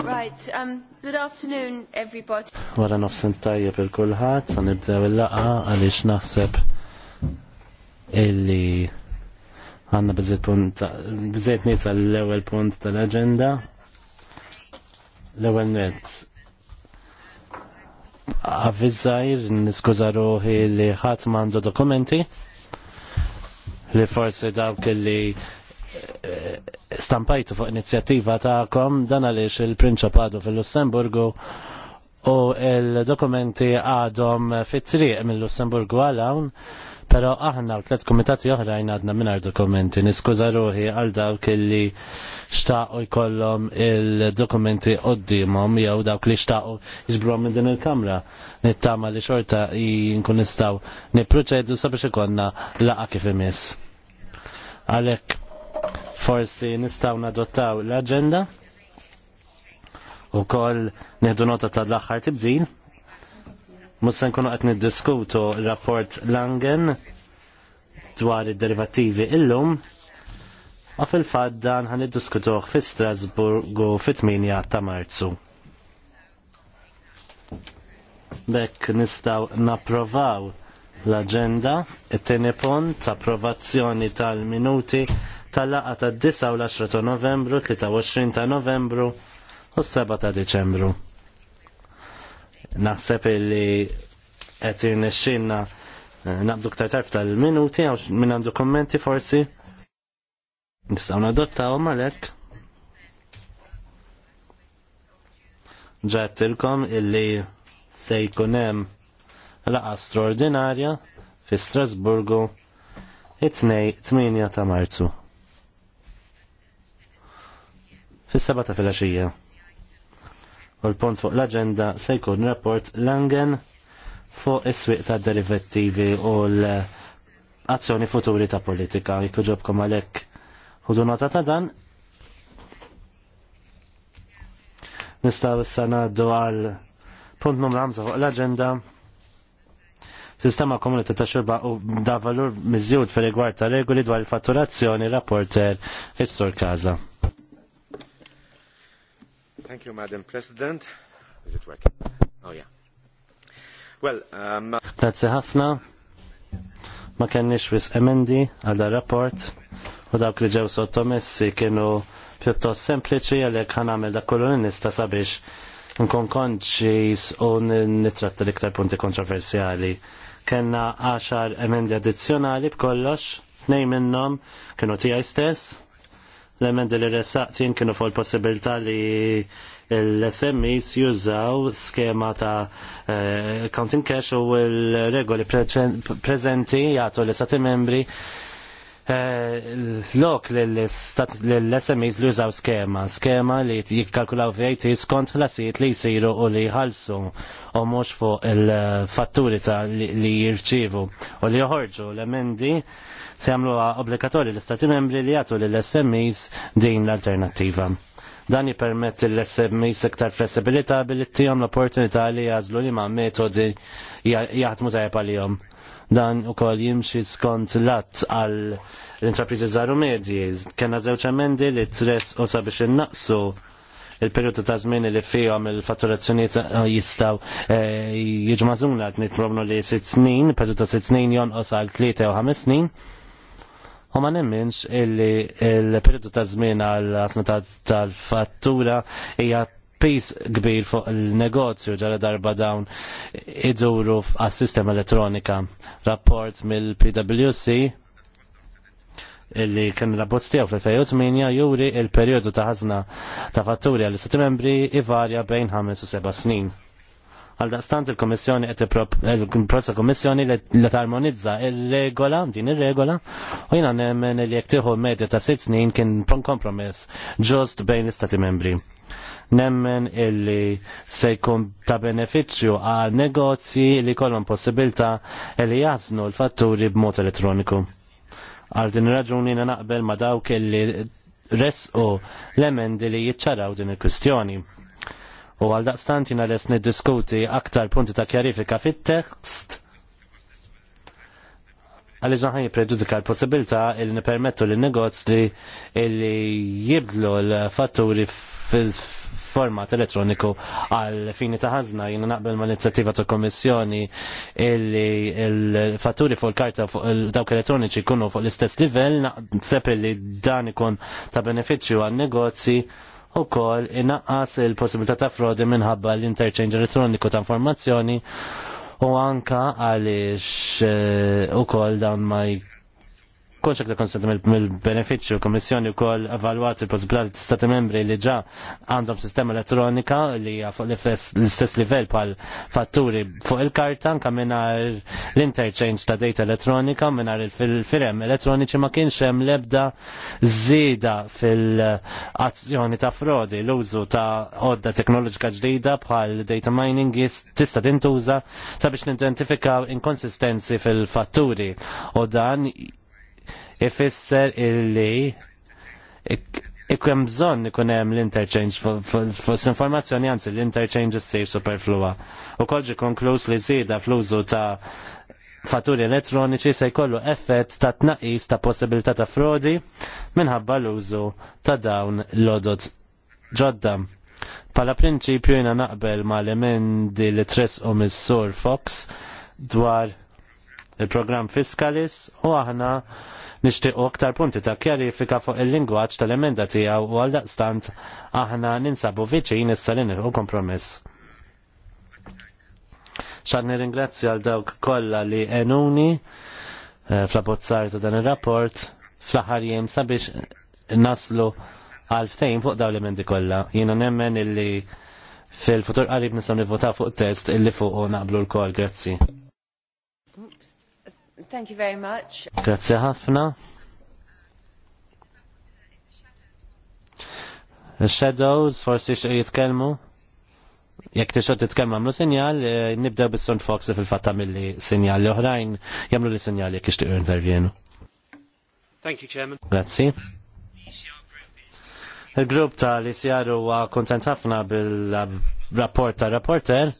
Right, um, good afternoon everybody. Wara nofsen tajjeb il-kulħat, sa nibdew il-laqa għaliex naħseb illi għanna bizzet punt, bizzet nisa l-ewel punt tal-agenda. L-ewel net. Avvizzajr, niskuza ruħi li ħat mandu dokumenti li forsi dawk li stampajtu fuq inizjattiva ta'kom dan għaliex il-prinċip fil-Lussemburgu u il-dokumenti għadhom fit-triq mill-Lussemburgu għal-għawn, pero aħna l-tlet komitati oħrajn għadna minar dokumenti. Niskuza ruħi għal dawk li xtaqu jkollhom il-dokumenti qoddimhom jew dawk li xtaqu jiġbruhom minn din il-kamra. Nittama li xorta jinkun nistaw niproċedu sabiex ikonna laqa kif imiss. Għalhekk Forsi nistaw nadottaw l-agenda u koll neħdu nota ta' l-axħar tibdil. Mussan nkunu għatni niddiskutu rapport Langen dwar id-derivativi illum u fil-fat dan għan niddiskutuħ fi Strasburgu fit-8 ta' marzu. Bekk nistaw napprovaw l-agenda, it-tini punt, approvazzjoni tal-minuti tal-laqa ta' 9 u l-10 ta' novembru, 23 ta' novembru u 7 ta' deċembru. Naħseb li qed irnexxinna eh, naqbdu ktar tarf tal-minuti għax minn għandu kommenti forsi. Nistgħu nadottawhom għalhekk. malek. Ġattilkom illi se jkun hemm laqa straordinarja fi Strasburgu it-2 8 ta' Marzu. fis-seba ta' filgħaxija. U l-punt fuq l-aġenda se jkun rapport Langen fuq is-swieq ta' derivattivi u l-azzjoni futuri ta' politika. Jekk ġobkom għalhekk ħudu nota ta' dan nistaw issa ngħaddu għal punt numru 5 fuq l-aġenda. Sistema komunita ta' xorba u da' valur miżjud fil-rigward ta' regoli dwar il-fatturazzjoni rapporter Istor Kaza. Thank you, Madam President. Is it working? Oh, yeah. Well, um... Grazie ħafna. Ma kenniex wis emendi għal rapport u dawk li ġew sottomessi kienu pjuttost sempliċi għalhekk ħanamel dak kollu nista sabiex nkun konċis u nitratta l-iktar punti kontroversjali. Kenna 10 emendi addizzjonali b'kollox, nej minnhom kienu tiegħi stess, l-emendi li ressaqtin kienu fuq il-possibilità li l-SMEs jużaw skema ta' eh, counting cash u l-regoli prezenti jgħatu l istati membri Eh, lok l-SMEs li użaw skema, skema li jikkalkulaw VAT skont l-asiet li jisiru u li jħalsu u mux fuq il-fatturi ta' li jirċivu u li joħorġu l-emendi se jamlu obbligatorju l-Istati membri li jgħatu l-SMEs din l-alternativa. Dan jipermet l-SMEs iktar flessibilita billi tijom l-opportunità li jazlu li ma' metodi jaħdmu tajab għal-jom Dan u kol jimxi skont lat għal l-intrapriżi zaru medji. Kena zewċ emendi li tres u sabiex innaqsu il-periodu ta' żmien li fihom il-fatturazzjoni eh, jistgħu eh, jiġmażuna qed nitprobnu li sitt snin, periodu ta' sitt snin jonqos għal tlieta u ħames snin. U ma nemminx illi il-periodu ta' żmien għal asnata tal-fattura hija piece kbir fuq il-negozju ġara darba dawn iduru għas sistema elettronika. Rapport mill-PWC illi kien l stijaw fl-2008 juri il-perjodu ta' ħazna ta' fatturi għall istati membri ivarja bejn 5 u 7 snin. Għal daqstant il-Komissjoni qed il-prozza Komissjoni li tarmonizza il-regola, din ir-regola, u jiena nemmen li jekk tieħu medja ta' sitt snin kien kompromess ġust bejn l-Istati membri nemmen illi se jkun ta' beneficju għal negozji li kollhom possibilità li jaznu l-fatturi b'mod elettroniku. Għal din raġuni naqbel ma' dawk illi resqu l-emendi li jiċċaraw din il-kwistjoni. U għal daqstant jina les niddiskuti aktar punti ta' kjarifika fit-tekst għalli ġaħan jiprejudika l-possibilta il nipermettu l negozji li jibdlu l-fatturi format elettroniku għal fini ta' ħazna jiena naqbel mal-inizjattiva ta' kommissjoni illi l-fatturi fuq il-karta fuq dawk elettroniċi jkunu fuq l-istess livell naqseb li dan ikun ta' benefiċċju għan negozji u kol inaqqas il-possibilità ta' frodi minħabba l-interchange elettroniku ta' informazzjoni u anka għaliex eh, u kol dawn ma' kunx aktar konsent mill-benefiċċju l-Kommissjoni wkoll evalwat il-possibilità stati membri li ġa għandhom sistema elettronika li hija fuq l-istess livell pal fatturi fuq il-karta nka mingħajr l-interchange ta' data elettronika mingħajr il-firem elettroniċi ma kienx hemm l-ebda żieda fil-azzjoni ta' frodi l-użu ta' odda teknoloġika ġdida bħal data mining tista' tintuża sabiex nidentifika inkonsistenzi fil-fatturi u dan ifisser illi ikkem bżonn ikun hemm l-interchange fos informazzjoni anzi l-interchange issir superflua. U kolġi konkluż li zida fl-użu ta' fatturi elettroniċi se jkollu effett ta' tnaqis ta' possibilità ta' frodi minħabba l-użu ta' dawn l-odot ġodda. Pala prinċipju jina naqbel ma' l-emendi li tres mis-sur Fox dwar il-program Fiskalis u aħna nixtiequ aktar punti ta' kjarifika fuq il-lingwaġġ tal-emenda tiegħu u għal daqstant aħna ninsabu viċin issa li u kompromiss. ċadni nirringrazzja għal dawk kollha li enuni eh, fl-abbozzar ta' dan ir-rapport fl ħar jem sabiex naslu għal għal-ftejn fuq daw l-emendi kollha. Jiena nemmen illi fil-futur qarib nistgħu nivvotaw fuq test illi fuq naqblu l-kol, grazzi. Thank you very much. Grazie ħafna. Shadows, forsi jitkelmu. Jek tixot titkelmu għamlu sinjal, eh, nibdew bis-Sun Fox fil-fatta mill-li sinjal li oħrajn jamlu li sinjal jek ixtiqu intervjenu. Thank you, Chairman. Grazzi. Il-grupp ta' li sjaru huwa kontent ħafna bil-rapport ta' rapporter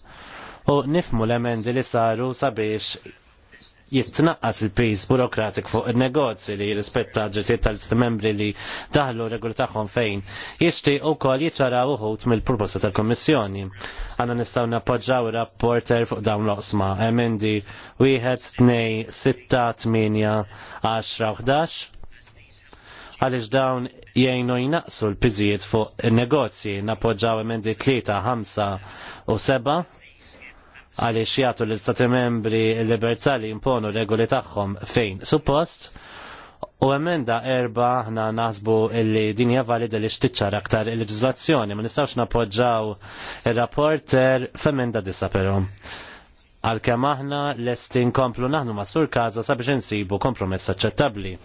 u nifmu l-emendi li saru sabiex jitnaqqas il pejs burokratik fuq il-negozji li rispetta ġetiet tal istimembri li taħlu regoli taħħon fejn jishti u kol jiċara uħut mill-proposta tal komissjoni Għanna nistaw napoġġaw il-rapporter fuq dawn l-osma. Emendi 1, 2, 6, 8, 10, 11 għalix dawn jgħinu jnaqsu l-pizijiet fuq il-negozji, napoġġaw emendi 3, 5 u 7 għaliex jagħtu l istati membri l-libertà li jimponu regoli tagħhom fejn suppost. U emenda erba ħna naħsbu illi din hija valida li xtiċċar aktar il leġislazzjoni ma nistgħux napoġġaw ir-rapporter f'emenda disa però għal kem aħna lest komplu naħnu ma' sur kaza sabiex insibu kompromess aċċettabbli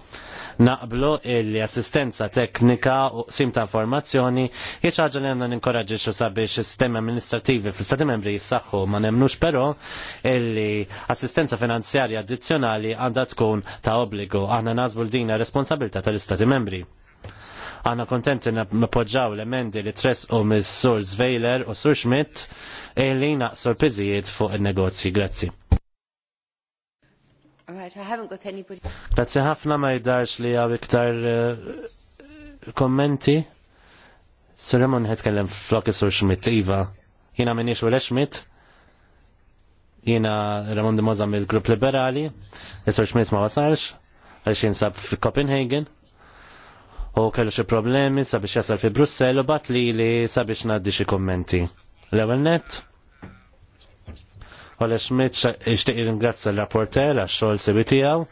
naqblu l assistenza teknika u sim ta' formazzjoni jiex ħaġa li għandna ninkoraġġixxu sabiex sistemi amministrativi fl-Stati membri jissaħħu ma nemnux però illi assistenza finanzjarja addizzjonali għandha tkun ta' obbligu aħna nażbu l-dina responsabilità tal-Istati membri Għanna kontenti napoġġaw l-emendi li tres u mis sur Zvejler u sur Schmidt e li naqsor pizijiet fuq il-negozji. Grazzi. Grazzi ħafna ma jdarx li għaw iktar eh, kommenti. Suremon ħetkellem flok sur Schmidt, Iva. Jina minix u Schmidt. Jina Ramon de Moza mill-Grupp Liberali. Sur Schmidt ma wasarx Għax jinsab fi Copenhagen. U kellu xi problemi sabiex jasal fi Brussell u bat li li sabiex naddi xi kommenti. l net Għal Schmidt ixtiq ringrazzja l-rapporter għax xogħol sibi tiegħu.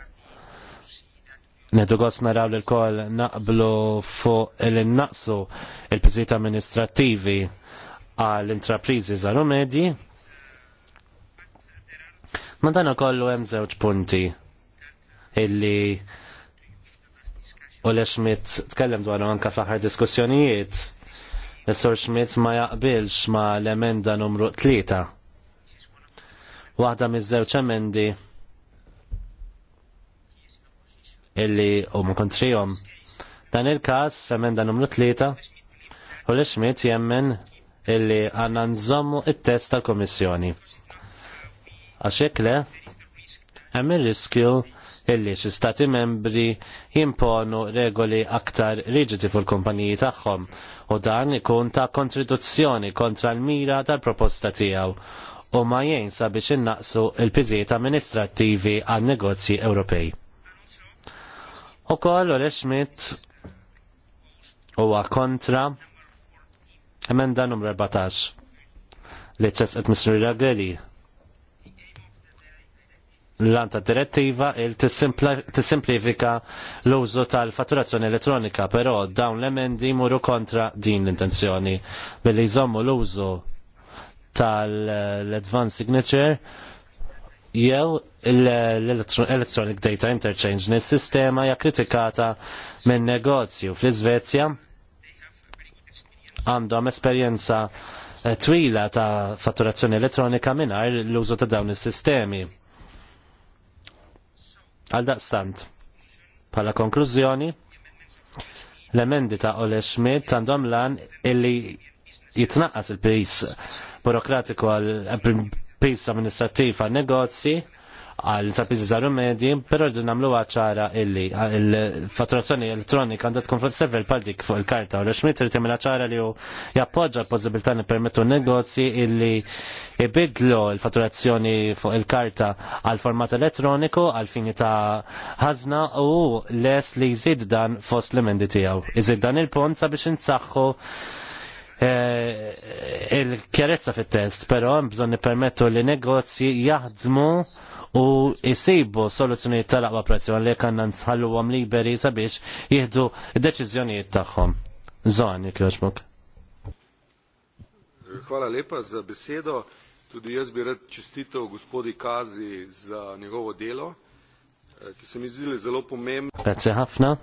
Nedu gost naraw li l-kol naqblu fuq il-naqsu il-piżiet amministrativi għall intrapriżi Zaru medji. Ma kollu hemm żewġ punti illi Ole Schmidt tkellem dwar anka fl-aħħar diskussjonijiet. Is-Sur Schmidt ma jaqbilx ma l-emenda numru tlieta Waħda miż-żewġ emendi illi u kontrihom. Dan il-kas f'emenda numru tlieta u li xmiet jemmen illi għanna nżommu t test tal-Komissjoni. Għaxek le, hemm il-riskju illi xi stati membri jimponu regoli aktar riġidi fuq il-kumpaniji tagħhom u dan ikun ta' kontriduzzjoni kontra l-mira tal-proposta tiegħu u ma jgħinsa biex innaqsu il-piżijiet amministrattivi għan negozji Ewropej. U kollu Ole Schmidt huwa kontra emenda numru 14 li ċesqet Mr. Rageli l-anta direttiva il tissimplifika l-użu tal-fatturazzjoni elettronika, però dawn l-emendi muru kontra din l-intenzjoni billi jżommu l-użu tal-advanced signature jew l-electronic data interchange nis sistema hija kritikata minn negozju fl-Iżvezja għandhom esperjenza eh, twila ta' fatturazzjoni elettronika mingħajr l-użu ta' dawn is-sistemi. Għal daqstant, bħala konklużjoni, l-emendi ta' Ole Schmidt għandhom lan illi jitnaqqas il-pris burokratiku għal pis amministrattiv għal negozji għal intrapiżi żaru medji, però rridu nagħmlu ċara illi il-fatturazzjoni elettronika għandha tkun fuq server pal dik fuq il-karta u l-xmit irid tagħmilha ċara li hu jappoġġa l-possibilità nippermettu negozji illi ibidlu l-fatturazzjoni fuq il-karta għal format elettroniku għal fini ta' ħazna u les li jżid dan fost l-emendi tiegħu. Iżid dan il-pont sabiex insaħħu Eh, il kjerezza fit-test, però bżon bżonn li negozji jaħdmu u jisibu soluzzjonijiet tal-aqwa prezzi għalli kanna nsħallu għam liberi sabiex jihdu deċizjoni deċiżjonijiet tagħhom. Zon, jekk Hvala lepa za besedo. Tudi jaz bi rad čestitev gospodi Kazi za njegovo delo, eh, ki se mi zdi zelo pomembno. Grazie, Hafna.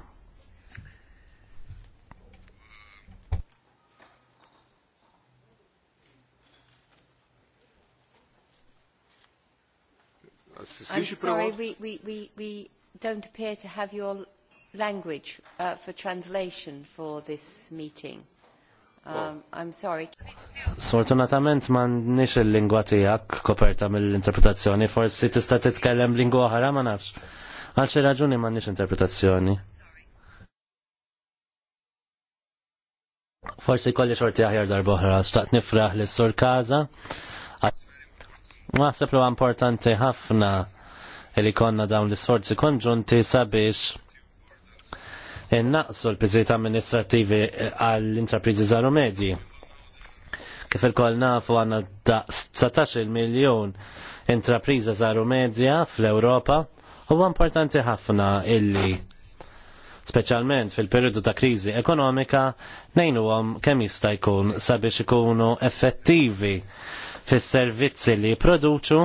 I'm sorry, we, we, we, we don't appear to have your language uh, for translation for this meeting. Um, I'm sorry. Sfortunatament m'għandniex il-lingwa tiegħek koperta mill-interpretazzjoni, forsi tista' titkellem lingwa oħra ma nafx. Għal xi raġuni m'għandniex interpretazzjoni. Forsi kolli xorti aħjar darba oħra, xtaqt nifraħ lis sur Kaza Naħseb li importanti ħafna li konna dawn l-isforzi konġunti sabiex innaqsu l-piżijiet amministrativi eh, għall-intrapriżi żaru medji. Kif il-koll nafu għanna 19 miljon intrapriża żaru medja fl-Ewropa, huwa importanti ħafna illi speċjalment fil-periodu ta' kriżi ekonomika, nejnu għom kemm jista' jkun sabiex ikunu effettivi fis-servizzi li jipproduċu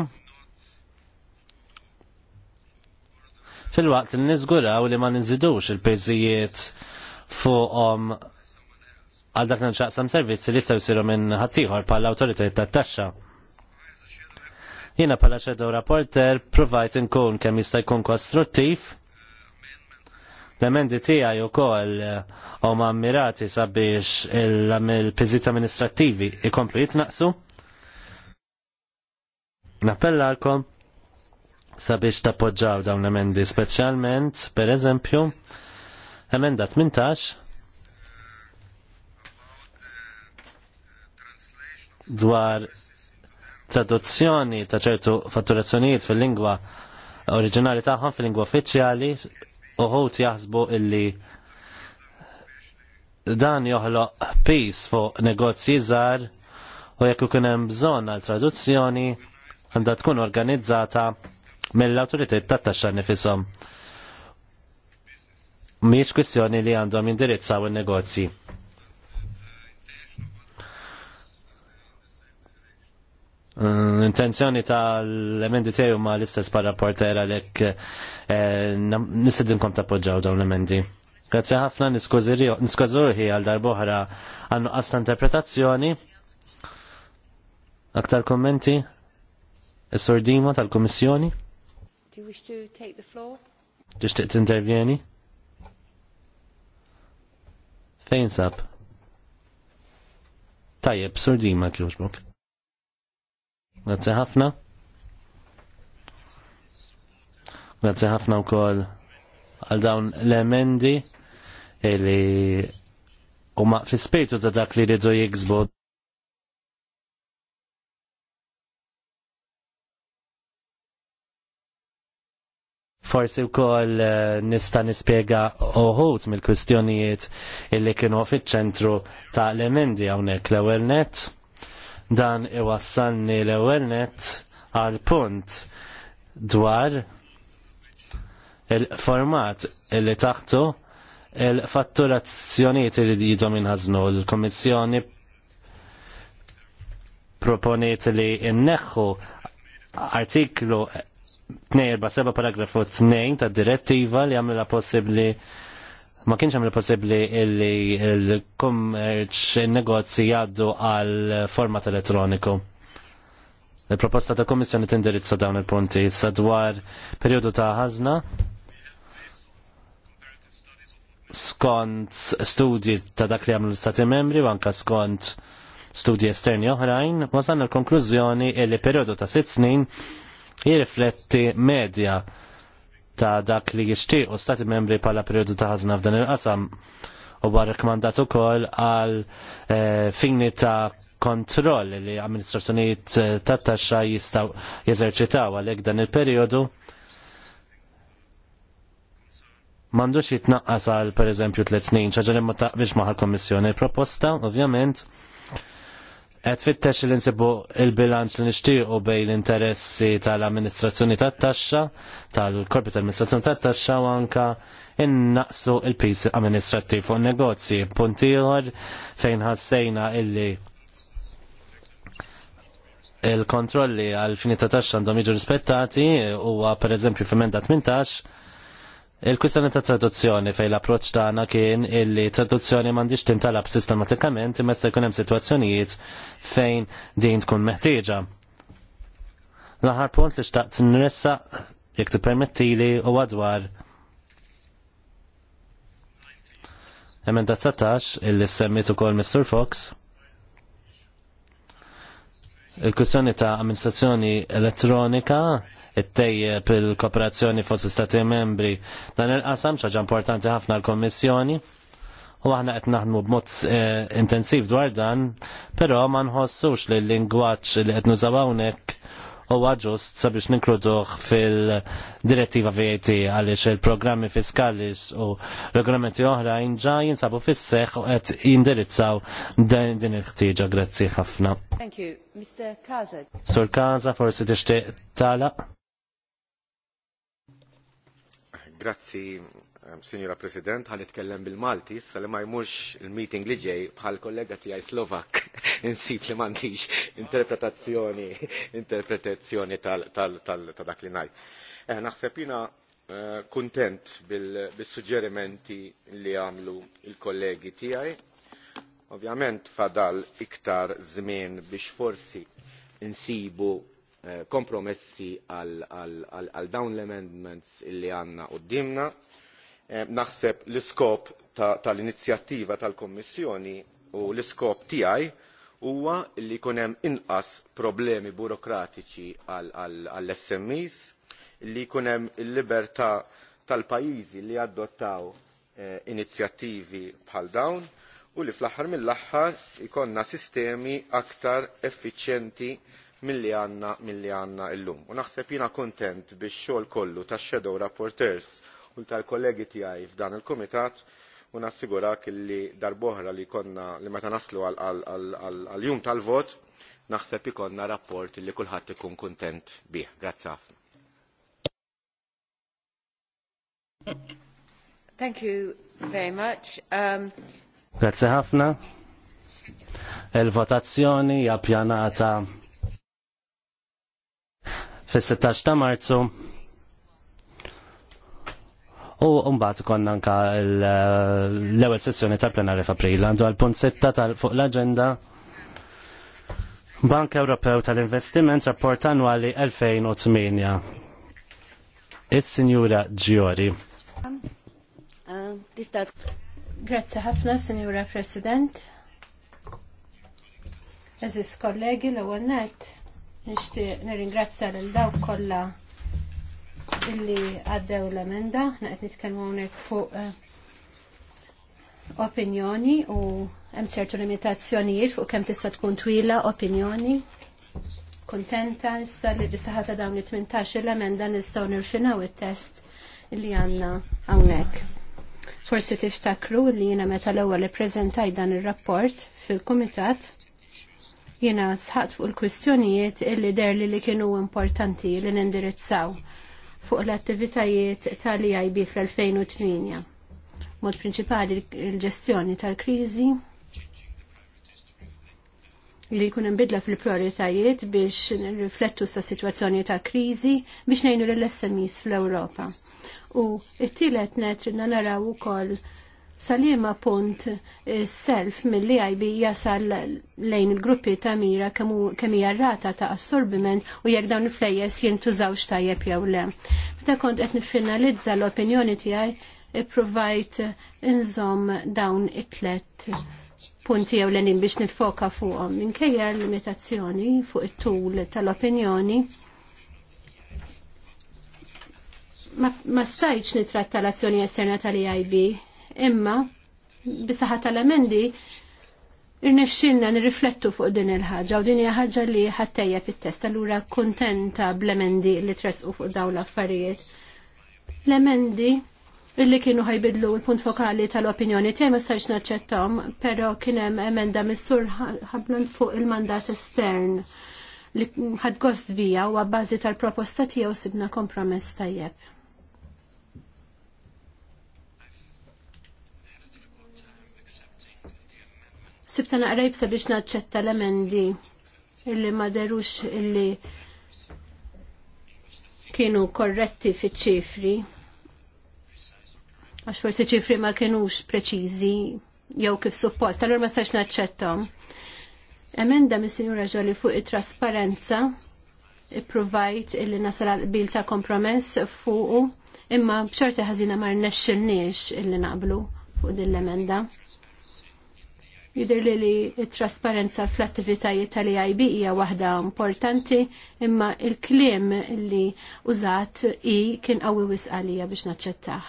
fil-waqt li niżguraw li ma ninżidux il-peżijiet fuqhom għal dak nċaqsam servizzi li jistgħu jsiru minn ħaddieħor bħala awtoritajiet tat-taxxa. Jiena bħala ċedew rapporter provajt inkun kemm jista' jkun kostruttiv. L-emendi tiegħi wkoll huma ammirati sabiex il-piżijiet amministrattivi ikomplu jitnaqsu. Nappella sabiex tappoġġaw dawn l-emendi, specialment, per eżempju, emenda 18 dwar traduzzjoni ta' ċertu fatturazzjonijiet fil-lingwa oriġinali tagħhom fil-lingwa uffiċjali uħut jaħsbu illi dan joħloq peace fuq negozji żgħar u jekk ikun hemm bżonn għal traduzzjoni għandha tkun organizzata mill-autoritet tat taxxa nifisom. Miex kwistjoni li għandhom indirizzaw il-negozji. Mm, intenzjoni tal-emendi tiegħu ma l-istess par-rapporter għalhekk eh, nistedinkom tappoġġaw dawn l-emendi. Grazzi ħafna niskużurħi għal darboħra għannu qasta interpretazzjoni. Aktar kommenti? Is-sordima tal-Kummissjoni? Do you wish to take the floor? Tixtieq tintervjeni? Fejn sab? Tajjeb, sordima kjuġbok. Grazie ħafna. Grazie ħafna wkoll. għal dawn l-emendi li huma fl ta' dak li rridu jiksbu Forsi wkoll eh, nista' nispjega uħut mill-kwistjonijiet illi kienu fiċ-ċentru ta' l-emendi hawnhekk l-ewwel net. Dan iwassalni l-ewwel net għal punt dwar il-format illi taħtu il fatturazzjonijiet li jidhom inħażnu l-Kommissjoni proponiet li inneħħu artiklu 247 paragrafu 2 ta' direttiva li għamela possibli ma kienx għamela possibli li il kommerċ il-negozji jaddu għal format elettroniku. Il-proposta ta' komissjoni tindirizza dawn il-punti sadwar periodu ta' ħazna skont studji ta' dak li għamlu l-Stati membri u anka skont studji esterni oħrajn, wasan l-konklużjoni li periodu ta' sitt snin jirrifletti medja ta' dak li jixtiequ stati membri pala periodu ta' ħazna f'dan il-qasam u barrek u ukoll għal eh, fini ta' kontroll li amministrazzjonijiet eh, ta' taxxa jistaw jeżerċitaw għalhekk dan il periodu m'għandux jitnaqqas għal pereżempju tliet snin ċaġa li ma taqbilx maħal komissjoni proposta ovvjament Qed fittex li nsibu il-bilanċ li nixtiequ bejn l-interessi tal-amministrazzjoni tat-taxxa, tal-korpi tal-amministrazzjoni tat-taxxa u anka innaqsu il-pis amministrattiv u negozji. Punt ieħor fejn ħassejna illi il-kontrolli għal finita taxxa għandhom jiġu rispettati huwa pereżempju f'emenda 18 Il-kwistjoni ta' traduzzjoni fej l-approċ tagħna kien illi traduzzjoni m'għandix tintalab sistematikament imma se jkun hemm sitwazzjonijiet fejn din tkun meħtieġa. L-aħħar punt li xtaqt nressa jekk tippermettili huwa dwar Emenda 19 illi semmit ukoll Mr. Fox il-kwistjoni ta' amministrazzjoni elettronika it-tejjeb il-kooperazzjoni fost stati membri. Dan il-qasam xaġa importanti ħafna l-Kommissjoni u aħna qed naħdmu b'mod eh, intensiv dwar dan, però ma nħossux li l-lingwaġġ li qed nużaw hawnhekk huwa ġust sabiex ninkluduh fil-direttiva VAT għaliex il-programmi fiskali u regolamenti oħra inġa jinsabu fis-seħħ u qed jindirizzaw din il-ħtieġa. Grazzi ħafna. Thank you. Mr. Kaza. Sur Kaza forsi tixtieq tala. Grazzi, eh, Signora President, għal itkellem bil-Malti, sal ma jmux il-meeting li ġej bħal kollega tiegħi Slovak insib li m'għandix interpretazzjoni interpretazzjoni tal, dak li naj. Eh, Naħseb eh, kuntent bil-suġġerimenti li għamlu il-kollegi tiegħi. Ovvjament fadal iktar żmien biex forsi insibu Eh, kompromessi għal dawn l-amendments illi għandna qudiemna. Eh, naħseb l-iskop tal-inizjattiva tal kummissjoni u l-iskop tiegħi huwa li jkun hemm inqas problemi burokratiċi għall-SMEs, li jkun hemm il-libertà tal-pajjiżi li adottaw eh, inizjattivi bħal dawn u li fl-aħħar mill-aħħar ikonna sistemi aktar effiċenti milli għandna milli għandna llum. U naħseb jiena kontent biex xogħol kollu ta' shadow rapporteurs u tal-kollegi tiegħi f'dan il-kumitat u nassigurak li darb'oħra li konna li meta naslu għal-jum tal-vot naħseb ikonna rapport li kulħadd ikun kuntent bih. Grazzi ħafna. Thank you very much. Um... Grazie ħafna. Il-votazzjoni hija pjanata fis-16 ta' Marzu. U mbagħad konna anke eh, l-ewwel sessjoni tal-plenarja f'April għandu għall punt 6 tal fuq l-aġenda Bank Ewropew tal-Investiment rapport annwali 2008. Is-Sinjura Giori. Grazie ħafna, Sinjura President. Eżis kollegi l-ewwel nett Nixtieq nirringrazzja lil dawk kollha illi għaddew l-emenda, naqed nitkellmu hawnhekk fuq eh, opinjoni u hemm ċertu limitazzjonijiet fuq kemm tista' tkun twila opinjoni. Kuntenta issa li disaħat ta' dawn it-18 l-emenda nistgħu nirfinaw it-test li għandna hawnhekk. Forsi tiftakru li jiena meta l-ewwel ippreżentaj dan ir-rapport fil-kumitat Jena sħat fuq il-kwistjonijiet illi der li kienu importanti li nindirizzaw fuq l-attivitajiet tal-IIB fl-2008. Mod prinċipali il-ġestjoni tal-krizi li jkun imbidla fil-prioritajiet biex riflettu sta' situazzjoni ta' krizi biex nejnu l-SMEs fl-Europa. U it-tielet net naraw ukoll koll Salima punt eh, self mill-li għajbi jasal lejn il-gruppi ta' mira kemm hija rata ta' assorbiment u jekk dawn il-flejjes jintużaw xtajjeb jew le. Meta kont qed niffinalizza l-opinjoni tiegħi ippruvajt inżomm dawn it-tlet punti jew lenin biex nifoka fuqhom minkejja l-limitazzjoni fuq it-tul tal-opinjoni ma, ma stajċ nitratta l-azzjoni esterna tal eib imma bisaħa tal-emendi irnexxilna nirriflettu fuq din il-ħaġa u din hija ħaġa li ħattejja fit-test allura kuntenta bl-emendi li tresqu fuq dawn l-affarijiet. L-emendi illi kienu ħajbidlu l-punt fokali tal-opinjoni tiegħi ma stajx naċċettom, però kien hemm emenda missur sur fuq il-mandat estern li ħad gost bija u għabbażi tal-proposta tiegħu sibna kompromess tajjeb. sibta jibsa sabiex naċċetta l-emendi illi ma derux illi kienu korretti fi ċifri għax forsi ċifri ma kienux preċizi jew kif suppost, tal ma stax naċċettom. Emenda mis-Sinjura Ġoli fuq it-trasparenza i-provajt illi nasal qbil ta' kompromess fuq imma bċorti ħażina ma nexxilniex illi naqblu fuq din l-emenda. Jider li li trasparenza fl-attivitajiet tal-IIB hija waħda importanti, imma il-kliem li użat i kien qawwi wisqalija biex naċċettaħ.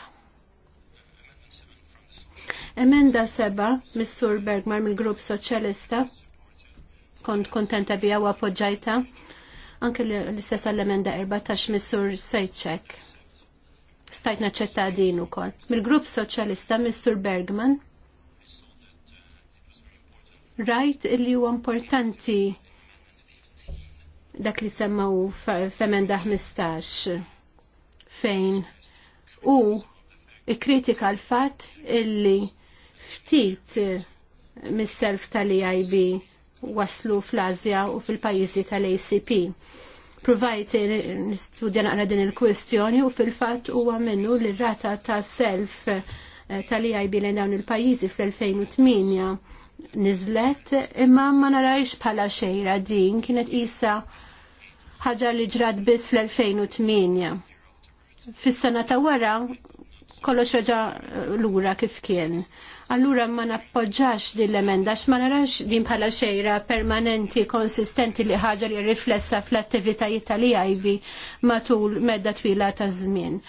Emenda seba, Missur Bergmar mill-Grupp Soċjalista, kont kontenta bija u appoġġajta, anke l-istess l-emenda 14 Missur Sejċek. Stajt naċċetta din ukoll. Mill-Grupp Soċjalista, Missur Bergman, rajt illi huwa importanti dak li semmaw f'emenda 15 fejn u kritika l-fatt illi ftit mis-self tal-EIB waslu fl-Azja u fil-pajjiżi tal-ACP. Provajt nistudja naqra din il-kwestjoni u fil-fatt huwa minnu li rata ta' self eh, tal-EIB lejn dawn il-pajjiżi fl-2008 nizlet imma ma narajx bħala xejra din kienet isa ħaġa li ġrat biss fl-2008. Fis-sena ta' wara kollox raġa eh, lura kif kien. Allura ma nappoġġax din l-emenda x'ma narax din bħala xejra permanenti, konsistenti li ħaġa li riflessa fl-attivitajiet tal-IB matul medda twila ta' żmien.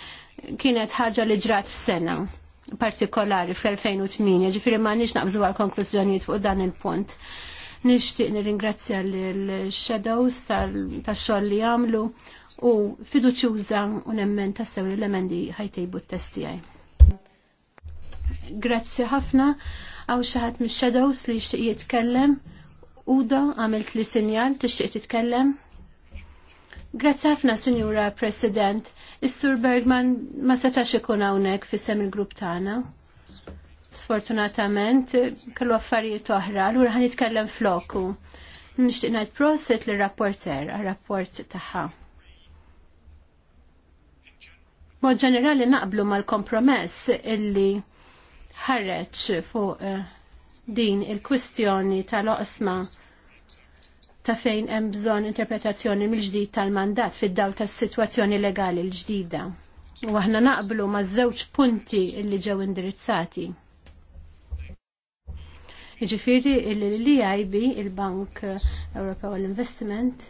Kienet ħaġa li ġrat f'sena partikolari fl-2008, ġifiri ma nix naqbżu għal konklużjonijiet fuq dan il-punt. Nishtiq nir-ingrazzja l-shadows tal-xoll li għamlu u fiduċuża u nemmen tassew l-emendi ħajtejbu t-testi għaj. Grazzi ħafna, għaw xaħat mis-shadows li xtiq jitkellem. Uda, għamilt li sinjal, tixtieq titkellem? Grazzi ħafna, Signora President. Is-Sur Bergman ma setax ikun hawnhekk fis-sem il-grupp tagħna. Sfortunatament kellu affarijiet oħra, allura ħan nitkellem floku. Nixtieq ngħid prosit lir-rapporter għar-rapport tagħha. Mod ġenerali naqblu mal-kompromess illi ħareġ fuq eh, din il-kwistjoni tal-oqsma ta' fejn hemm bżonn interpretazzjoni mill-ġdid tal-mandat fid daw tas-sitwazzjoni legali l-ġdida. U aħna naqblu ma' żewġ punti li ġew indirizzati. Ġifiri l-EIB, il-Bank Ewropew l-Investiment,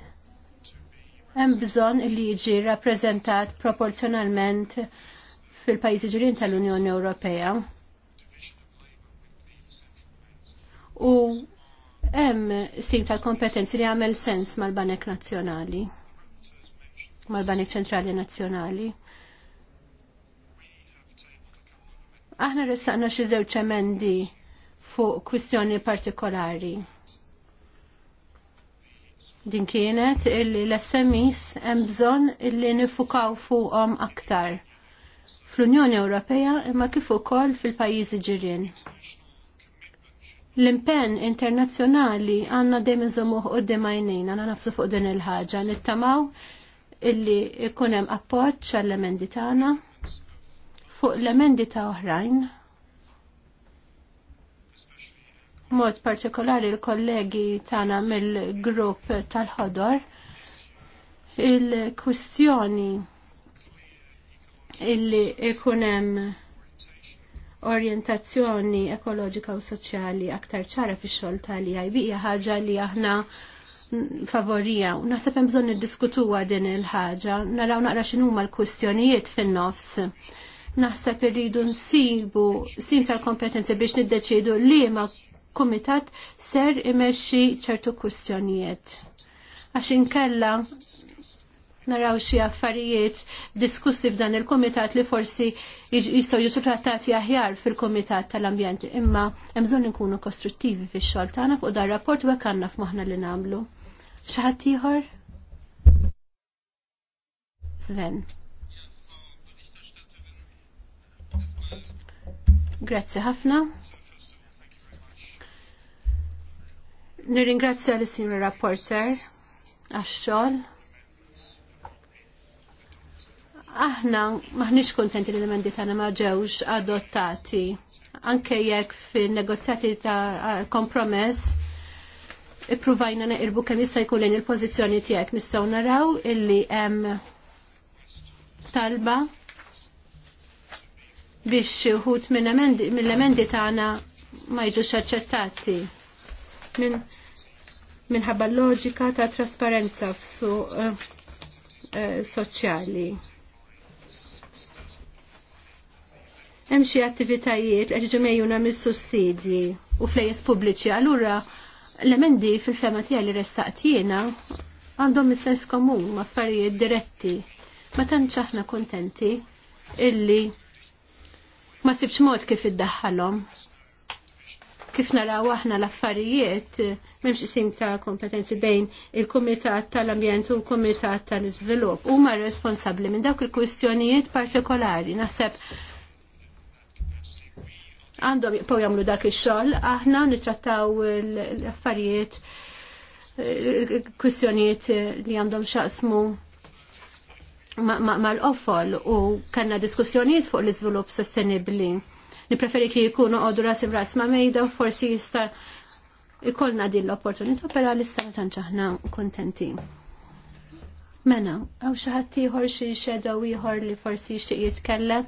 hemm bżonn li jiġi rappreżentat proporzjonalment fil-pajjiżi ġirin tal-Unjoni Ewropea. U hemm sim tal-kompetenzi li għamel sens mal-Banek Nazzjonali, mal-Banek Ċentrali Nazzjonali. Aħna ressaqna xi żewġ emendi fuq kwistjoni partikolari. Din kienet illi l-SMIs hemm bżonn illi nifukaw fuqhom aktar fl-Unjoni Ewropea imma kif ukoll fil-pajjiżi ġirien l-impenn internazzjonali għanna dejjem nżommuh qudiem għajnejna għanna nafsu fuq din il-ħaġa nittamaw illi ikun hemm appoġġ għall-emendi tagħna fuq l-emendi ta' oħrajn. Mod partikolari l-kollegi tagħna mill-grupp tal-ħodor il-kwistjoni illi ikun hemm orientazzjoni ekoloġika u soċjali aktar ċara fi xogħol tal-IB hija ħaġa li aħna favorija. U naħseb hemm bżonn niddiskutuha din il-ħaġa, naraw naqra x'inhuma l-kwistjonijiet fin-nofs. Naħseb irridu nsibu sim tal-kompetenzi biex niddeċidu li ma kumitat ser imexxi ċertu kwistjonijiet. Għax inkella naraw xi affarijiet diskussi f'dan il-komitat li forsi jistgħu jiġu trattati aħjar fil-komitat tal-ambjent, imma hemm nkunu kostruttivi fix-xogħol tagħna fuq dar rapport u hekk għandna f'moħħna li nagħmlu. Xi ħadd ieħor? Sven. Grazzi ħafna. Nirringrazzja l sinu Rapporter għax-xogħol aħna maħniex kontenti li l-emendi tagħna ma ġewx adottati. Anke jekk fin-negozjati ta' kompromess ippruvajna neqirbu kemm jista' jkun lejn il-pożizzjoni tiegħek nistgħu naraw illi hemm talba biex uħut mill-emendi tagħna ma jiġux aċċettati. Minħabba l-loġika ta' trasparenza f'su eh, soċjali. hemm xi attivitajiet li ġiġu mejjuna mis-sussidji u flejjes pubbliċi. Allura l-emendi fil-fema tiegħi li restaqtina għandhom is-sens komun ma' affarijiet diretti. Ma tantx aħna kontenti illi ma sibx mod kif iddaħħalhom. Kif naraw aħna l-affarijiet m'hemmx isim ta' kompetenzi bejn il-Kumitat tal-Ambjent u l-Kumitat tal-Iżvilupp huma responsabbli minn dawk il-kwistjonijiet partikolari. Naħseb għandhom jibqgħu jagħmlu dak ix-xogħol, aħna nittrattaw l-affarijiet kwistjonijiet li għandhom xaqsmu mal-offol u kanna diskussjonijiet fuq l-iżvilupp sostenibbli. Nipreferi ki jkunu għodu rasim ras ma' mejda u forsi jista' ikolna din l-opportunità, pera l-istam tanċaħna kontenti. Mena, għaw xaħat tiħor xie xedaw iħor li forsi xie jitkellem.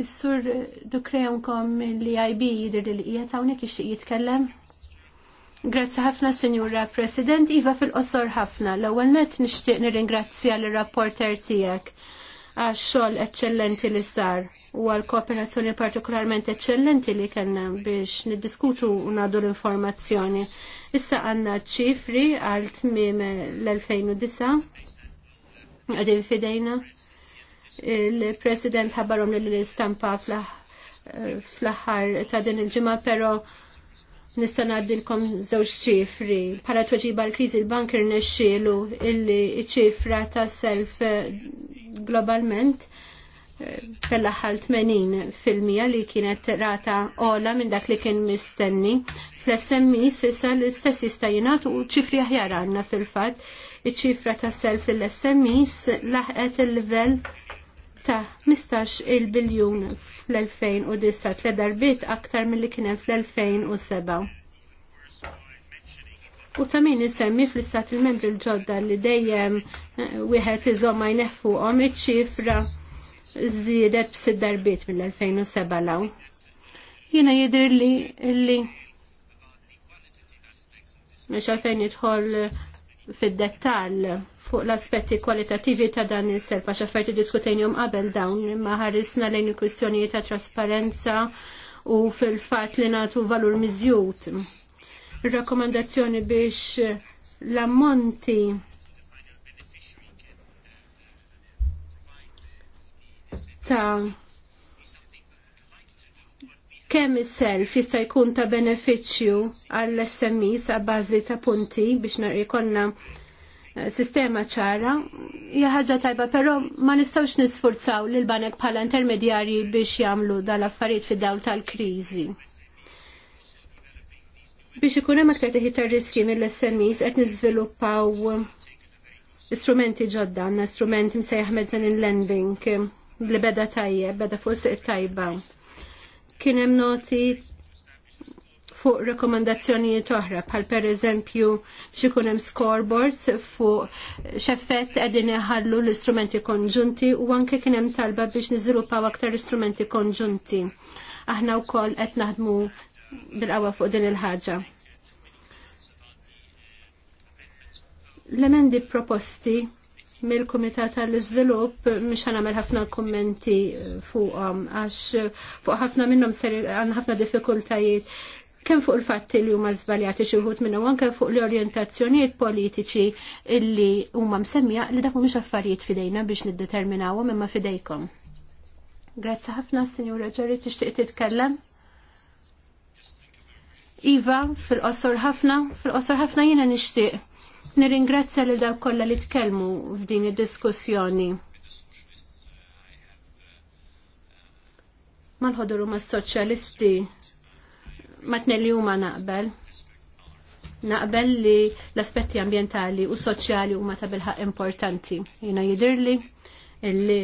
Is-sur Dukrejonkom li ib jidir li qiegħed hawnhekk ixtieq jitkellem. Grazzi ħafna, Senjura President, iva fil-qosor ħafna. L-ewwel nishtiq nir nirringrazzja lir-rapporter tiegħek għax xogħol eċċellenti li sar u għal kooperazzjoni partikolarment eċċellenti li kena biex niddiskutu u nagħdu l-informazzjoni. Issa għandna ċifri għal tmiem l-2009 għadin fidejna il-President ħabarom li l-istampa fl-ħar ta' din il-ġimma, pero nista' ngħaddilkom żewġ ċifri. Bħala tweġiba l-kriżi l-banker nexxielu illi ċifra ta' self eh, globalment eh, fell-aħħal 80 fil-mija li kienet rata ola minn dak li kien mistenni. Fl-SMI e sissa l-istess jista' jingħatu ċifri aħjar għandna fil-fatt. Iċ-ċifra ta' self l-SMIs e laħqet il level ta' 15 il-biljun fl-2009 tliet darbiet aktar mill-li kienem fl-2007. U ta' min nisemmi fl-istat il-membri l-ġodda li dejjem eh, wieħed iżomma ma għom iċ-ċifra żiedet b'sid darbiet mill-2007 law. Jiena jidher li li mhux għalfejn jidħol fid-dettall fuq l-aspetti kwalitativi ta' dan il-self għax affarijiet diskutejn qabel dawn imma ħarisna lejn il-kwistjonijiet ta' trasparenza u fil-fat li natu valur miżjut. Rakkomandazzjoni biex l-ammonti ta' kemm is-self jista' jkun ta' benefiċċju għall smis sa' bażi ta' punti biex nar jkollna eh, sistema ċara, hija ħaġa tajba, però ma nistgħux nisfurzaw lil banek bħala intermedjarji biex jagħmlu dal-affarijiet fid-dawl tal-kriżi. Biex ikun hemm aktar teħid tar-riskji mill-SMEs qed niżviluppaw istrumenti ġodda, għandna strumenti msejjaħ mezzan in lending li beda tajjeb, beda fuq it tajba kien hemm noti fuq rekomendazzjonijiet oħra bħal pereżempju xi jkun hemm scoreboards fuq x'effett qegħdin iħallu l-istrumenti konġunti u anke kien hemm talba biex niżviluppaw aktar istrumenti konġunti. Aħna wkoll qed naħdmu bil-qawa fuq din il-ħaġa. l emendi proposti mill-Kumitat tal-Iżvilupp mhux ħanamel ħafna kummenti fuqhom għax fuq ħafna minnhom ser għandna ħafna diffikultajiet kemm fuq il-fatti li huma żbaljati xi wħud minnhom anke fuq l-orjentazzjonijiet politiċi illi huma msemmija li dak mhumiex affarijiet fidejna biex niddeterminawhom imma fidejkom. Grazzi ħafna, Sinjura Ġorri, tixtieq titkellem? Iva, fil-qosor ħafna, fil-qosor ħafna jiena nixtieq Nirringrazzja li dawk kollha li tkellmu f'din id-diskussjoni. Mal-ħoduru s soċjalisti ma tnelli huma naqbel. Naqbel li l-aspetti ambientali u soċjali huma ta' bilħa importanti. Jiena jidirli illi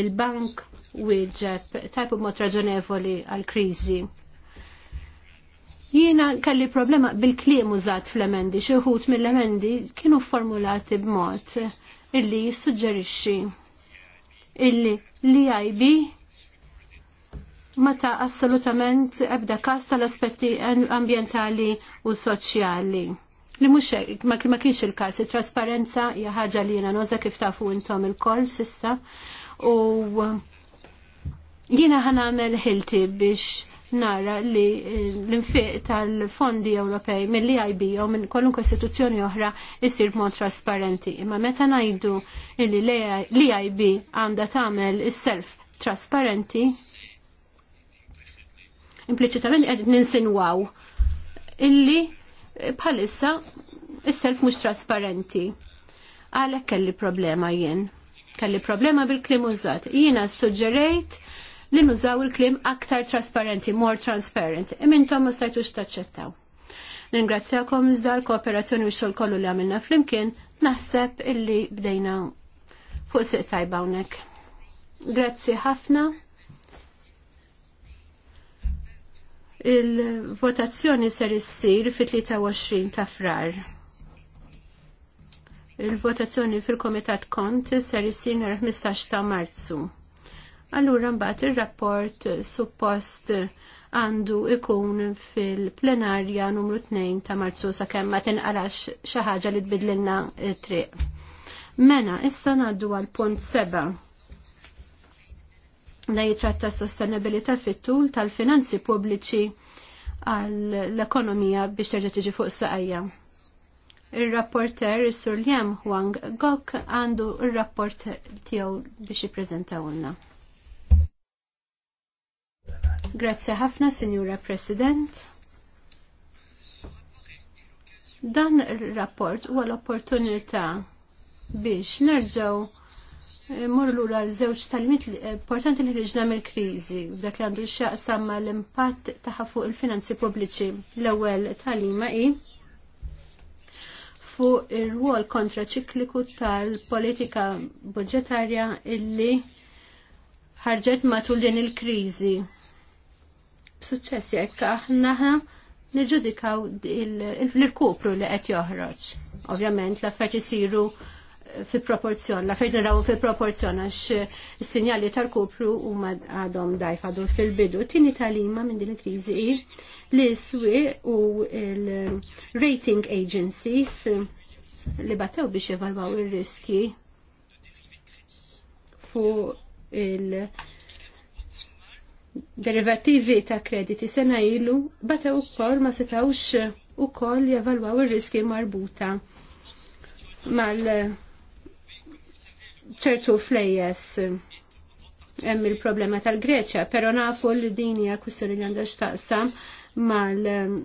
il-bank wieġeb tajbu mod raġonevoli għal kriżi Jiena kelli problema bil-kliem użat fl-emendi, xi wħud mill-emendi kienu formulati b'mod illi jissuġġerixxi illi l-IB ma ta' assolutament ebda kas tal-aspetti ambientali u soċjali. Li mhux ma kienx il-każ, it-trasparenza hija ħaġa li jiena noza kif tafu intom il-koll sissa u jiena ħanamel ħilti biex nara li eh, l-infiq tal-fondi Ewropej mill-EIB u minn kwalunkwe istituzzjoni oħra jisir mod trasparenti. Imma meta ngħidu li l-EIB għandha tagħmel is-self trasparenti, impliċitament qed ninsinwaw illi bħalissa is-self mhux trasparenti. Għalhekk kelli problema jien. Kelli problema bil-klim użat. Jiena suġġerejt li nużaw il-klim aktar trasparenti, more transparent. Imintom ma stajtux taċċettaw. Ningrazzjakom iżda l-kooperazzjoni u xol kollu li għamilna flimkien, naħseb illi bdejna fuq siq tajba unek. Grazzi ħafna. Il-votazzjoni ser issir fit-23 ta' frar. Il-votazzjoni fil-Komitat Kont ser issir nar 15 ta' Marzu. Allura mbagħad ir-rapport suppost għandu ikun fil-plenarja numru 2 ta' Marzu sakemm ma tinqalax xi ħaġa li tbidlilna t-triq. Mena, issa ngħaddu għal punt seba' la jitratta sostenibilità fit-tul tal-finanzi pubbliċi għall-ekonomija biex terġa' tiġi fuq saqajja. Ir-rapporter is-Sur Liam Huang Gok għandu r-rapport tiegħu biex jippreżentawlna. Grazzi ħafna, Sinjura President. Dan il-rapport huwa l-opportunità biex nerġgħu mmorru eh, lura l-żewġ tal-mit eh, importanti li ħriġna mill-kriżi dak li għandu x'jaqsam l-impatt tagħha fuq il-finanzi pubbliċi. L-ewwel Lima hi fuq ir-rwol kontraċikliku tal-politika budġetarja illi ħarġet matul din il-kriżi b'suċċess jekk aħna niġudikaw l irkupru li qed joħroġ. Ovvjament l-affarijiet isiru fi proporzjon, l-affarijiet naraw fi proporzjon għax is-sinjali tal-kupru huma għadhom dajf għadu fil-bidu. Tieni talima minn din il-kriżi li swi u l-rating agencies li batew biex evalwaw ir-riski fuq il- derivativi ta' krediti sena ilu bata u kol ma setawx u kol javalwaw il-riski marbuta mal ċertu flejjes hemm il-problema tal-Greċja, pero nafu li din hija kwistjoni li għandha x'taqsam mal ehm,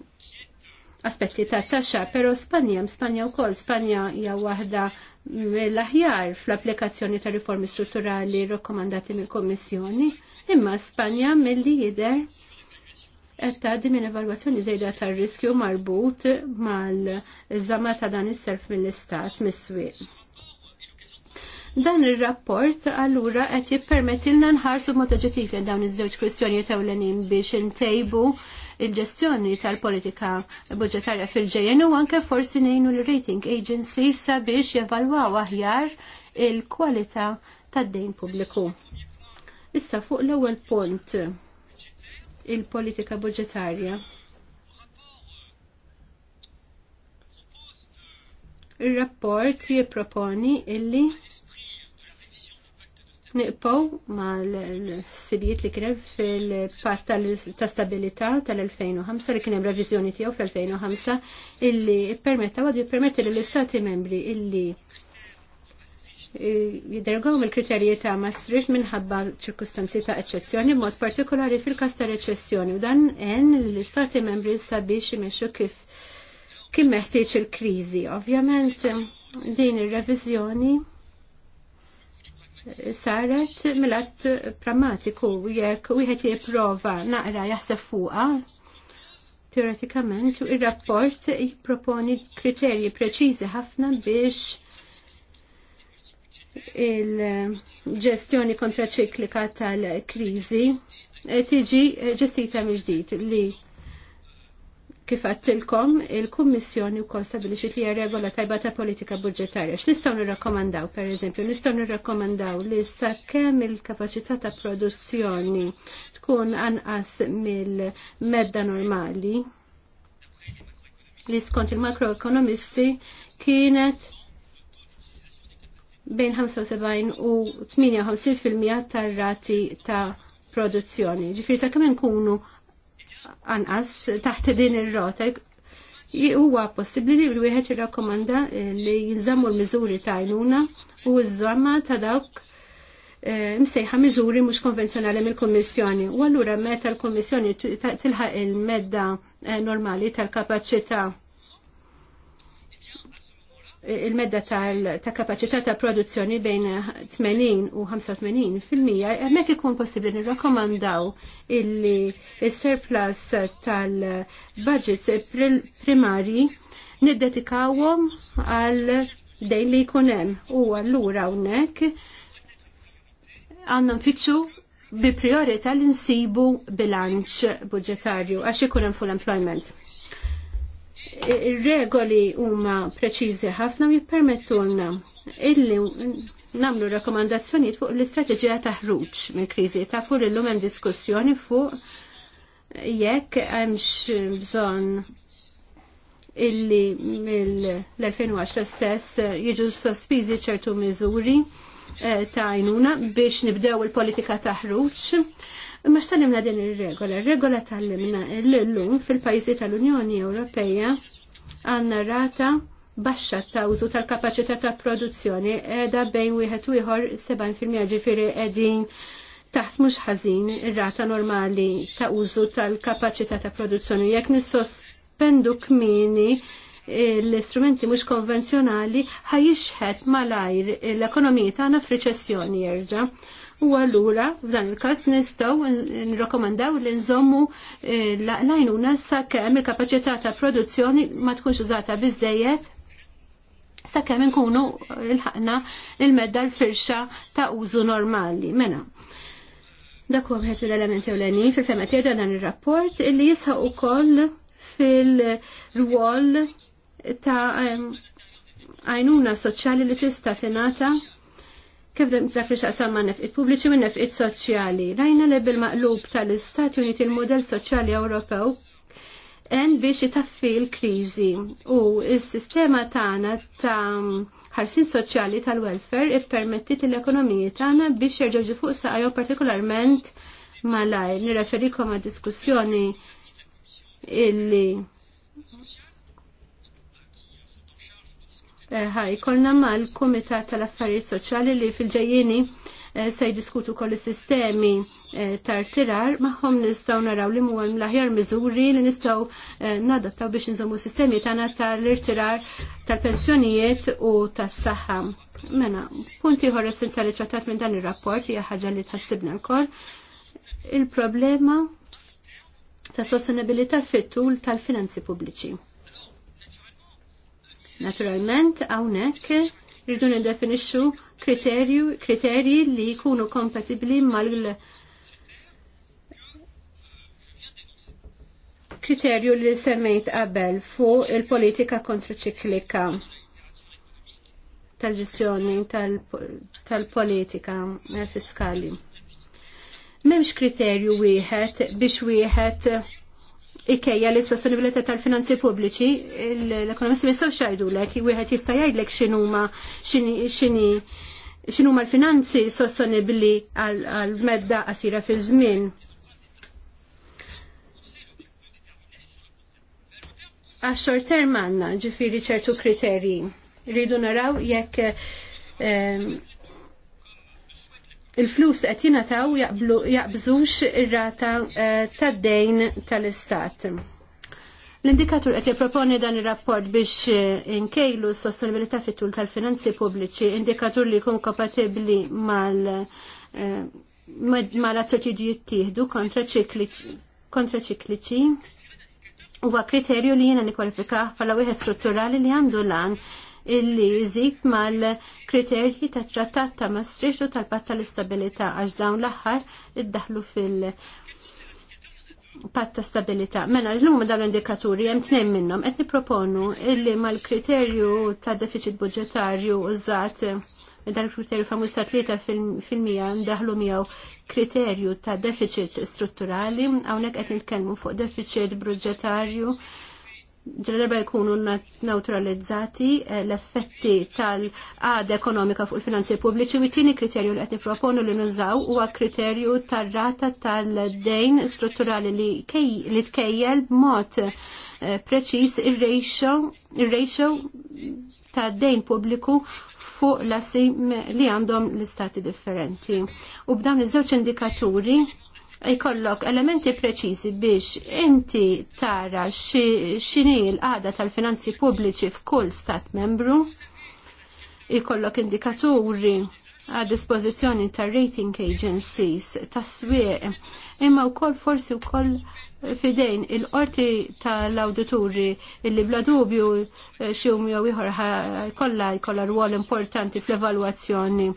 aspetti ta' taxxa, pero Spanja, Spanja wkoll, Spanja hija waħda mill-aħjar fl-applikazzjoni ta' riformi strutturali rakkomandati mill-Kommissjoni. Imma Spanja milli jider qed tgħaddi minn evalwazzjoni żejda tar-riskju marbut mal-żama ta' dan is-self mill-istat mis-swieq. Dan ir-rapport allura qed jippermettilna nħarsu b'mod oġġettiv lejn dawn iż-żewġ kwistjonijiet ewlenin biex intejbu il-ġestjoni tal-politika budġetarja fil-ġejjen u anke forsi ngħinu l-rating agencies sabiex jevalwaw aħjar il-kwalità tad-dejn pubbliku. Issa fuq l-ewwel punt il-politika budġetarja. Il-rapport jipproponi illi niqpow ma l-sibijiet li kienem fil-pat ta' stabilita tal-2005 li kienem revizjoni tiegħu fil 2005 illi permetta għadu jippermetti l-istati membri illi Eh, jidergħu mill-kriterji ta' Maastricht minħabba ċirkustanzi ta' eċċezzjoni mod partikolari fil-kas ta' reċessjoni u dan en l-istati membri sabiex imexxu kif kien meħtieġ il-kriżi. Ovvjament din ir-reviżjoni saret mill-att prammatiku jekk wieħed jipprova naqra jaħseb fuqha teoretikament ir-rapport jipproponi kriterji preċiżi ħafna biex il-ġestjoni kontraċiklika tal-krizi eh, tiġi eh, ġestita mill-ġdid li kif għattilkom il-Kummissjoni wkoll stabilixiet li regola tajba ta' politika budġetarja. X'nistgħu nirrakkomandaw pereżempju, nistgħu nirrakkomandaw li kemm il-kapaċità ta' produzzjoni tkun anqas mill-medda normali li skont il-makroekonomisti kienet bejn 75 u 58% tar-rati ta' produzzjoni. Ġifir sa' kemm nkunu anqas taħt din ir-rota huwa possibbli li wieħed jirrakkomanda eh, li jinżammu l-miżuri ta' għajnuna u ż-żamma ta' dawk eh, msejħa miżuri mhux konvenzjonali mill-Kummissjoni. U allura meta l-Kummissjoni tilħaq il-medda eh, normali tal-kapaċità il-medda ta' kapacità ta' produzzjoni bejn 80 u 85 fil-mija, hemmhekk ikun possibbli nirrakkomandaw illi s-surplus tal-budgets primarji niddetikawhom għal dejn li jkun hemm u allura hawnhekk għannan nfittxu bi priorità li nsibu bilanċ budgetarju għax ikun hemm full employment regoli huma preċiżi ħafna jippermettulna illi namlu rakkomandazzjonijiet fuq l-istrateġija ta' ħruġ mill-kriżi ta' fuq illum hemm diskussjoni fuq jekk hemmx bżonn illi mill-2010 stess jiġu sospiżi ċertu miżuri eh, ta' għajnuna biex nibdew il-politika ta' ħruġ Imma x'tallimna din ir-regola? Ir-regola tallimna l-lum fil-pajjiżi tal-Unjoni Ewropea għandna rata baxxa ta' użu tal-kapaċità ta' produzzjoni edha bejn wieħed u ieħor 70% ġifieri qegħdin taħt mhux ħażin ir-rata normali ta' użu tal-kapaċità ta' produzzjoni. Jekk nissospendu kmini l-istrumenti mhux konvenzjonali ħajixħet malajr l-ekonomija tagħna f'riċessjoni jerġa' u allura f'dan il-każ nistgħu nirrakkomandaw li nżommu eh, l-għajnuna sakemm il-kapaċità ta' produzzjoni ma tkunx użata biżejjed kemm inkunu l ħakna il-medda l-firxa ta' użu normali. Mena. Dak huwa wieħed l-elementi ewlenin fil-fema tiegħu dan ir-rapport illi jisħaq ukoll fil-rwol ta' għajnuna soċjali li tista' tingħata kif dak li xaqsam ma' nefqit pubbliċi minn nefqit soċjali. Rajna li bil-maqlub tal-Istati Uniti il model soċjali Ewropew en biex jitaffi l-krizi u s-sistema tagħna ta' ħarsin soċjali tal-welfare ippermettit l-ekonomiji tagħna biex jerġgħu fuq saqajhom partikolarment malajr. Nirreferikom għad diskussjoni illi Eh, ħaj, kolna mal kumitat tal-Affarijiet Soċjali li fil-ġejjini eh, se jiddiskutu koll is-sistemi eh, tar-tirar magħhom nistgħu naraw li mhuwem l-aħjar miżuri li nistgħu nadattaw biex s sistemi tagħna tal-irtirar tal-pensjonijiet u tas-saħħa. Mena, punti ieħor essenzjali trattat minn dan ir-rapport hija ħaġa li tħassibna wkoll. Il-problema ta' sostenibilità fit-tul tal-finanzi pubbliċi Naturalment, hawnhekk irridu niddefinixxu kriterji li jkunu kompatibbli mal- kriterju li semmejt qabel fuq il-politika kontraċiklika tal-ġestjoni tal-politika tal fiskali. Memx kriterju wieħed biex wieħed ikkeja li sostenibilità tal-finanzi pubbliċi l-ekonomisti mistaw xajdu lek, wieħed jista' jgħidlek x'inhuma x'inhi x'inhuma l-finanzi sostenibbli għal medda qasira fi żmien. għax term għandna ġifiri ċertu kriterji. Rridu naraw jekk ehm, il-flus qed jingħataw jaqbżux ir-rata eh, tad-dejn tal-istat. L-indikatur qed jipproponi dan ir-rapport biex eh, inkejlu s-sostenibilità fit-tul tal-finanzi pubbliċi, indikatur li jkun kompatibbli mal eh, mal-azzjoni jittieħdu kontra ċikliċi huwa kriterju li jiena nikkwalifika bħala wieħed strutturali li għandu lan illi jżid mal-kriterji ta' trattat ta' Maastricht u tal-patt tal istabilita għax dawn l-aħħar iddaħlu fil- patt ta' stabilità. Mela, l-lum dawn l-indikaturi hemm tnejn minnhom etni nipproponu illi mal-kriterju ta' deficit budgetarju użat l kriterju famuż ta' 3 fil-mija ndaħlu miegħu kriterju ta' deficit strutturali, hawnhekk qed nitkellmu fuq deficit budgetarju ġra darba jkunu neutralizzati eh, l-effetti tal-għada ekonomika fuq il-finanzi pubbliċi u t-tieni kriterju li qed proponu li nużaw huwa kriterju tar-rata tal-dejn strutturali li, li tkejjel b'mod eh, preċis ir-ratio tad-dejn pubbliku fuq l-assim li għandhom l-istati differenti. U b'dawn iż-żewġ indikaturi jkollok elementi preċiżi biex inti tara x'inhi l-qagħda tal-finanzi pubbliċi f'kull stat membru, jkollok indikaturi għad dispożizzjoni tar rating agencies tas swieq imma wkoll forsi wkoll fidejn il-qorti tal-awdituri illi bla dubju eh, xum jew ieħor kollha jkollha rwol importanti fl-evalwazzjoni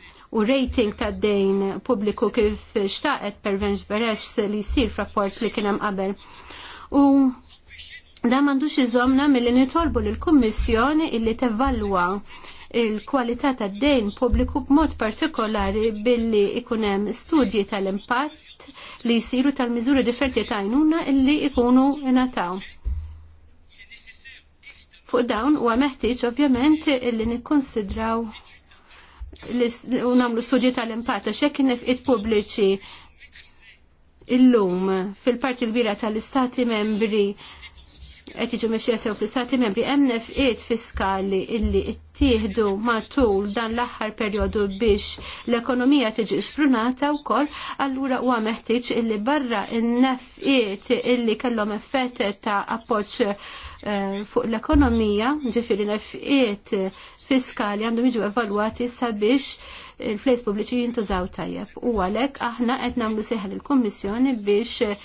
u rating ta' dejn pubbliku kif xtaqet pervenx beress li jsir frapport li kien hemm qabel. U da m'għandux iżomna milli nitolbu lill-Kummissjoni illi tevalwa il-kwalità tad dejn pubbliku b'mod partikolari billi ikun hemm studji tal-impatt li jisiru tal-miżuri differenti ta' għajnuna illi ikunu nataw. Fuq dawn huwa meħtieġ ovvjament illi nikkonsidraw u nagħmlu studji tal impatta għax hekk nefqiet pubbliċi illum fil-parti kbira tal-istati membri qed iġu meċċi sew fl-istati membri hemm nefqiet fiskali illi ttieħdu matul dan l-aħħar perjodu biex l-ekonomija tiġi sprunata wkoll, allura huwa meħtieġ illi barra n-nefqiet illi kellhom effett ta' appoġġ eh, fuq l-ekonomija, ġifieri nefqiet fiskali għandhom jiġu evalwati sabiex il-flejs pubbliċi jintużaw tajjeb. U għalhekk aħna qed nagħmlu seħħel il-Kummissjoni biex eh,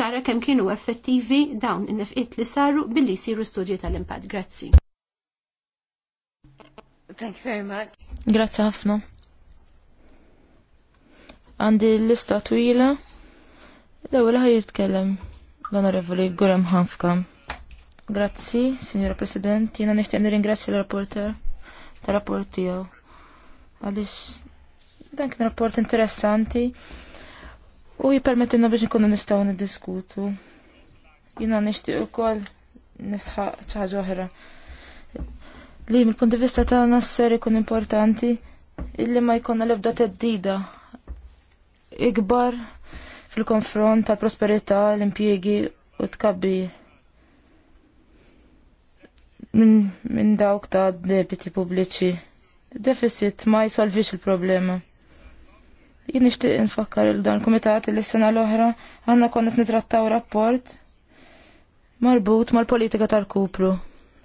tara kemm kienu effettivi dawn in-nefqiet li saru billi jsiru studji tal-impatt. Grazzi. Thank you very much. Grazzi ħafna. Għandi l-lista twila. L-ewwel ħaj jitkellem l-Onorevoli Gurem Hanfka. Grazzi, Signora President, jena nishtiq nirringrazzi l-rapporter tal-rapport tiegħu għalix dan kien rapport interessanti u jipermettilna biex nkunu nistgħu niddiskutu. Jiena u ukoll nisħaq ċaħġa oħra. Li mill-punt di vista ta' nasser ikun importanti illi ma jkollna l-ebda teddida ikbar fil-konfront ta' prosperità, l-impjiegi u tkabbi minn min dawk ta' debiti pubbliċi deficit ma jsolvix il-problema. Jien nixtieq nfakkar il dan kumitat il sena l-oħra għandna konna nitrattaw rapport marbut mal-politika tal-kupru.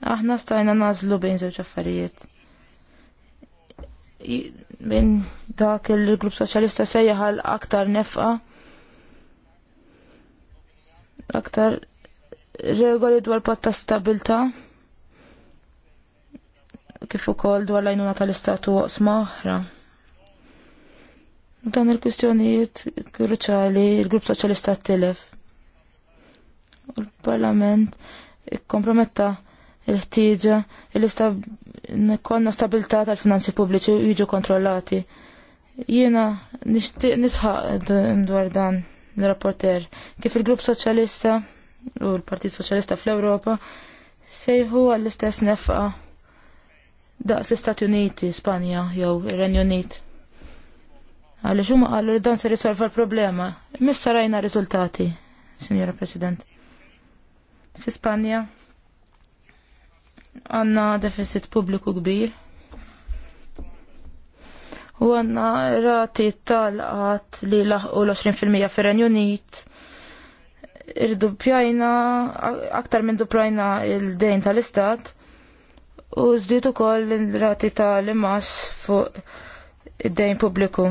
Aħna stajna nażlu bejn żewġ affarijiet. Bejn dak il-grupp soċjalista sejjaħal aktar nefqa aktar regoli dwar patta stabilta' kif ukoll dwar l-għajnuna tal-istatu waqsma oħra. Dan il-kwistjonijiet kruċali il-Grupp Soċjalista tilef. Il-Parlament ikkomprometta il-ħtieġa il konna stabilità tal-finanzi pubbliċi u jiġu kontrollati. Jiena nixtieq nisħaq dwar dan l-rapporter kif il-Grupp Soċjalista u l-Partit Soċjalista fl-Ewropa sejħu għall-istess nefqa' daqs l-Istati Uniti, Spanja jew ir-Renju Unit. Għaliex huma qalu li dan se risolva l-problema. Missa sarajna riżultati, signora President. Fi Spanja għandna deficit pubbliku kbir. U għanna rati tal-qat li laħqu l-20% fir-Renju Unit pjajna, aktar minn duprajna il-dejn tal-istat, u żdied ukoll l-rati ta' l fuq id-dejn pubbliku.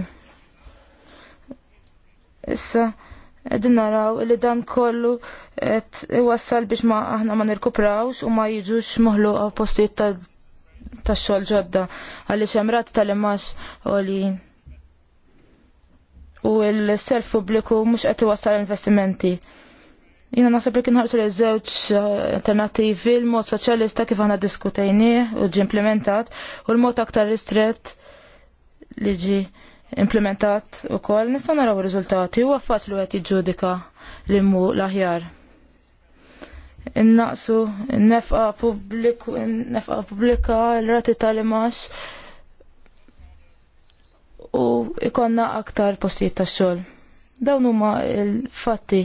Issa, Edin naraw li dan kollu et iwassal biex ma aħna ma nirkuprawx u ma jiġux għaw postiet ta', ta xol ġodda għalli xemrat tal-imax li u l-self publiku mux għet iwassal investimenti. Jina nasab li kienħarsu li żewġ eh, alternativi, l-mod soċjalista kif aħna diskutejnieh u ġi implementat, u l-mod aktar ristret li ġi implementat u kol, nistaw naraw riżultati u għaffaċ li għet jġudika li mu laħjar. Innaqsu, nefqa publika, l-rati tal-imax u ikonna aktar postijiet tax xogħol. Dawn huma l-fatti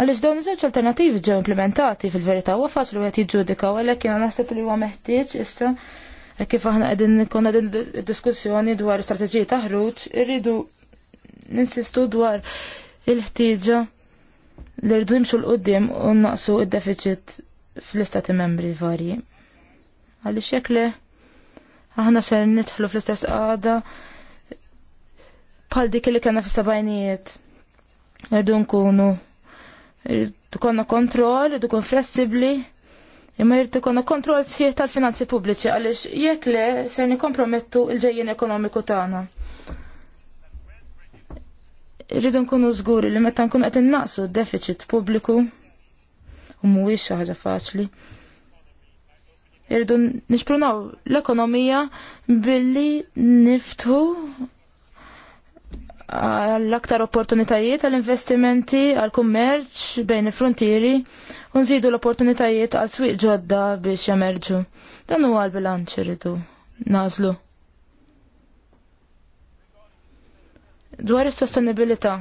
Għaliex dawn iż-żewġ alternattivi ġew implementati fil-verità huwa faċli wieħed jiġġudika u għalhekk jiena naħseb li huwa meħtieġ issa e kif aħna qegħdin konna din diskussjoni dwar strateġiji ta' ħruġ irridu ninsistu dwar il-ħtieġa li rridu jimxu l-qoddim u naqsu d deficit fl-istati membri varji. Għaliex jekk le aħna ser nidħlu fl-istess għada bħal dik li kena fis sabajnijiet Rridu nkunu Irrid ikonna kontroll, irrid ikun flessibbli, imma irrid ikonna kontroll sħiħ tal-finanzi pubbliċi għaliex jekk le ser nikkompromettu l-ġejjin ekonomiku tagħna. Irridu nkunu żguri li meta nkunu qed innaqsu d-deficit pubbliku u mhuwiex xi ħaġa faċli. Irridu nixprunaw l-ekonomija billi niftu għall-aktar opportunitajiet għall-investimenti għall-kummerċ bejn il-frontieri u nżidu l-opportunitajiet għal swieq ġodda biex jamerġu. Dan huwa l-bilanċ irridu nażlu. Dwar is-sostenibilità,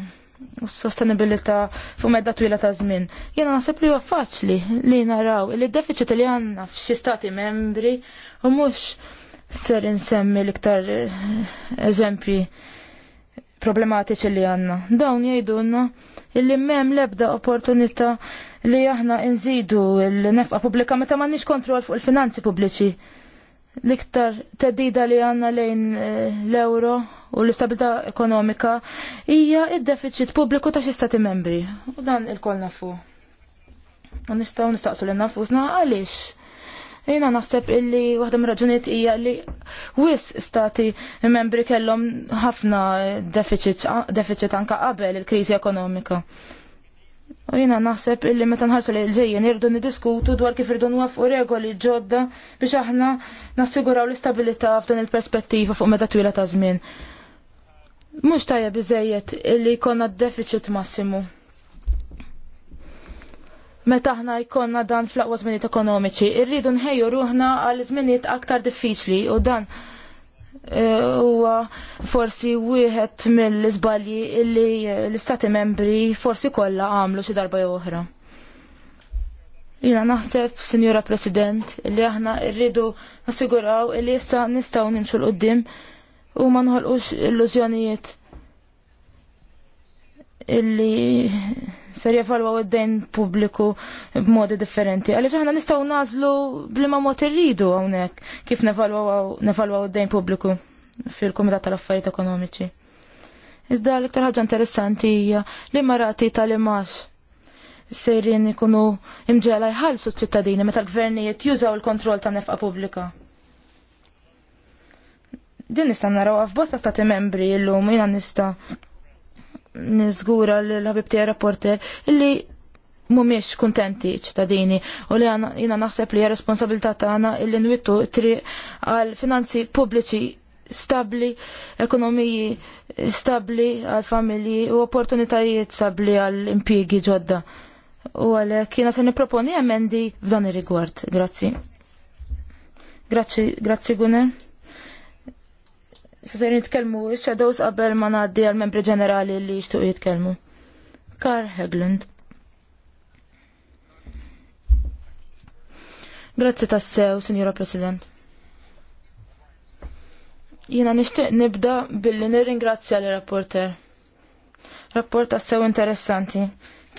s-sostenibilità fuq medda twila ta' żmien. Jiena naħseb li huwa faċli li naraw li d-deficit li għandna f'xi stati membri u mhux ser insemmi l-iktar eżempji problematiċi li għanna. Dawn jgħidulna illi mem lebda opportunità li aħna nżidu l-nefqa pubblika meta nix kontroll fuq il-finanzi pubbliċi. L-iktar teddida li għanna lejn eh, l-euro u l-istabilità ekonomika hija id-deficit pubbliku ta' xi stati membri. U dan il-kol nafu. U nistaqsu l nafusna għaliex Jina naħseb illi waħda mraġuniet hija li wis stati membri kellhom ħafna deficit, anka qabel il-kriżi ekonomika. U jina naħseb illi meta nħarsu li l-ġejjen irdu nidiskutu dwar kif irdu nwafqu regoli ġodda biex aħna nassiguraw l-istabilità f'dan il-perspettiva fuq meta twila ta' żmien. Mhux tajjeb biżejjed illi jkollna deficit massimu meta aħna jkollna dan fl-aqwa żminijiet ekonomiċi, irridu nħejju ruħna għal żminijiet aktar diffiċli u dan e, huwa forsi wieħed mill-iżbalji illi l-istati membri forsi kollha għamlu xi darba jew oħra. Jina naħseb, Sinjora President, illi aħna rridu nassiguraw illi issa nistgħu nimxu l-qoddim u ma nħolqux illużjonijiet illi ser jevalwaw id-dejn pubbliku b'modi differenti. Għaliex aħna nistgħu nażlu bliema mod irridu hawnhekk kif nevalwaw id-dejn pubbliku fil-Kumitat tal-Affarijiet Ekonomiċi. Iżda l-iktar ħaġa interessanti hija li marati tal-imax sejrin ikunu imġela jħallsu t ċittadini meta l-gvernijiet jużaw il-kontroll ta' nefqa pubblika. Din nista' naraw f'bosta stati membri llum jiena nista' nizgura l-ħabib tiegħi rapporter illi mumiex kuntenti ċittadini u li għana, jina naħseb li responsabilità tagħna illi nwittu tri għal finanzi pubbliċi stabli, ekonomiji stabli għal familji u opportunitajiet stabli għal impjiegi ġodda. U għalhekk kiena se nipproponi emendi f'dan ir-rigward. Grazzi. Grazzi, grazzi Gunnar. Sosir nitkellmu x-shadows qabel ma ngħaddi għall membri ġenerali li jixtuq jitkellmu. Kar Heglund. Grazzi tassew, Sinjura President. Jiena nixtieq nibda billi nirringrazzja l rapporter Rapport tassew interessanti,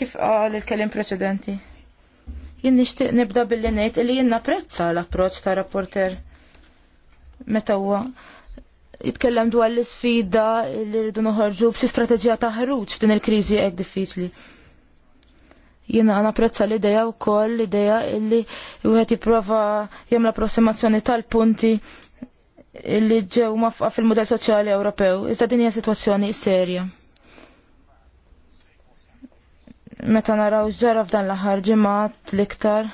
kif qal il-kelim preċedenti. Jien nixtieq nibda billi ngħid li jien napprezza l-approċċ ta' rapporter meta huwa jitkellem dwar l-isfida li rridu noħorġu b'xi strateġija ta' ħruġ f'din il-kriżi hekk diffiċli. Jiena napprezza l-idea wkoll l-idea illi wieħed jipprova jagħmel approssimazzjoni tal-punti illi ġew mafqa fil-mudell soċjali Ewropew. Iżda din hija sitwazzjoni serja. Meta naraw ġara f'dan l-aħħar ġimgħat l-iktar.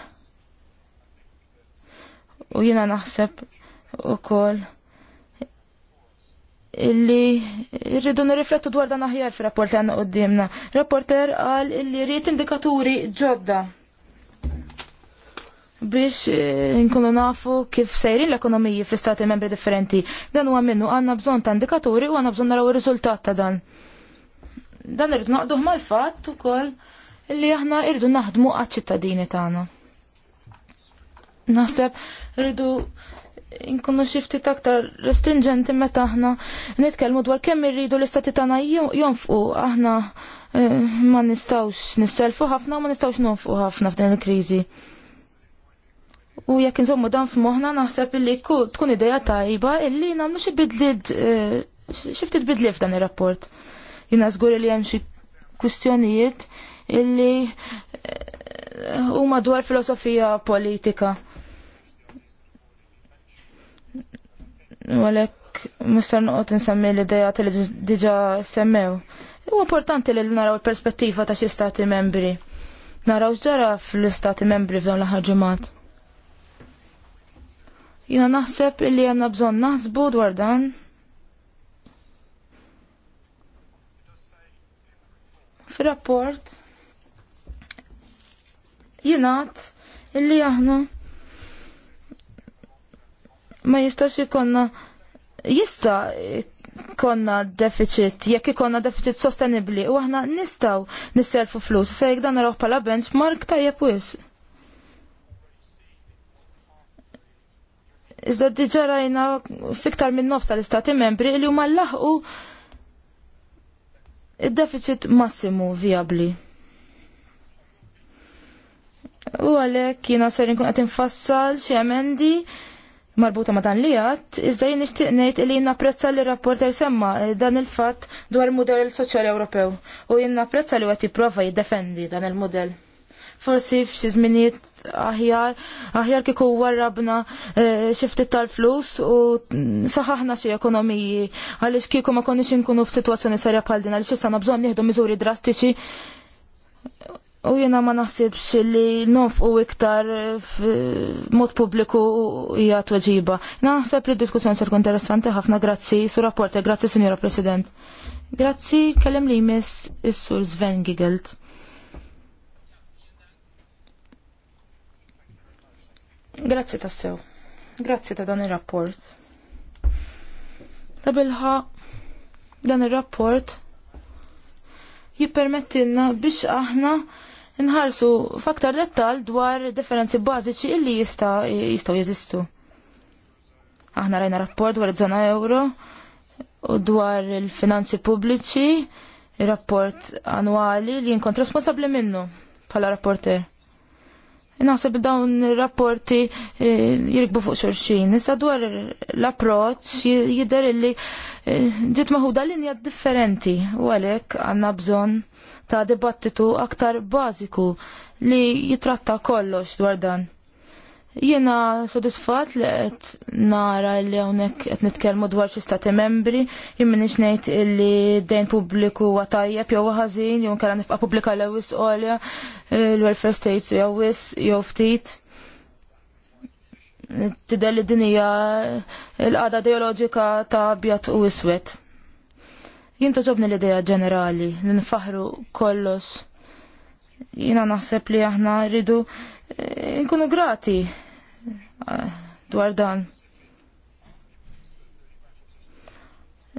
U jiena naħseb ukoll illi rridu nirriflettu dwar dan aħjar fir-rapport li għandna qoddimna. Rapporter qal illi rrid indikaturi ġodda biex eh, nkunu nafu kif sejrin l-ekonomiji fl-istati membri differenti. Dan huwa minnu għandna bżonn ta' indikaturi u għandna bżonn naraw ir-riżultat ta' dan. Dan irridu noqduh mal-fatt ukoll illi aħna irridu naħdmu għaċ-ċittadini tagħna. Naħseb rridu Inkunu xi ftit aktar restringenti meta aħna nitkellmu dwar kemm irridu l-istati tagħna jonfqu aħna eh, ma nistgħux nisselfu ħafna u ma nistgħux nonfqu ħafna f'din il-kriżi. U jekk insommu dan f'moħħna naħseb illi tkun idea tajba illi nagħmlu xi bidliet eh, xi ftit f'dan ir-rapport. Jiena żgur li hemm xi kwistjonijiet illi eh, huma dwar filosofija politika għalek mustar noqot nsemmi l-ideja li diġa semmew. U importanti li naraw il-perspettiva ta' xi stati membri. Naraw ġara fl-istati membri f'dan l-aħħar Jina naħseb li għanna bżon naħsbu dwar dan. Fir-rapport jingħad illi aħna ma jistax ikonna jista konna deficit, jekk ikonna deficit sostenibli, u aħna nistaw nisserfu flus, se jek dan pala benchmark tajjeb wis. Iżda diġarajna rajna fiktar minn nofs tal-istati membri li huma laħqu id-deficit massimu viabli. U għalek jina ser kun għatin infassal xi emendi marbuta ma dan li għat, iżda jien nixtieq ngħid li li rapporter semma eh, dan il-fatt dwar il-modell soċjali Ewropew u jien napprezza li qed jipprova jiddefendi dan il-modell. Forsi f'xi żminijiet aħjar, aħjar kieku warrabna eh, xi ftit tal-flus u saħaħna xi ekonomiji għaliex kieku ma konniex inkunu f'sitwazzjoni serja bħal din għaliex issa bżonn nieħdu miżuri drastiċi U jena ma naħsibx li u iktar mod publiku hija tweġiba. Jena naħseb li diskussjoni ser interessanti ħafna grazzi su rapporti, grazzi Sinjora President. Grazzi kellem li jmiss is-sur Sven Gigelt. Grazzi tassew. Grazzi ta' dan ir-rapport. Ta' bilħa dan ir-rapport jippermettilna biex aħna nħarsu f'aktar dettal dwar differenzi bażiċi illi jista' jistgħu jeżistu. Aħna rajna rapport dwar iż-żona euro u dwar il-finanzi pubbliċi, il-rapport annwali li jinkont responsabbli minnu bħala rapporter. Naħseb dawn rapporti eh, jirikbu fuq xorxin. Nista dwar l-approċ jider li eh, ġit maħuda linja differenti u għalek għanna bżon ta' dibattitu aktar bażiku li jitratta kollox dwar dan. Jiena sodisfat li qed nara li hawnhekk qed nitkellmu dwar xi stati membri, jien m'iniex ngħid illi dejn pubbliku huwa tajjeb jew ħażin jew nkella nifqa' pubblika l ewwis għolja l-welfare states jew wis jew ftit. Tidel li din hija l-qagħda ideoloġika ta' bjat u iswed. Jinta ġobni l-ideja ġenerali, li nfaħru kollox. Jina naħseb li aħna rridu eh, nkunu grati eh, dwar dan.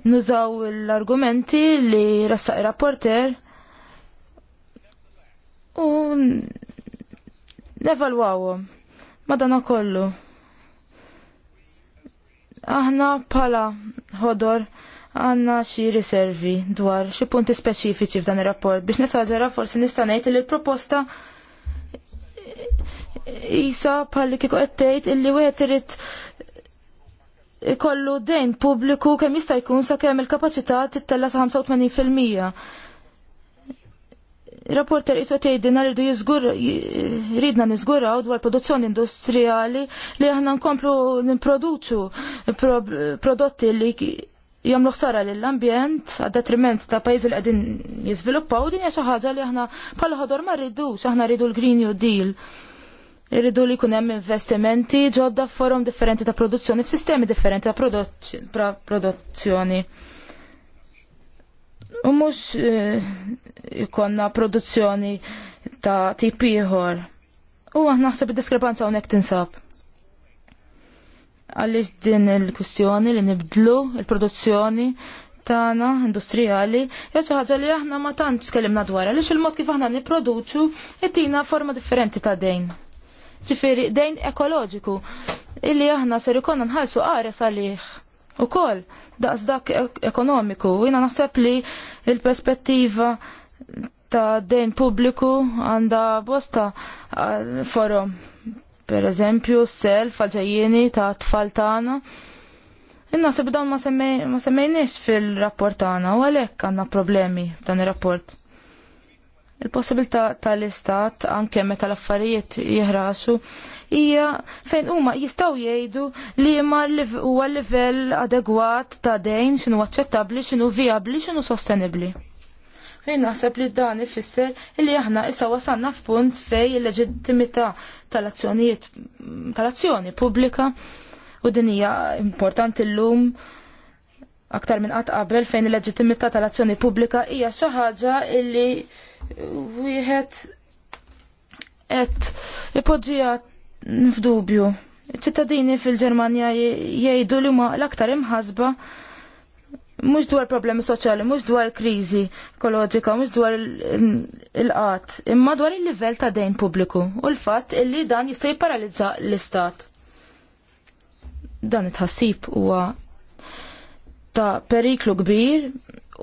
Nużaw l-argumenti li rassaq rapporter u nevalwawhom madana kollu. Aħna pala ħodor għanna xi riservi dwar xi punti speċifiċi f'dan ir-rapport biex nesaġera forsi nista' ngħid li l-proposta isa bħalli kieku qed tgħid illi wieħed irid ikollu dejn pubbliku kemm jista' jkun sakemm il-kapaċità tittella sa 85%. Rapporter iso tgħidilna rridu jiżgur ridna niżguraw dwar produzzjoni industrijali li aħna nkomplu nipproduċu prodotti li l ħsara l ambjent għad detriment ta' pajjiżi li qegħdin jiżviluppaw din hija xi ħaġa li aħna bħala ħodor ma rridux aħna rridu l-Green New Deal. Irridu li jkun hemm investimenti ġodda forum differenti ta' produzzjoni f'sistemi differenti ta' produzzjoni. U mhux eh, ikonna produzzjoni ta' tipiħor. ieħor. U aħna naħseb id-diskrepanza hawnhekk tinsab għaliex din il-kwistjoni li nibdlu il-produzzjoni tagħna industrijali hija xi ħaġa li aħna ma tantx tkellimna dwar għaliex il-mod kif aħna nipproduċu qed forma differenti ta' dejn. Ġifieri dejn ekoloġiku illi aħna ser ikonna nħallsu qares għalih. U kol, daqs dak ekonomiku, jina naħseb li il-perspettiva ta' dejn publiku għanda bosta eh, forum per eżempju s-self għalġajjeni ta' tfal tagħna. se b'dan ma semmejniex fil-rapport tagħna u għalhekk għandna problemi f'dan ir-rapport. Il-possibilità tal-istat anke meta l-affarijiet jihrasu, hija fejn huma jistgħu jgħidu li ma huwa livell adegwat ta' dejn x'inhu aċċettabbli, x'inhu vijabbli, x'inhu sostenibbli. Jien naħseb li dan ifisser li aħna issa wasanna f'punt fej il-leġittimità tal-azzjonijiet tal-azzjoni pubblika u din hija importanti llum aktar minn qatt qabel fejn il-leġittimità tal-azzjoni pubblika hija xi ħaġa li wieħed qed ipoġġija f'dubju. Iċ-ċittadini fil-Ġermanja jgħidu li huma l-aktar imħasba mux dwar problemi soċjali, mux dwar krizi ekoloġika, mux dwar il-qat, imma dwar il-livell ta' dejn publiku u l-fat illi dan jista' jipparalizza l-istat. Dan it-ħassib huwa ta' periklu kbir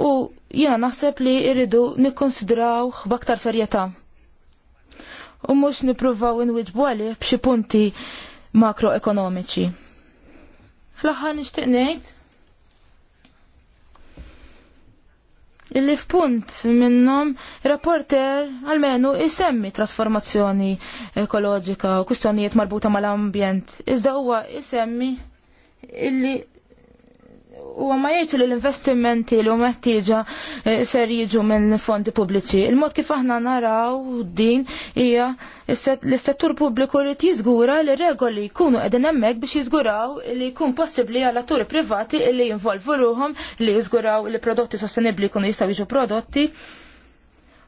u jiena naħseb li irridu nikkonsidrawh b'aktar serjetà. U mhux nippruvaw inwiġbu għalih b'xi punti makroekonomiċi. Fl-aħħar nixtieq ngħid illi f'punt minnhom rapporter għalmenu isemmi trasformazzjoni ekoloġika u kwistjonijiet marbuta mal-ambjent. Iżda huwa isemmi illi u ma jgħidu li l-investimenti li huma ħtieġa eh, ser jiġu minn fondi pubbliċi. Il-mod kif aħna naraw din hija l-settur pubbliku li tiżgura li regoli jkunu qegħdin hemmhekk biex jiżguraw li jkun possibbli għal atturi privati li jinvolvu ruhom li jiżguraw li prodotti sostenibbli jkunu jistgħu jiġu prodotti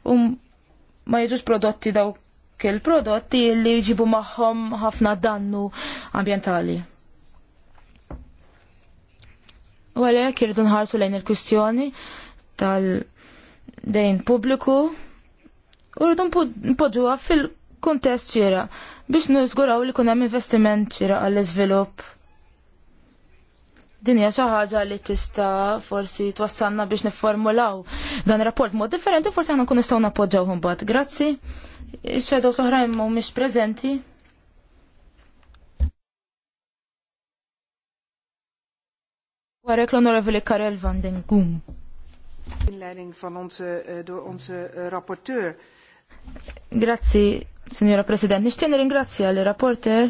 u ma jiġux prodotti dawk il-prodotti li jġibu magħhom ħafna dannu ambjentali. U għalhekk nħarsu lejn il kustjoni tal-dejn pubbliku u rridu npoġġuha fil-kuntest ċira biex niżguraw li kunem hemm investiment ċira għall-iżvilupp. Din hija xi ħaġa li tista' forsi twassalna biex nifformulaw dan rapport mod differenti forsi aħna nkun nistgħu nappoġġawhom bad. Grazzi. Ix-xedew oħrajn mhumiex preżenti. Warek l-onorevoli Karel van den Goom. Inleiding van onze, eh, door onze eh, rapporteur. Grazzi, signora President. Nishtien ringrazzja l-rapporter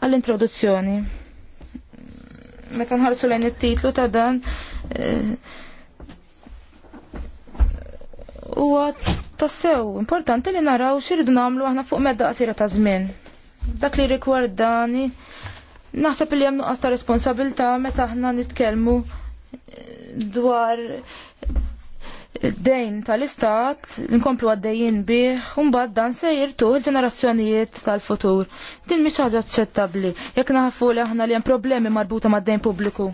għall-introduzzjoni. Meta nħarsu lejn it-titlu ta' dan eh, huwa tassew importanti li naraw x'iridu nagħmlu aħna fuq medda qasira ta' żmien. Dak li rikwardani Naħseb li hemm għasta responsabilta responsabilità meta aħna nitkellmu eh, dwar eh, dejn tal-istat nkomplu għaddejjin bih mbagħad dan se jirtu l-ġenerazzjonijiet tal-futur. Din mhix ħaġa aċċettabbli jekk naħfu li aħna li hemm problemi marbuta mad-dejn pubbliku.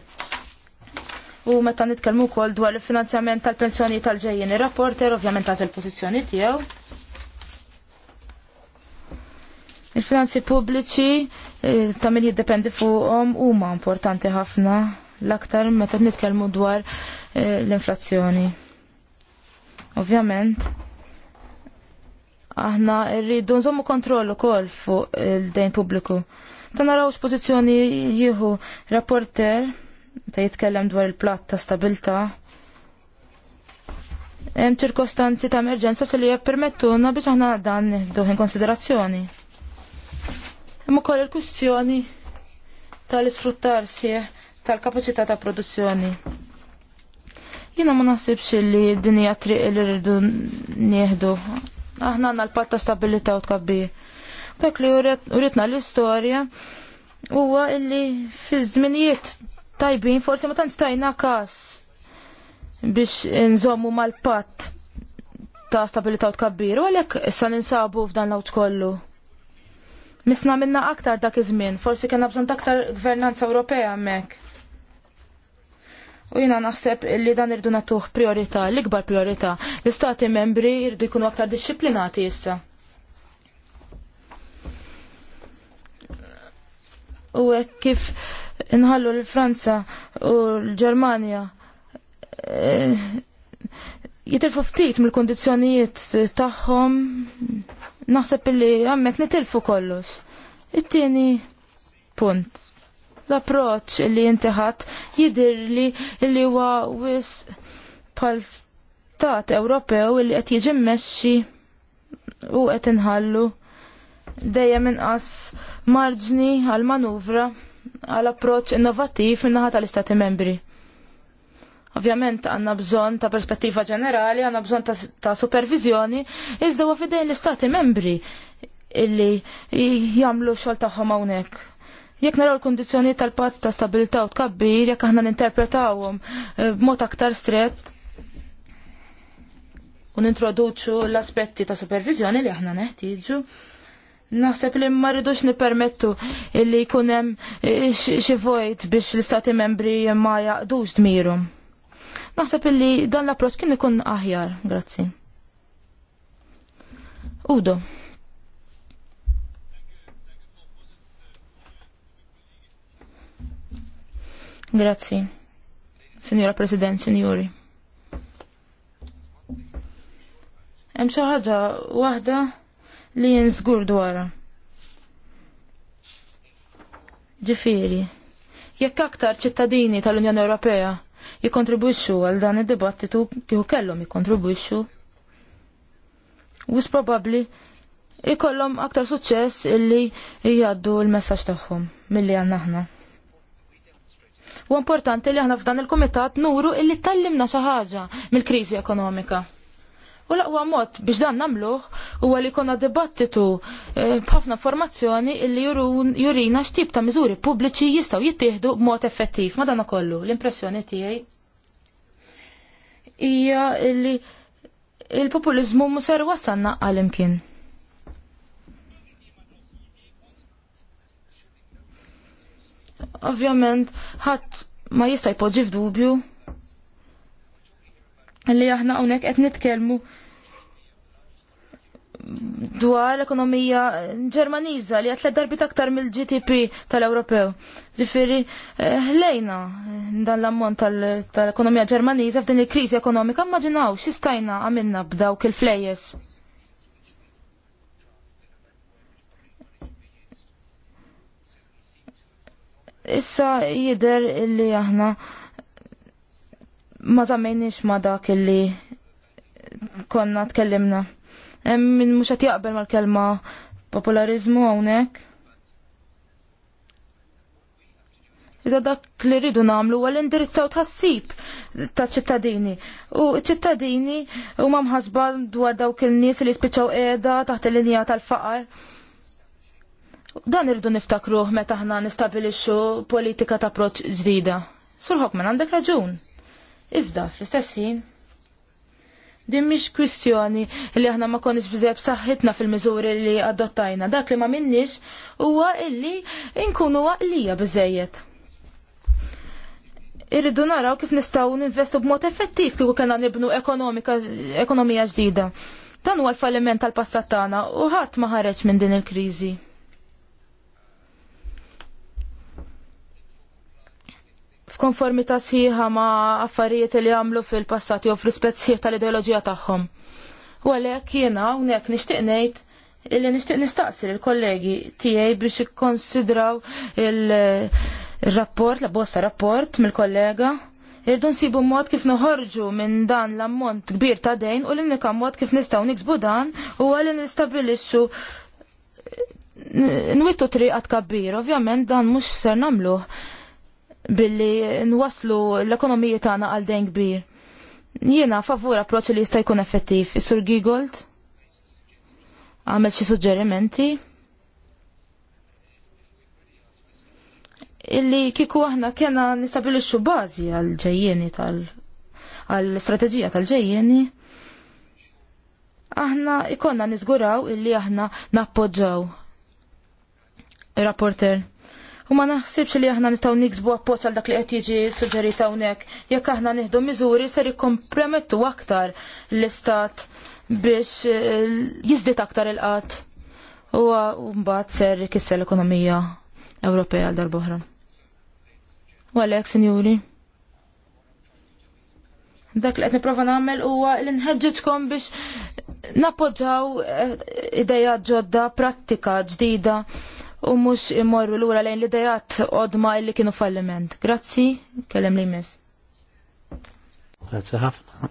U meta nitkellmu wkoll dwar il-finanzjament tal-pensjoni tal-ġejjin, ir-rapporter ovvjament għażel pożizzjoni tiegħu. Il-finanzi pubbliċi eh, ta' min jiddependi fuqhom huma importanti ħafna l-aktar meta nitkellmu dwar eh, l-inflazzjoni. Ovvjament, aħna rridu nżommu kontroll ukoll fuq il-dejn pubbliku. Ta' naraw x'pożizzjoni jieħu rapporter ta' jitkellem dwar il-platt ta' stabilta' hemm ċirkostanzi ta' emerġenza se li jippermettuna biex aħna dan nieħduh in konsiderazzjoni. Imma ukoll il kustjoni tal isfruttarsi tal-kapaċità ta' produzzjoni. Jiena ma naħsibx li d-dinja triq li rridu nieħdu. Aħna għandna l-patt ta' stabilità u tkabbi. Dak li uritna l-istorja huwa illi fi żminijiet tajbin forsi ma tantx tajna każ biex nżommu mal-patt ta' stabilità u tkabbir, u għalhekk issa ninsabu f'dan l-awt kollu. Nisna minna aktar dak iż-żmien, forsi kena bżon aktar gvernanza Ewropea hemmhekk. U jina naħseb li dan irdu nagħtuh priorità, l-ikbar priorità. L-istati membri irdu jkunu aktar disċiplinati issa. U hekk kif inħallu l-Franza u l-Ġermanja eh, jitilfu ftit mill kundizzjonijiet tagħhom Naħseb illi għammek nitilfu kollox. It-tieni punt. L-approċ illi intiħat jidir li illi huwa wis pal stat Ewropew illi qed jiġi mmexxi u qed inħallu dejjem inqas marġni għal manuvra għal approċ innovattiv minnaħat tal-Istati Membri. Ovvjament għanna bżon ta' perspettiva ġenerali, għanna bżon ta', ta supervizjoni, iżda huwa fidejn l-istati membri illi jagħmlu xogħol tagħhom hawnhekk. Jekk naraw l-kondizjoni tal-patt ta' stabilità u tkabbir, jekk aħna ninterpretawhom eh, b'mod aktar strett u nintroduċu l-aspetti ta' supervizjoni li aħna neħtieġu, Naħseb li ma rridux nipermettu li jkun hemm eh, xi vojt biex l-istati membri ma jaqdux dmirhom. Naħseb illi dan l-approċ kien ikun aħjar, grazzi. Udo. Grazzi. Signora President, Signori. Hemm xi ħaġa waħda li jinżgur dwarha. Ġifieri, jekk aktar ċittadini tal-Unjoni Ewropea jikontribuixxu għal dan id-dibattitu kieku kellhom jikontribuixxu. Wis probabbli ikollhom aktar suċċess illi jgħaddu l-messaġġ tagħhom milli għandna aħna. U importanti li aħna f'dan il-kumitat nuru illi tallimna xi ħaġa mill-kriżi ekonomika. U laqwa mod biex dan namluħ huwa li konna dibattitu eh, b'ħafna formazzjoni illi jurina x'tip ta' miżuri pubbliċi jistgħu jittieħdu b'mod effettiv ma' dan kollu. L-impressjoni tiegħi hija illi il-populiżmu muser wasanna għal imkien. Ovvjament, ħadd ma jista' jpoġġi f'dubju li aħna hawnhekk qed nitkellmu dwar ekonomija Ġermaniża li għatlet darbit aktar mill-GDP tal-Ewropew. Ġifiri, eh, ħlejna dan l-ammont tal-ekonomija Ġermaniża f'din il-krizi ekonomika, immaġinaw xistajna għamilna b'dawk il-flejes. Issa jider li aħna ma zammenix ma dak illi konna tkellimna. Min mux għat jaqbel mal-kelma popolarizmu għonek. Iżda dak li rridu namlu għal indirizzaw tħassib ta' ċittadini. U ċittadini u mamħasba dwar dawk il-nis li spiċaw edha taħt il-linja tal-faqar. Dan irridu niftakruh meta ħna nistabilixxu politika ta' proċ ġdida. Surħok minn għandek raġun. Iżda, fl-istess ħin, din mhix kwistjoni li aħna ma konniex biżeb saħħitna fil-miżuri li adottajna. Dak li ma minnix huwa illi nkunu għaqlija biżejjed. Irridu naraw kif nistgħu ninvestu b'mod effettiv kieku kellna nibnu ekonomija ġdida. Dan huwa l-falliment tal-passat tagħna u ħadd ma ħareġ minn din il-kriżi. f'konformità sħiħa ma' affarijiet li għamlu fil-passat jew fl-rispett sħiħ tal-ideoloġija tagħhom. U għalhekk jiena hawnhekk nixtieq ngħid illi nixtieq nistaqsir il-kollegi tiegħi biex ikkonsidraw il-rapport, la bosta rapport mill-kollega. Irdu nsibu mod kif noħorġu minn dan l-ammont kbir ta' dejn u l-unika mod kif nistgħu niksbu dan huwa li nistabilixxu nwittu triqat kabbir, ovvjament dan mhux ser nagħmluh billi nwaslu l-ekonomija tagħna għal dejn kbir. Jiena favur approċċ li jista' jkun effettiv. Is-Sur Gigold għamel xi suġġerimenti. Illi kieku aħna kena nistabilixxu bażi għal ġejjeni tal għal strateġija tal-ġejjeni. Aħna ikonna niżguraw illi aħna nappoġġaw. Rapporter. U ma naħsibx li aħna nistgħu niksbu appoġġ għal dak li qed jiġi suġġerit hawnhekk. Jekk aħna nieħdu miżuri ser ikkompromettu aktar l-istat biex eh, jiżdied aktar il-qatt. U mbagħad ser ikisser l-ekonomija Ewropea għal darb'oħra. U għalhekk, sinjuri. Dak li qed nipprova nagħmel huwa li nħeġġitkom biex nappoġġaw eh, ideja ġodda, prattika ġdida u mhux imorru lura lejn l-idejat qodma illi kienu falliment. Grazzi, kellem li mis. Grazzi ħafna.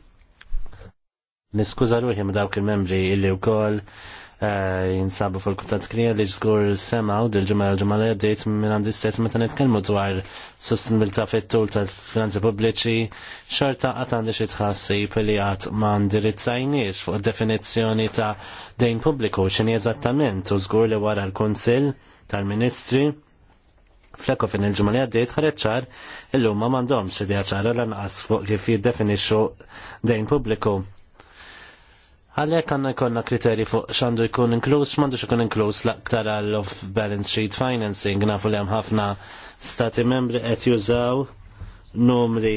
Niskuża ruħi dawk il-membri illi wkoll Eh, jinsabu fuq il-kutat krija li ġgur semaw dil-ġumma u ġumma li għaddejt minn għandi stess meta nitkellmu dwar sostenibilità fit-tul tal-finanzi pubbliċi xorta għat għandi xi tħassib li għat ma ndirizzajniex fuq definizzjoni ta' dejn pubbliku x'inhi eżattament u żgur li wara l-Kunsill tal-Ministri Flekko fin il ġumali li għaddejt ħareċċar illum ma mandomx id ċara anqas fuq kif jiddefinixxu dejn pubbliku Għalek għanna jkollna kriteri fuq xandu jkun inkluż, x'mandu ikun inkluż l-aktar għall off balance sheet financing, nafu li hemm ħafna stati membri qed jużaw numri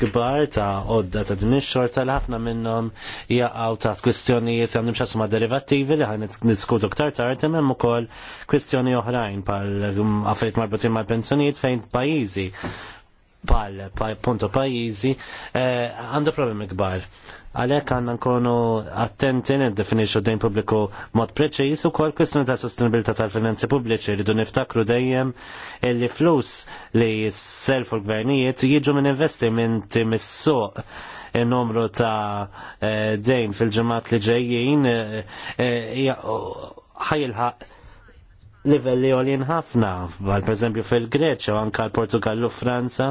kbar ta' odda ta' din ix-xorta għal ħafna minnhom jaqgħu taħt kwistjonijiet għandhom xasma derivattivi li ħan niskutu ktar tard hemm ukoll kwistjoni oħrajn bħal affarijiet marbutin mal-pensjonijiet fejn pajjiżi bħal punto pajjiżi eh, għandu problemi kbar. Għalhekk għandna nkunu attenti niddefinixxu dejn pubbliku mod preċiż ukoll kwestjoni ta' sostenibilità tal-finanzi pubbliċi rridu niftakru dejjem illi flus li s selfu l-gvernijiet jiġu minn investimenti mis-suq il-numru e ta' eh, dejn fil-ġemat li ġejjin eh, eh, ħajilħaq livelli għolin ħafna, għal per esempio fil-Greċa u anka l-Portugallu Franza,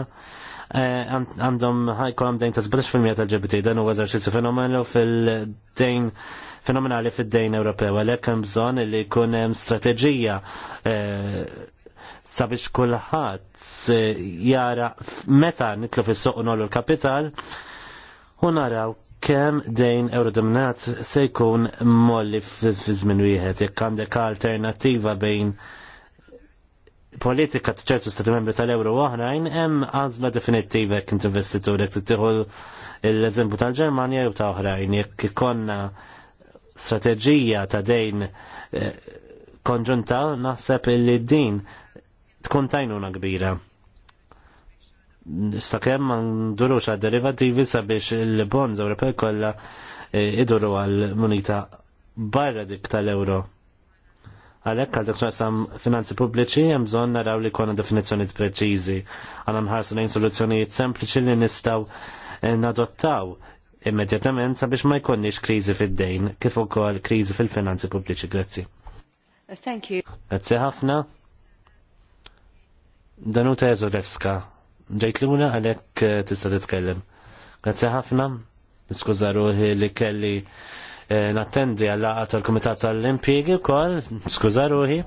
eh, għandhom ħajkun għam dejn ta' 17% tal-GBT, dan huwa eżerċizzju fenomenu fil-dejn fenomenali fid-dejn Ewropew, għalhekk hemm bżonn li jkun hemm strateġija eh, sabiex kulħadd eh, jara meta nitlu fis-suq nollu l-kapital u naraw kemm dejn eurodominat se jkun molli fi żmien wieħed jekk għandek alternattiva bejn politika ċertu stati membri tal-euro oħrajn hemm għażla definittiva jekk inti investitur jekk tittieħu l-eżempju tal-Ġermanja jew ta' oħrajn jekk ikonna strateġija ta' dejn eh, konġunta naħseb li din tkun tajnuna kbira sakemm ma ndurux għad derivativi sabiex il-bonds Ewropej kollha e, iduru għal munita barra dik tal-euro. Għalhekk għal dak sam finanzi pubbliċi hemm bżonn naraw li jkollna definizzjonijiet preċiżi. Għandna nħarsu lejn soluzzjonijiet sempliċi li nistgħu e, nadottaw immedjatament sabiex ma jkunniex kriżi fid-dejn kif ukoll kriżi fil-finanzi pubbliċi. Grazzi. Thank you. Grazzi ħafna. Danuta Jezolewska ġejt l-una għalek eh, tista titkellem. Grazie ħafna, niskuza ruħi li kelli eh, nattendi għallaqa tal-Komitat tal u kol, niskuza ruħi.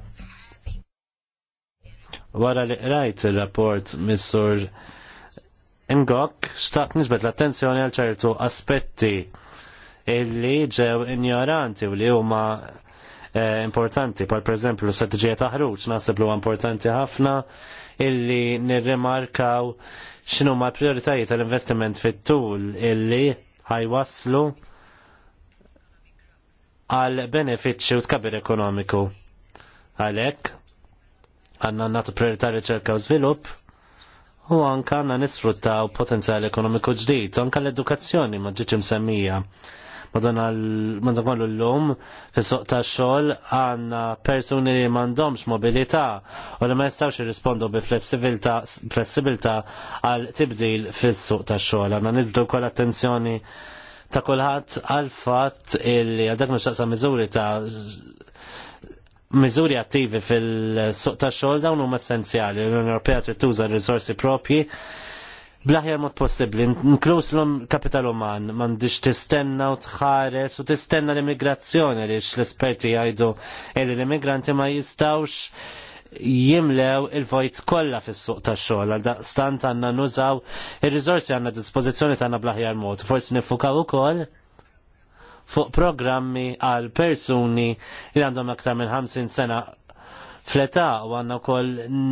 Wara li rajt il-rapport missur Ngok, xtaqt nisbet l-attenzjoni għal ċertu aspetti illi ġew ignoranti u li huma eh, importanti, pal per eżempju l-strategija taħruġ, naħseb li huwa importanti ħafna illi nirremarkaw xinu ma prioritajiet tal-investiment fit-tul illi ħajwaslu għal benefiċċju u tkabir ekonomiku. Għalhekk għandna natu priorità riċerka u żvilupp u anka għandna nisfruttaw potenzjal ekonomiku ġdid, anka l-edukazzjoni ma ġietx semmija Madonna kollu l-lum, fis-soq ta' xogħol għandna persuni li m'għandhomx mobilità u li ma jistgħux jirrispondu bi flessibilità għal tibdil fis-suq ta' xogħol. Għandna nibdu kol attenzjoni ta' kulħadd għal fatt illi għadak nixtaqsa miżuri ta' miżuri attivi fil-suq ta' xogħol dawn huma essenzjali. L-Unjoni Ewropea trid tuża r-risorsi propji blaħjar mod possibli, inkluż l-om kapital uman, mandiġ tistenna u tħares u tistenna l-immigrazzjoni li l-esperti jgħidu li l-immigranti ma jistawx jimlew il-vojt kollha fis-suq tax-xogħol għal daqstant għandna nużaw ir-riżorsi għandna dispożizzjoni tagħna blaħjar mod. Forsi nifukaw ukoll fuq programmi għal persuni li għandhom aktar minn 50 sena fleta u għanna kol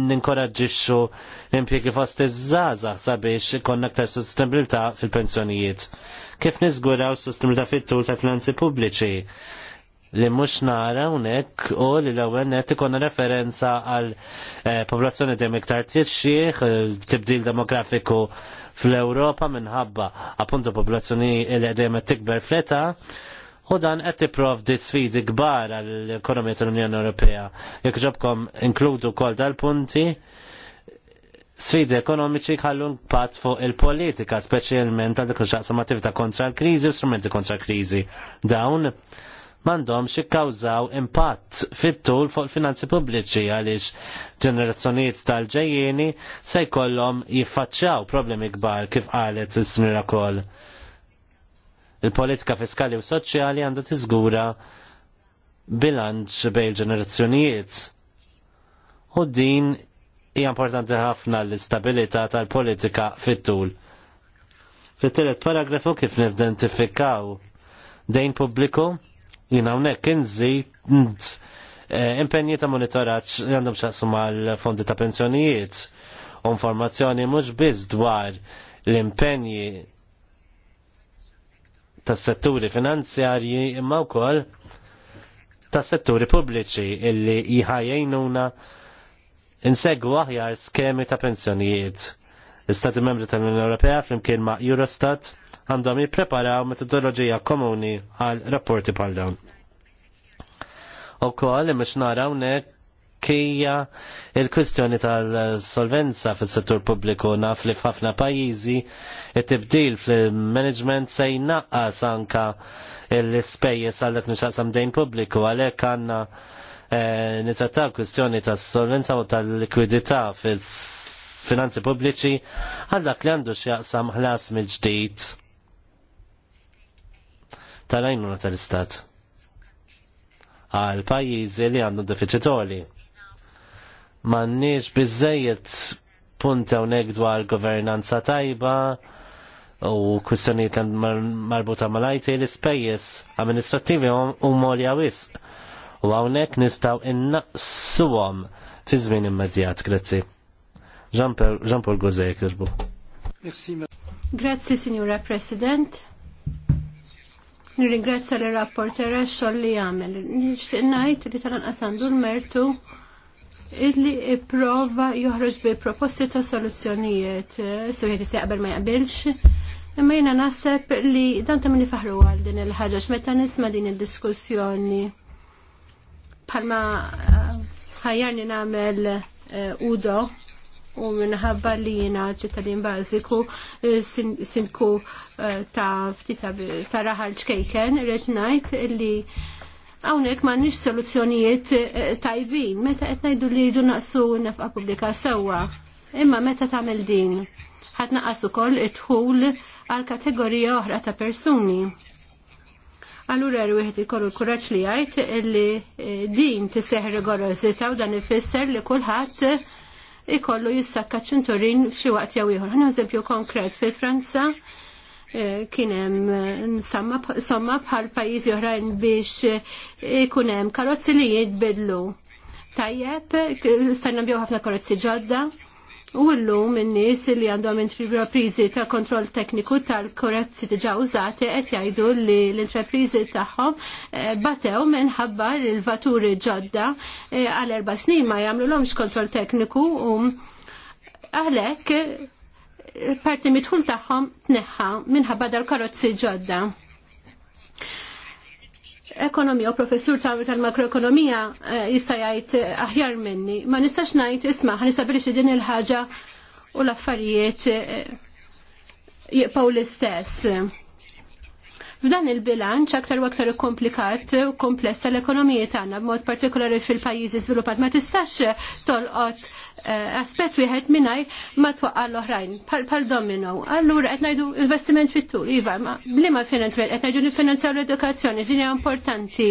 ninkoraġġixxu l-impjegi fost iż-żaza sabiex konna aktar sostenibilità fil-pensjonijiet. Kif niżguraw sostenibilta fit-tul ta' finanzi pubbliċi? li mux nara unek u li l ewwel net ikonna referenza għal eh, popolazzjoni dem iktar tjitxieħ, eh, tibdil demografiku fl-Europa minħabba appunto popolazzjoni li għedem tikber fleta U dan qed tipprovdi sfidi kbar għall-ekonomija tal-Unjoni Ewropea. Jekk ġobkom inkludu kol dal-punti, sfidi ekonomiċi ħallu impatt fuq il-politika, speċjalment għal dik xaqsam attività kontra l-kriżi u strumenti kontra l-kriżi. Dawn m'għandhomx ikkawżaw impatt fit-tul fuq il-finanzi pubbliċi għaliex ġenerazzjonijiet tal-ġejjieni se jkollhom jiffaċċjaw problemi kbar kif qalet is snira Koll Il-politika fiskali u soċjali għandha tiżgura bilanċ bejn il-ġenerazzjonijiet. U din hija importanti ħafna l-istabilità tal-politika fit-tul. Fit-tielet paragrafu kif nidentifikaw dejn pubbliku jina hawnhekk inżid eh, impenji ta' monitoraġġ li għandhom xaqsu mal-fondi ta' pensjonijiet u informazzjoni mhux biss dwar l-impenji tas-setturi finanzjarji imma wkoll tas-setturi pubbliċi illi jħajjejnuna insegwu aħjar skemi ta' pensjonijiet. L-Istati Membri tal-Unjoni Ewropea flimkien ma' Eurostat għandhom jippreparaw metodoloġija komuni għal rapporti bħal dawn. Ukoll imiex naraw hawnhekk Turkija il-kwistjoni tal-solvenza fis-settur pubbliku naf li f'ħafna pajjiżi it-tibdil fil-management se jnaqqas anka l-ispejjeż għal dak nixaqsam dejn pubbliku għalhekk għandna e, nitrattaw kwistjoni tas-solvenza u tal-likwidità fil-finanzi pubbliċi għal dak li għandu x'jaqsam ħlas mill-ġdid tal-għajnuna tal-istat għal pajjiżi li għandu deficitoli. Mannix bizzejiet punta unek dwar governanza tajba u kwistjoniet marbuta mal l-ispejjes amministrativi u molja wis. U għawnek nistaw innaqsuwom fi żmien immedjat, grazzi. Jean-Paul Gozek, jġbu. Grazzi, Signora President. Nirringrazzja l rapportera xolli li għamel. Nixtieq ngħid li tal-anqas għandu l-mertu illi prova joħroġ bi proposti ta' soluzzjonijiet. Sujiet jistaqbel ma jaqbilx. Imma jina naħseb li dan ta' minni faħru għal din il-ħagġa x'meta nisma' din id-diskussjoni. Palma eh, ħajjarni nagħmel eh, Udo u minħabba li jina ċittadin bażiku eh, sinku ta' ftita ta' raħal ċkejken, rrit ngħid li Hawnhekk m'għandniex soluzzjonijiet eh, eh, tajbin meta qed ngħidu li jidu naqsu nefqa pubblika sewwa. Imma meta tagħmel din ħadd naqas ukoll idħul għal kategorija oħra ta' persuni. Allura rwieħed ikollu l kuraċ li jgħid li eh, din tiseħ rigorozita u dan ifisser li kulħadd ikollu jissakka ċinturin f'xi waqt jew ieħor. Ħana eżempju konkret fi Franza Eh, kienem eh, somma bħal pajizi oħrajn biex eh, ikunem karozzi li jitbidlu. Tajjeb, stajna bjew ħafna karozzi ġodda. U l-lum n-nis li għandhom intraprizi ta' kontroll tekniku tal-korezzi diġa użati qed jgħidu li l-intraprizi tagħhom batew minħabba l-vaturi ġodda għal erba' snin ma l-omx kontroll tekniku u għalhekk parti mitħul tagħhom tneħħa minħabba dal-karozzi ġodda. Ekonomija u professur tal-makroekonomija eh, jista' jgħid eh, aħjar minni. Ma nistax ngħid isma' ħanistabilixi din il-ħaġa u l-affarijiet eh, jibqgħu l-istess. F'dan il-bilanċ aktar u aktar komplikat u kompless tal ekonomija tagħna b'mod partikolari fil-pajjiżi żviluppat ma tistax tolqot Eh, aspet wieħed mingħajr ma twaqqal l-oħrajn pal domino. Allura qed ngħidu investiment fit-tul, iva, ma bliema finanzjament qed ngħidu nifinanzjaw l-edukazzjoni, ġinja importanti.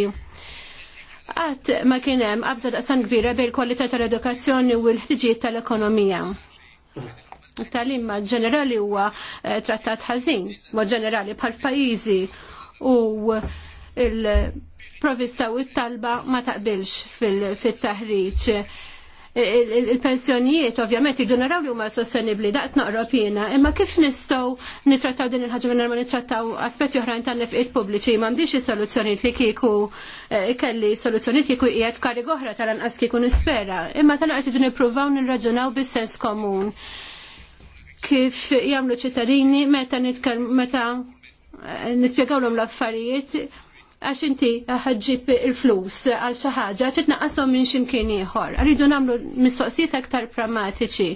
Għat ma kien hemm qabża daqsan kbira bejn kwalità tal-edukazzjoni u l-ħtiġijiet tal-ekonomija. tal ma ġenerali huwa eh, trattat ħażin, ma ġenerali bħal pajjiżi u il-provista u t-talba ma taqbilx fil-taħriġ. fil fil taħriġ il-pensjonijiet ovvjament il naraw li huma sostenibbli daqt naqrob jiena, imma kif nistgħu nittrattaw din il-ħaġa minn ma nittrattaw aspetti oħrajn tan nefqiet pubbliċi m'għandix is-soluzzjonijiet li kieku eh, kelli soluzzjonijiet kieku qiegħed f'karig oħra tal-anqas kieku nispera, imma tal-qed irġu nippruvaw nirraġunaw bis-sens komun kif jagħmlu ċittadini meta nitkellmu meta eh, nispjegawlhom l-affarijiet għax inti ħadġib il-flus għal xi ħaġa titnaqqashom minn x'imkien ieħor. Rridu nagħmlu mistoqsijiet aktar pragmatiċi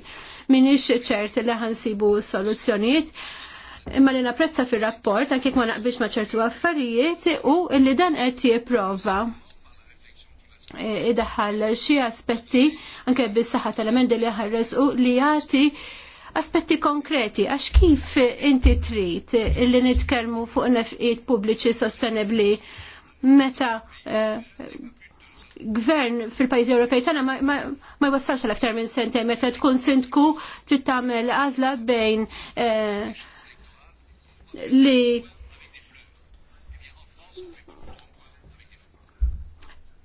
minix ċert li ħansibu soluzzjonijiet. Imma li napprezza fir-rapport anke ma naqbilx ma' ċertu affarijiet u li dan qed jipprova idaħħal xi aspetti anke bis-saħħa tal-emendi li u li jagħti aspetti konkreti għax kif inti trid illi nitkellmu fuq nefqiet pubbliċi sostenibbli meta eh, gvern fil-pajjiż Ewropej tagħna ma jwassalx għal aktar minn sentej meta tkun sindku trid tagħmel għażla bejn eh, li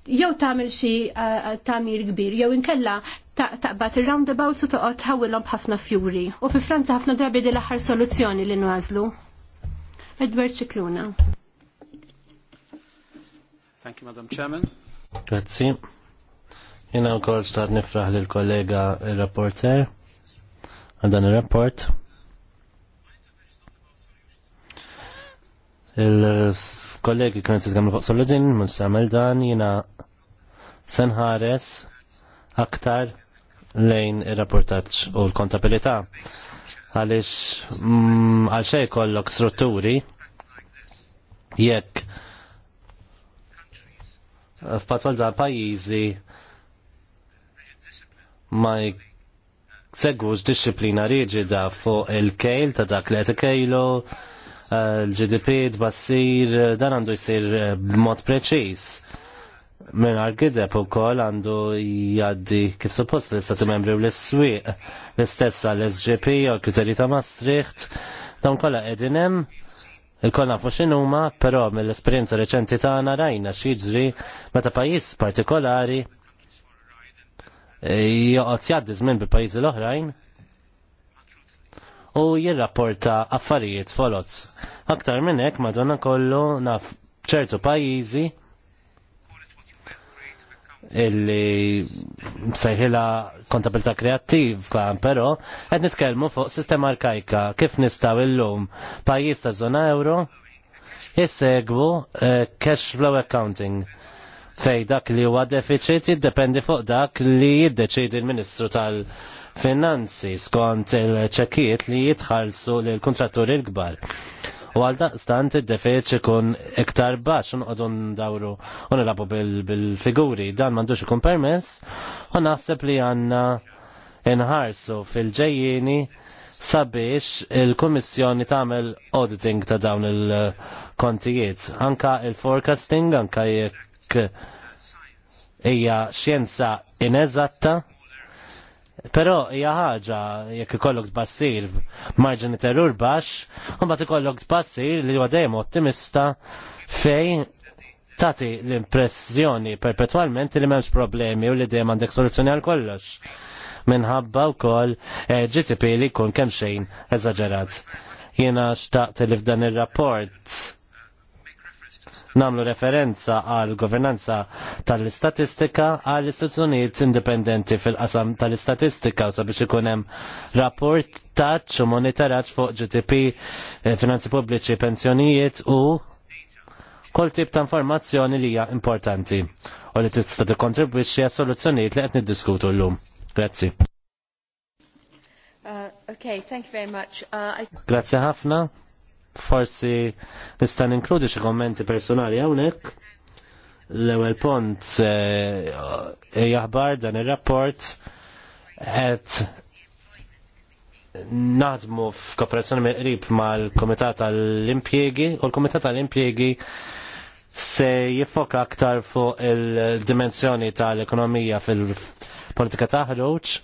jew tagħmel xi eh, tagħmir kbir jew inkella taqbad ir-roundabouts u toqgħod tħawilhom b'ħafna fjuri. U fi Franza ħafna drabi di l-aħħar soluzzjoni li nważlu. Edward Cicluna. Thank you, Madam Chairman. Grazzi. Jena u kol stat nifraħ li l-kollega il-rapporter għandan il-rapport. Il-kollegi kienet jizgamlu fuq soluzzjoni, mun samel dan, jena senħares aktar lejn ir-rapportaġġ u l-kontabilità għaliex mm, għalxej kollok strutturi jekk f'patwal da' pajizi ma jsegwux disciplina riġida fuq il-kejl ta' dak li kejlu eh, l-GDP tbassir dan għandu jisir b'mod preċis minn għal-gideb u kol għandu jaddi kif suppost l-istati membri u l-swiq l-istess l sgp u l kriterji ta' Maastricht dawn kolla edinem il-kolla nafu xinuma pero mill-esperienza reċenti ta' għana rajna xieġri meta pajis partikolari joqot jaddi zmin bi pajizi l-oħrajn u jirrapporta affarijiet folots. Aktar minnek madonna kollu naf ċertu pajizi illi msejħila kontabilta kreattiva, però qed nitkellmu fuq sistema arkajka kif nistgħu illum pajjiż ta' żona euro jissegwu eh, cash flow accounting fej dak li huwa deficit jiddependi fuq dak li jiddeċidi l-Ministru tal-Finanzi skont il-ċekiet li jitħallsu lill kuntratturi l-kbar. U għal stant id-defeċ ikun iktar baċ unqodu ndawru u nilabu bil-figuri. Dan mandux ikun permess u naħseb li għanna inħarsu fil-ġejjini sabiex il-Komissjoni tagħmel auditing ta' dawn il-kontijiet. Anka il-forecasting, anka jekk hija xjenza ineżatta Però hija ħaġa jekk ikollok tbassir marġin terur baxx, u mbagħad ikollok tbassir li huwa dejjem ottimista fejn tagħti l-impressjoni perpetwalment li m'hemmx problemi u li dejjem għandek soluzzjoni għal kollox minħabba wkoll eh, GTP li jkun kemm xejn eżaġerat. Jiena xtaqt li f'dan ir-rapport namlu referenza għal governanza tal-istatistika għal istituzzjonijiet indipendenti fil-qasam tal-istatistika u sabiex ikun hemm rapport taċ u monitoraġġ fuq GDP, eh, finanzi pubbliċi, pensjonijiet u kol tip ta' informazzjoni li hija importanti u li tista' tikkontribwixxi għas soluzzjonijiet li qed niddiskutu llum. Grazzi. Uh, okay, thank you very much. Uh, I... Grazie ħafna forsi nista' ninkludi xi kommenti personali hawnhekk. L-ewwel pont eh, eh, jaħbar dan ir-rapport qed naħdmu f'kooperazzjoni meqrib mal-Komitat tal-Impjegi u l-Komitat tal-Impjegi se jiffoka aktar fuq il-dimensjoni tal-ekonomija fil-politika taħroġ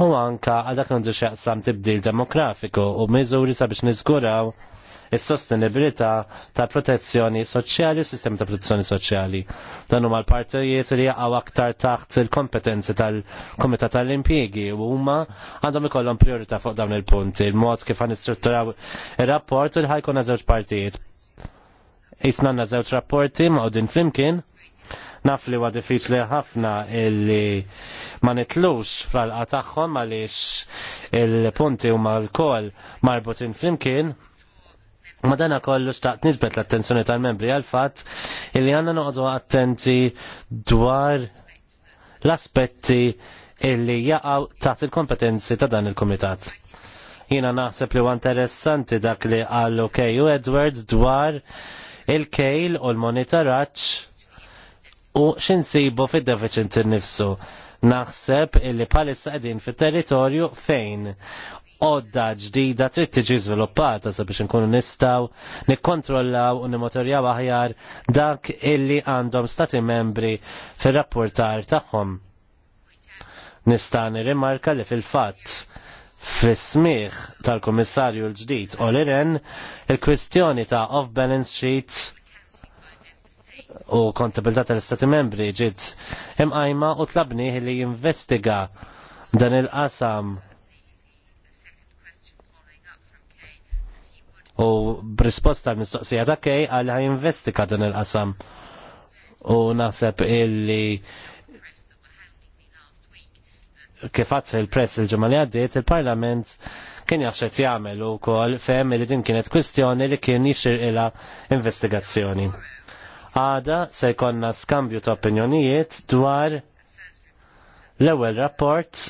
u anka għadak nandu xaqsam tibdil demografiku u miżuri sabiex niżguraw is-sostenibilità ta' protezzjoni soċjali u sistemi ta' protezzjoni soċjali. Dan huma l-partijiet li jaqgħu aktar taħt il-kompetenzi tal kumitat tal-Impjiegi u huma għandhom ikollhom priorità fuq dawn il-punti, il-mod kif għan istrutturaw ir-rapport u l ħajkun żewġ partijiet. Isnanna żewġ rapporti ma' din flimkien naf li huwa diffiċli ħafna illi ma nitlux fl-alqa tagħhom għaliex il-punti huma l-kol marbutin flimkien Ma dana kollu xtaqt nisbet l-attenzjoni tal-membri għal-fat illi għanna noqdu attenti dwar l-aspetti illi jaqaw taħt il-kompetenzi ta' dan il-komitat. Jina naħseb li interessanti dak li għallu Keju Edwards dwar il-kejl u l-monitoraċ u xinsibu fid deficit nifsu. Naħseb illi palissa għedin fit territorju fejn odda ġdida trid tiġi żviluppata sabiex inkunu nistgħu nikkontrollaw u nimotorjaw aħjar dak illi għandhom stati membri fir-rapportar tagħhom. Nista' nirrimarka li fil-fatt fis-smigħ tal-Kummissarju l-ġdid Oliren il-kwistjoni ta' off-balance sheet u kontabilità tal-Stati membri ġiet imqajma u tlabniħ li jinvestiga dan il-qasam U b'risposta mistoqsija ta' kej għal ħajinvestika din il-qasam. U naħseb illi kifat fil-press il-ġemma li għaddiet, il-parlament kien jaf jgħamil u kol fehem li din kienet kwistjoni li kien ila investigazzjoni. Għada se jkollna skambju ta' opinjonijiet dwar l-ewwel rapport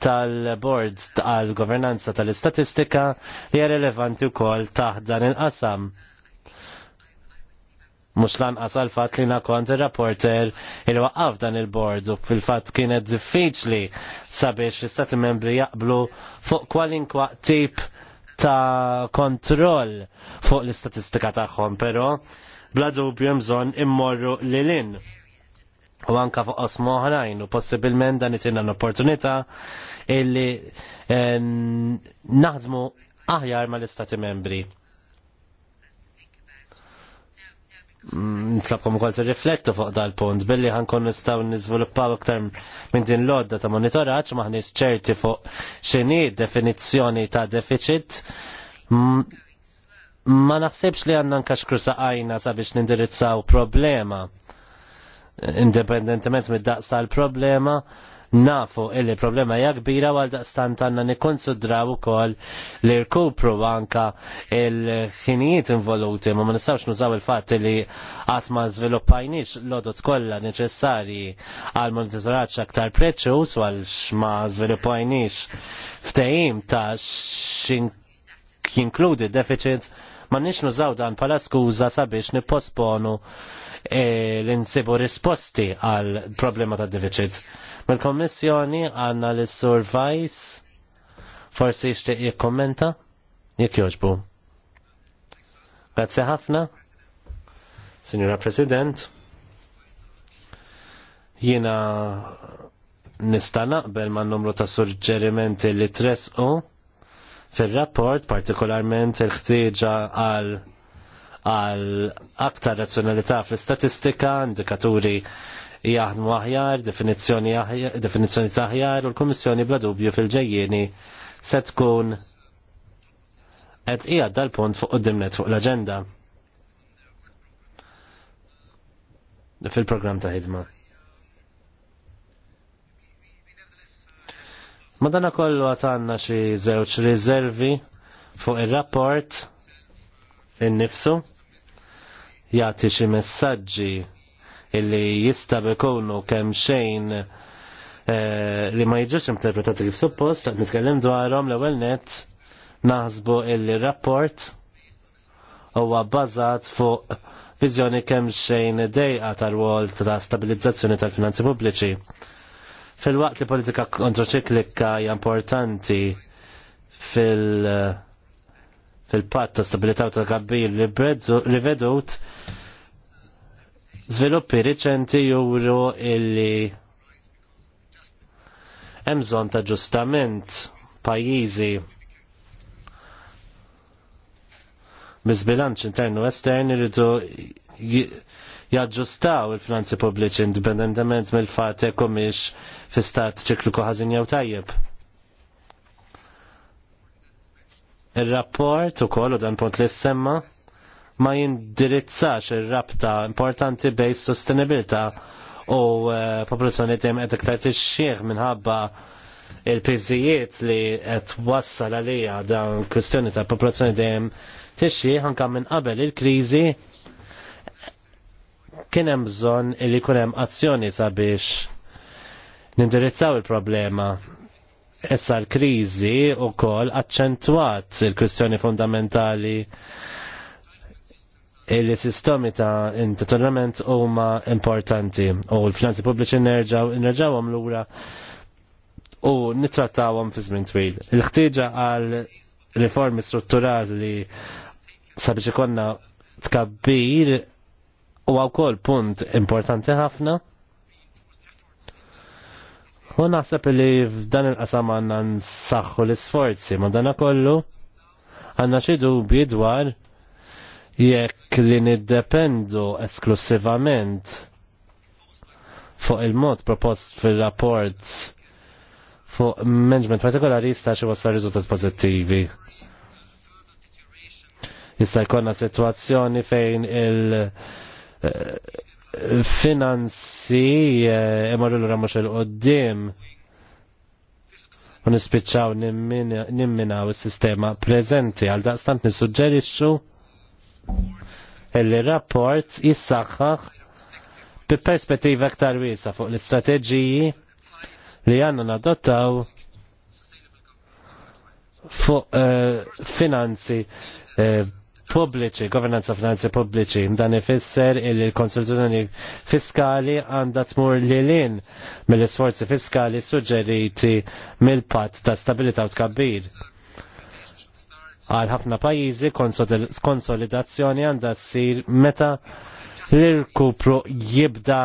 tal-Board tal-Governanza tal-Istatistika li hija rilevanti wkoll taħt dan il-qasam. Mhux lanqas għal fatt li kont ir-rapporter il waqqaf dan il-board u fil-fatt kienet diffiċli sabiex l-istati membri jaqblu fuq kwalinkwa tip ta' kontroll fuq l-istatistika tagħhom, però bla dubju bżonn immorru lilin u anka fuq osmoħrajn u possibilment dan itina l-opportunità illi naħdmu aħjar ma l-istati membri. kol ukoll riflettu fuq dal-punt billi ħankun nistgħu niżviluppaw iktar minn din l-odda ta' monitoraġġ maħniex ċerti fuq x'inhi definizzjoni ta' deficit ma naħsibx li għandna nkaxkru saqajna sabiex nindirizzaw problema indipendentement mid daqs tal-problema, nafu illi problema hija kbira għal daqstan tanna nikkonsidraw ukoll li rkupru anka il-ħinijiet involuti ma ma nistgħux nużaw il-fatt li qatt ma żviluppajniex l-odot kollha neċessarji għal monitoraġġ aktar preċċuż għal ma żviluppajniex ftehim ta' x'inkludi deficit ma nix nużaw dan pala skuża sabiex nipposponu E, l-insibu risposti għal problema ta' deficit. mil kommissjoni għanna l Vajs, forsi jishtiq jikkommenta jekk joġbu. Grazie ħafna, Signora President, jiena nista' naqbel man numru ta' suġġerimenti li tresqu fil-rapport partikolarment il-ħtieġa għal għal aktar razzjonalità fl-istatistika, indikaturi jaħdmu aħjar, definizzjoni ta' aħjar u l-Kummissjoni bla dubju fil-ġejjieni se tkun qed qiegħed dal-punt fuq qudiemnet fuq l-aġenda. fil-programm ta' ħidma. Madana kollu għatanna xi żewġ riservi fuq ir-rapport innifsu jagħti xi messaġġi illi jista' jkunu kemm xejn eh, li ma jiġux interpretati kif suppost, għad nitkellem dwarhom l-ewwel net naħsbu illi rapport huwa bbażat fuq viżjoni kemm xejn dejqa tal-wol ta' stabilizzazzjoni tal-finanzi pubbliċi. Fil-waqt li politika kontraċiklika hija importanti fil- fil-patt ta' stabilità u ta' kabbir rivedut sviluppi riċenti juru illi emżon ta' ġustament pajjiżi bizbilanċ internu estern irridu jaġġustaw il-finanzi pubbliċi indipendentement mill-fat jekk fi stat ċiklu ħażin jew tajjeb. Il-rapport u koll u dan punt li semma ma jindirizzax il-rabta importanti bej sostenibilta u eh, popolazzjoni tem qed iktar tixxieħ minħabba il-piżijiet li qed wassal għalija dan kwistjoni ta' popolazzjoni dejjem tixxieħ anke minn qabel il-kriżi kien hemm bżonn li jkun hemm azzjoni sabiex nindirizzaw il-problema Issa l-krizi u kol accentuat il-kwistjoni fundamentali il-sistomi ta' intitolament huma importanti u l-finanzi pubbliċi nerġaw l lura u nittrattawhom fi żmien twil. Il-ħtieġa għal riformi strutturali sabiex ikonna tkabbir u għaw kol punt importanti ħafna U naħseb li f'dan il-qasam għanna nsaxħu l-sforzi, ma dana kollu għanna xi dubji dwar jekk li niddependu esklusivament fuq il-mod propost fil-rapport fuq management partikolari jista' xi wassal rizultat pożittivi. Jista' jkollna sitwazzjoni fejn il- finanzi eh, imorru l mhux il-qoddim u nispiċċaw nimminaw is-sistema prezenti għal daqstant nisuġġerixxu il-rapport jissaxħax bi perspettiva aktar wiesa fuq l-istrateġiji li għanna nadottaw fuq uh, finanzi uh, pubbliċi, governanza finanzi pubbliċi, dan ifisser il l-konsultazzjoni fiskali għandha tmur li lin mill-isforzi fiskali suġġeriti mill-patt ta' stabilità u tkabbir. Għal ħafna pajjiżi konsolidazzjoni għandha ssir meta l-irkupru jibda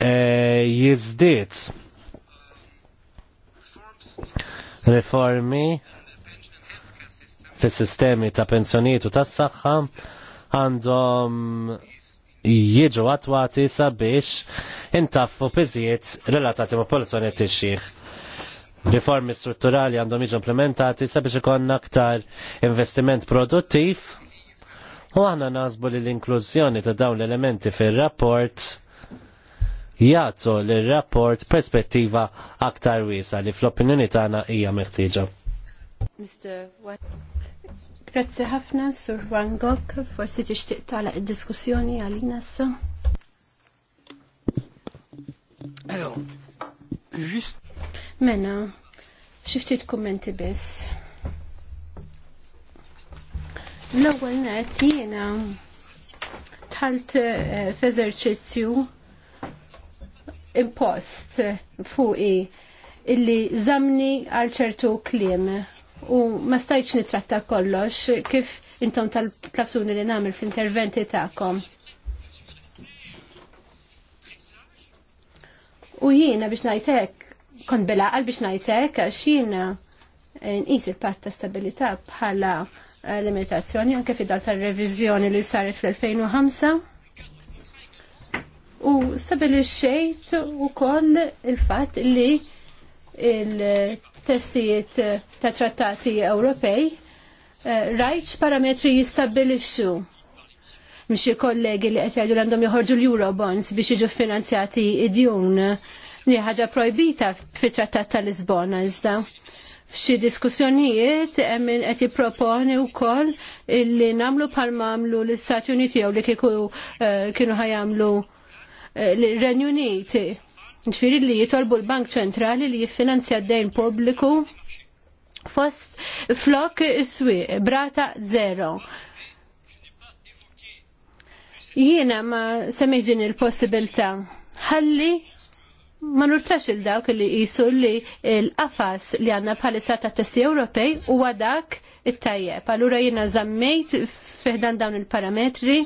e, jizdiet. Reformi fis sistemi ta' pensjoniet u tas saħħa għandhom jiġu attwati sabiex intaffu piżijiet relatati ma' polizjoniet tixxieħ riformi strutturali għandhom jiġu implementati sabiex ikonna aktar investiment produttiv u aħna nasbu li l-inklużjoni ta' dawn l-elementi fil-rapport jagħtu lir rapport perspettiva aktar wiesa li fl-opinjoni tagħna hija meħtieġa. Grazie ħafna, Sur Juan Gok, forsi tixtieq tagħlaq id-diskussjoni għalina issa. Alors, just. Mena, xi ftit kummenti biss. L-ewwel net jiena tħalt eh, f'eżerċizzju impost fuqi illi zamni għal ċertu kliem u ma stajċ nitratta kollox kif intom tal-tlabtuni li namil fl-interventi ta'kom. U jiena biex najtek, kon bilaqal biex najtek, għax jiena eh, nqis il pat ta' stabilità bħala limitazzjoni anke fid-dal tal-reviżjoni li saret fl-2005. U stabilixxejt ukoll il-fatt li il testijiet eh, ta' trattati Ewropej eh, rajt parametri jistabilixxu mxie kollegi li qed jgħidu għandhom joħorġu l-Eurobonds biex jiġu finanzjati id-djun li ħaġa projbita fit-trattat ta' Lisbona iżda. F'xi diskussjonijiet hemm eh, min qed jipproponi wkoll illi nagħmlu bħal mamlu l-Istati Uniti jew li kieku kienu ħajamlu l-Renju Uniti ġifiri li jitolbu l-Bank ċentrali li jiffinanzja d-dejn pubbliku fost flok iswi, brata zero. Jiena ma semmejġin il-possibilta. Ħalli ma nurtax il-dawk li jisu li l-qafas li għanna bħalissa ta' testi Ewropej u għadak it-tajjeb. Allura jiena zammejt fiħdan dawn il-parametri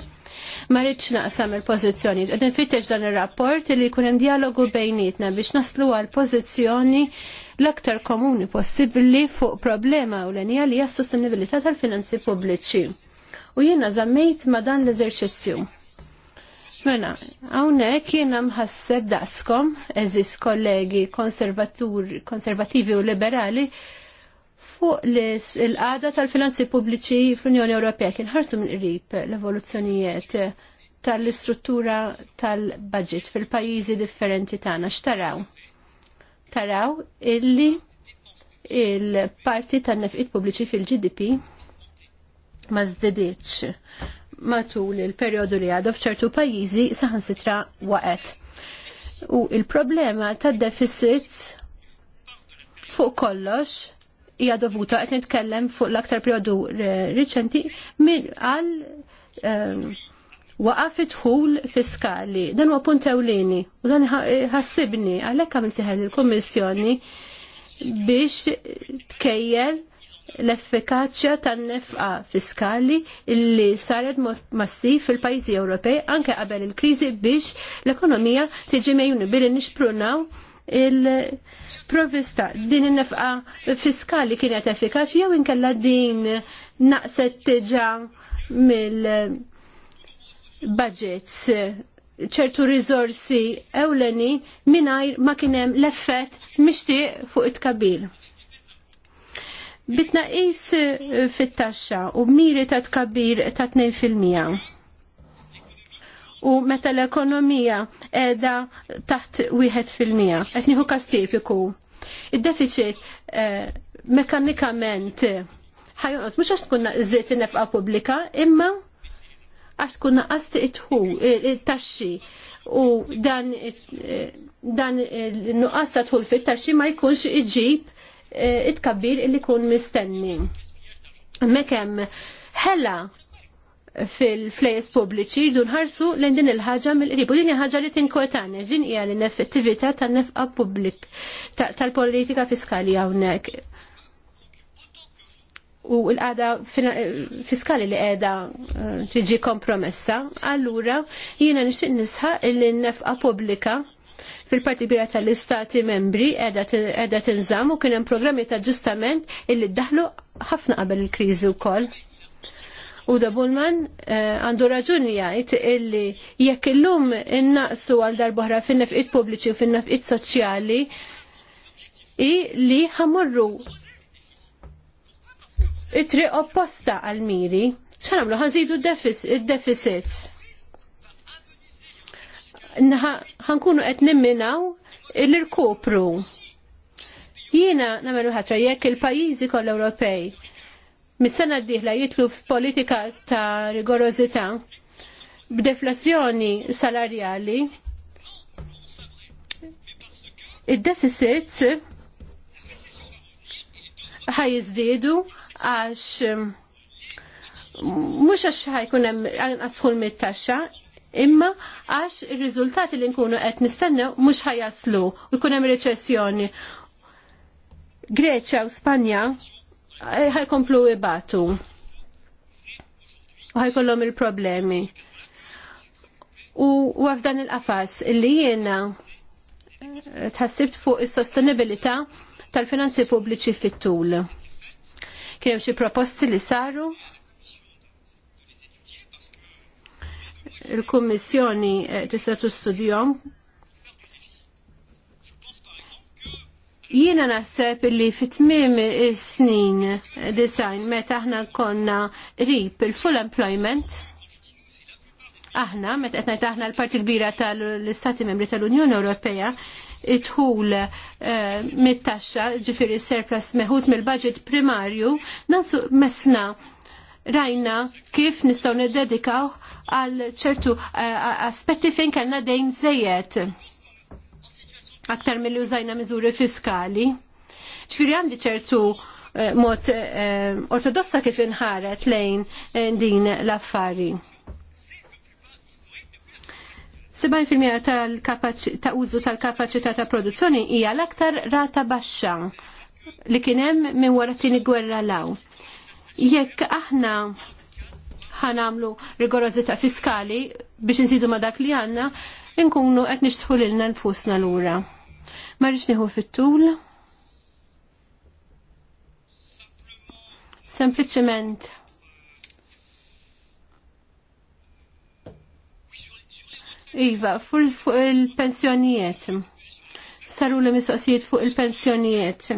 Ma rridx naqsam il-pożizzjoni. Qed nfittex dan ir-rapport li jkun hemm dialogu bejnietna biex naslu għal pożizzjoni l-aktar komuni possibbli fuq problema u l-enija li s sostenibilità tal-finanzi pubbliċi. U jiena żammejt ma dan l-eżerċizzju. Mena, għawnek jiena mħasseb daqskom, eżis kollegi konservativi u liberali, fuq l għada tal-finanzi pubbliċi fl-Unjoni Ewropea kien ħarsu minn qrib l-evoluzzjonijiet tal-istruttura tal-budget fil-pajjiżi differenti tagħna x'taraw? Taraw illi il-parti tan-nefqiet pubbliċi fil-GDP ma żdidietx matul il-perjodu li għadu f'ċertu pajjiżi saħansitra waqgħet. U il-problema tad-deficit fuq kollox hija dovuta qed nitkellem fuq l-aktar perjodu riċenti għal ehm, waqaf idħul fiskali. Dan huwa punt ewlieni u dan ħassibni għalhekk għamil seħel il-Kummissjoni biex tkejjel l-effikaċja tan-nefqa fiskali illi saret massiv fil-pajjiżi Ewropej anke qabel il-kriżi biex l-ekonomija tiġi mejjuni billi nixprunaw il-provista din il-nefqa fiskali kienet effikaċ jew inkella din naqset tiġa mill-budgets ċertu rizorsi ewleni minajr ma kienem l-effett mixtieq fuq it-kabil. Bitnaqis fit-taxxa u miri ta' tkabir ta' 2% u meta l-ekonomija edha taħt wieħed fil-mija. Qed nieħu każ tipiku. Id-deficit eh, mekanikament ħajonqos mhux għax tkun żiet in-nefqa pubblika, imma għax tkun naqast itħu it-taxxi u dan eh, dan nuqqas ta' tħul fit-taxxi ma jkunx iġib eh, it-kabbir illi kun mistenni. Mekem, hella fil-flejes pubbliċi jridu nħarsu lejn din il-ħaġa mill-qrib. U din ħaġa li tinkwetani, din hija l-ineffettività tan-nefqa pubblik tal-politika fiskali hawnhekk. U l-qada fiskali li qiegħda eh, tiġi kompromessa, allura jiena nixtieq nisħaq li nnefqa nefqa pubblika fil-parti bira tal-istati membri qiegħda tinżamm u kien hemm programmi ta' ġustament illi ddaħlu ħafna qabel il-kriżi wkoll U da Bullman eh, għandu raġun jgħid illi jekk illum innaqsu għal darbohra fin-nefqiet pubbliċi u fin-nefqiet soċjali i li ħamorru it-tri opposta għal miri. ċanamlu ħanżidu d-deficit. ħankunu qed nimminaw l-irkopru. Jiena namelu ħatra jekk il-pajjiżi kol Ewropej mis-sena d-dieħla jitlu f'politika ta' rigorozita b'deflazzjoni salarjali id-deficits ħajizdidu għax mux mm, għax ħajkun għasħul mit-taxxa, imma għax ir-riżultati li nkunu qed nistennew mhux ħajaslu u jkun hemm reċessjoni. Greċja u Spanja ħajkomplu ibatu. U ħajkollhom il-problemi. U għafdan il-qafas li jiena eh, tħassibt fuq is-sostenibilità tal-finanzi pubbliċi fit-tul. Kien hemm xi proposti li saru il-Kummissjoni eh, tista' tistudjom Jiena naħseb li fit-tmim snin design meta aħna konna rip il-full employment aħna, meta qed ngħid aħna l-parti kbira tal-Istati Membri tal-Unjoni Ewropea, idħul eh, mit-taxxa, ġifieri surplus meħud mill-budget primarju, nasu mesna rajna kif nistgħu niddedikaw għal ċertu eh, aspetti fejn kellna dejn żejjed aktar mill użajna miżuri fiskali. Ċfiri għandi ċertu eh, mod eh, ortodossa kif inħaret lejn eh, din l-affari. 70% tal ta' użu tal-kapaċità ta' produzzjoni hija l-aktar rata baxxa li kien hemm minn wara tieni gwerra law. Jekk aħna ħanamlu rigorożità fiskali biex insidu ma' dak li għandna, nkunu qed nixtħu lilna nfusna lura. Ma rridx nieħu fit-tul. Sempliċement Iva, fuq il-pensjonijiet. Saru l mistoqsijiet fuq il-pensjonijiet.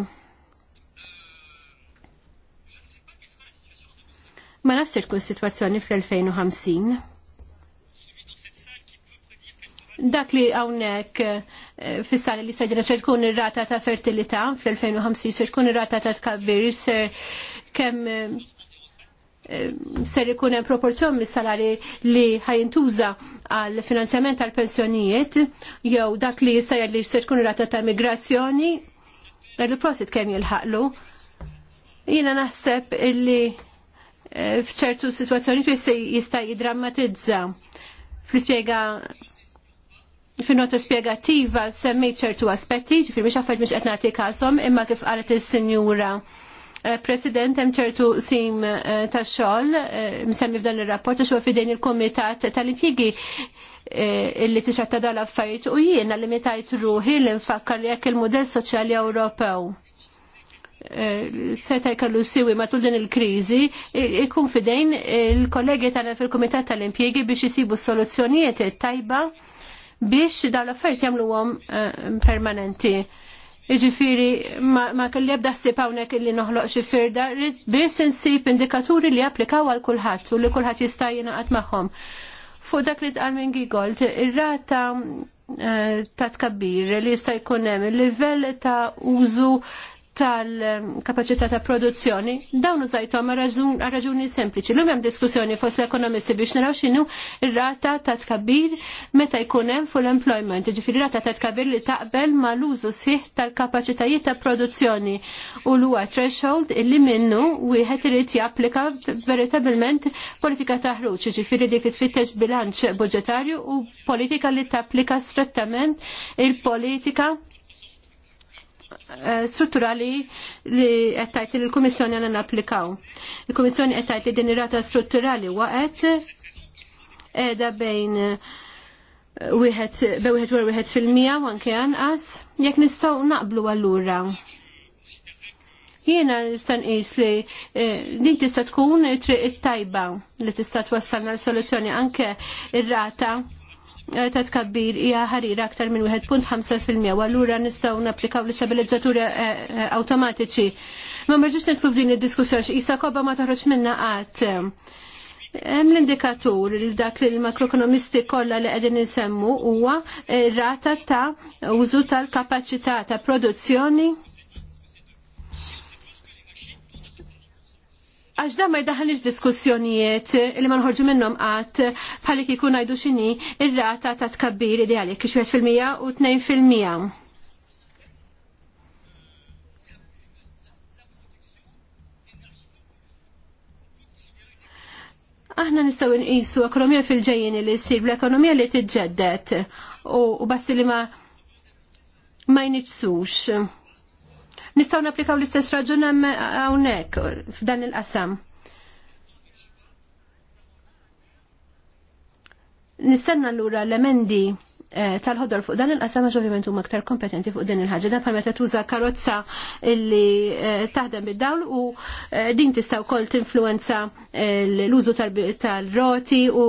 Ma nafx tkun situazzjoni fl-2050 dak li għawnek eh, fissar li sajġra ser tkun ir-rata ta' fertilità fl-2050 ser tkun ir-rata ta' tkabbir ser kemm eh, ser ikun hemm proporzjon mis-salari li ħajintuża għal finanzjament tal pensjonijiet jew dak li jista' li ser tkun ir-rata ta' migrazzjoni li prosit kemm jilħaqlu. Jiena naħseb li eh, f'ċertu situazzjoni jista' jidrammatizza fl-ispjega fil nota spiegativa semmejt ċertu aspetti, ġifir biex għaffet biex etnati kasom, imma kif qalet il-Sinjura eh, President, hemm ċertu sim eh, ta' xogħol eh, msemmi f'dan ir-rapport għax fidejn il-Kumitat tal-Impjigi illi tixatta dal affarijiet u jiena limitajt ruħi li nfakkar li jekk il mudell soċjali Ewropew seta jkallu siwi matul din il-krizi, ikun fidejn il-kollegi tagħna fil-Kumitat tal-Impjegi biex isibu soluzzjonijiet tajba biex dawn l-affarijiet jagħmluhom eh, permanenti. Iġifiri, ma, ma kelli jibda ħsib hawnhekk illi noħloq xi biex biss insib indikaturi li applikaw għal kulħadd u li kulħadd jista' għat magħhom. Fu dak li tqal minn Gigold, ir-rata eh, ta' tkabbir li jista' jkun hemm il-livell ta' użu tal-kapacità ta' produzzjoni, dawn użajtom raġuni sempliċi. L-lum hemm diskussjoni fost l-ekonomisti biex naraw x'inhu ir-rata ta' tkabir meta jkun hemm full employment, ġifieri rata ta' tkabir li taqbel ma' l-użu sieħ tal-kapaċitajiet ta' produzzjoni u l-huwa threshold illi minnu wieħed irid japplika veritabilment politika ta' ħruġ, ġifieri dik li tfittex bilanċ budġetarju u politika li tapplika strettament il-politika Eh, strutturali li għettajt li l-Komissjoni għan applikaw. Il-Komissjoni għettajt li din rata strutturali waqet eh, edha bejn wieħed bewieħed war wieħed fil-mija u anke anqas jekk nistgħu naqblu allura. Jiena nista' nqis li eh, din tista' tkun triq it-tajba li tista' twassalna l-soluzzjoni anke ir-rata Eh, ta' tkabbir hija ħarira aktar minn 1.5% u allura nistgħu napplikaw l-istabilizzaturi eh, eh, awtomatiċi. Ma marġiex nitlu f'din id-diskussjoni x'isa kobba ma toħroġ minna qatt. Hemm l-indikatur li dak li l-makroekonomisti kollha li qegħdin insemmu huwa rata ta' użu tal-kapaċità ta' produzzjoni għax da ma jdaħħalix diskussjonijiet li ma nħorġu minnhom qatt bħalik jikun għajdu xini ir-rata ta' tkabbir ideali kiex wieħed fil-mija u tnejn fil-mija. Aħna nistgħu nqisu ekonomija fil-ġejjin li ssir bl-ekonomija li tiġġedded u bassi li ma ma jniġsux. Nistgħu napplikaw l-istess raġun hawnhekk f'dan il-qasam. Nistenna allura l-emendi eh, tal-ħodor fuq dan il-qasam ġovjament huma aktar kompetenti fuq din il-ħaġa. Dan permetta meta tuża karozza li eh, taħdem bid-dawl u eh, din tista' wkoll tinfluenza l-użu tal-roti u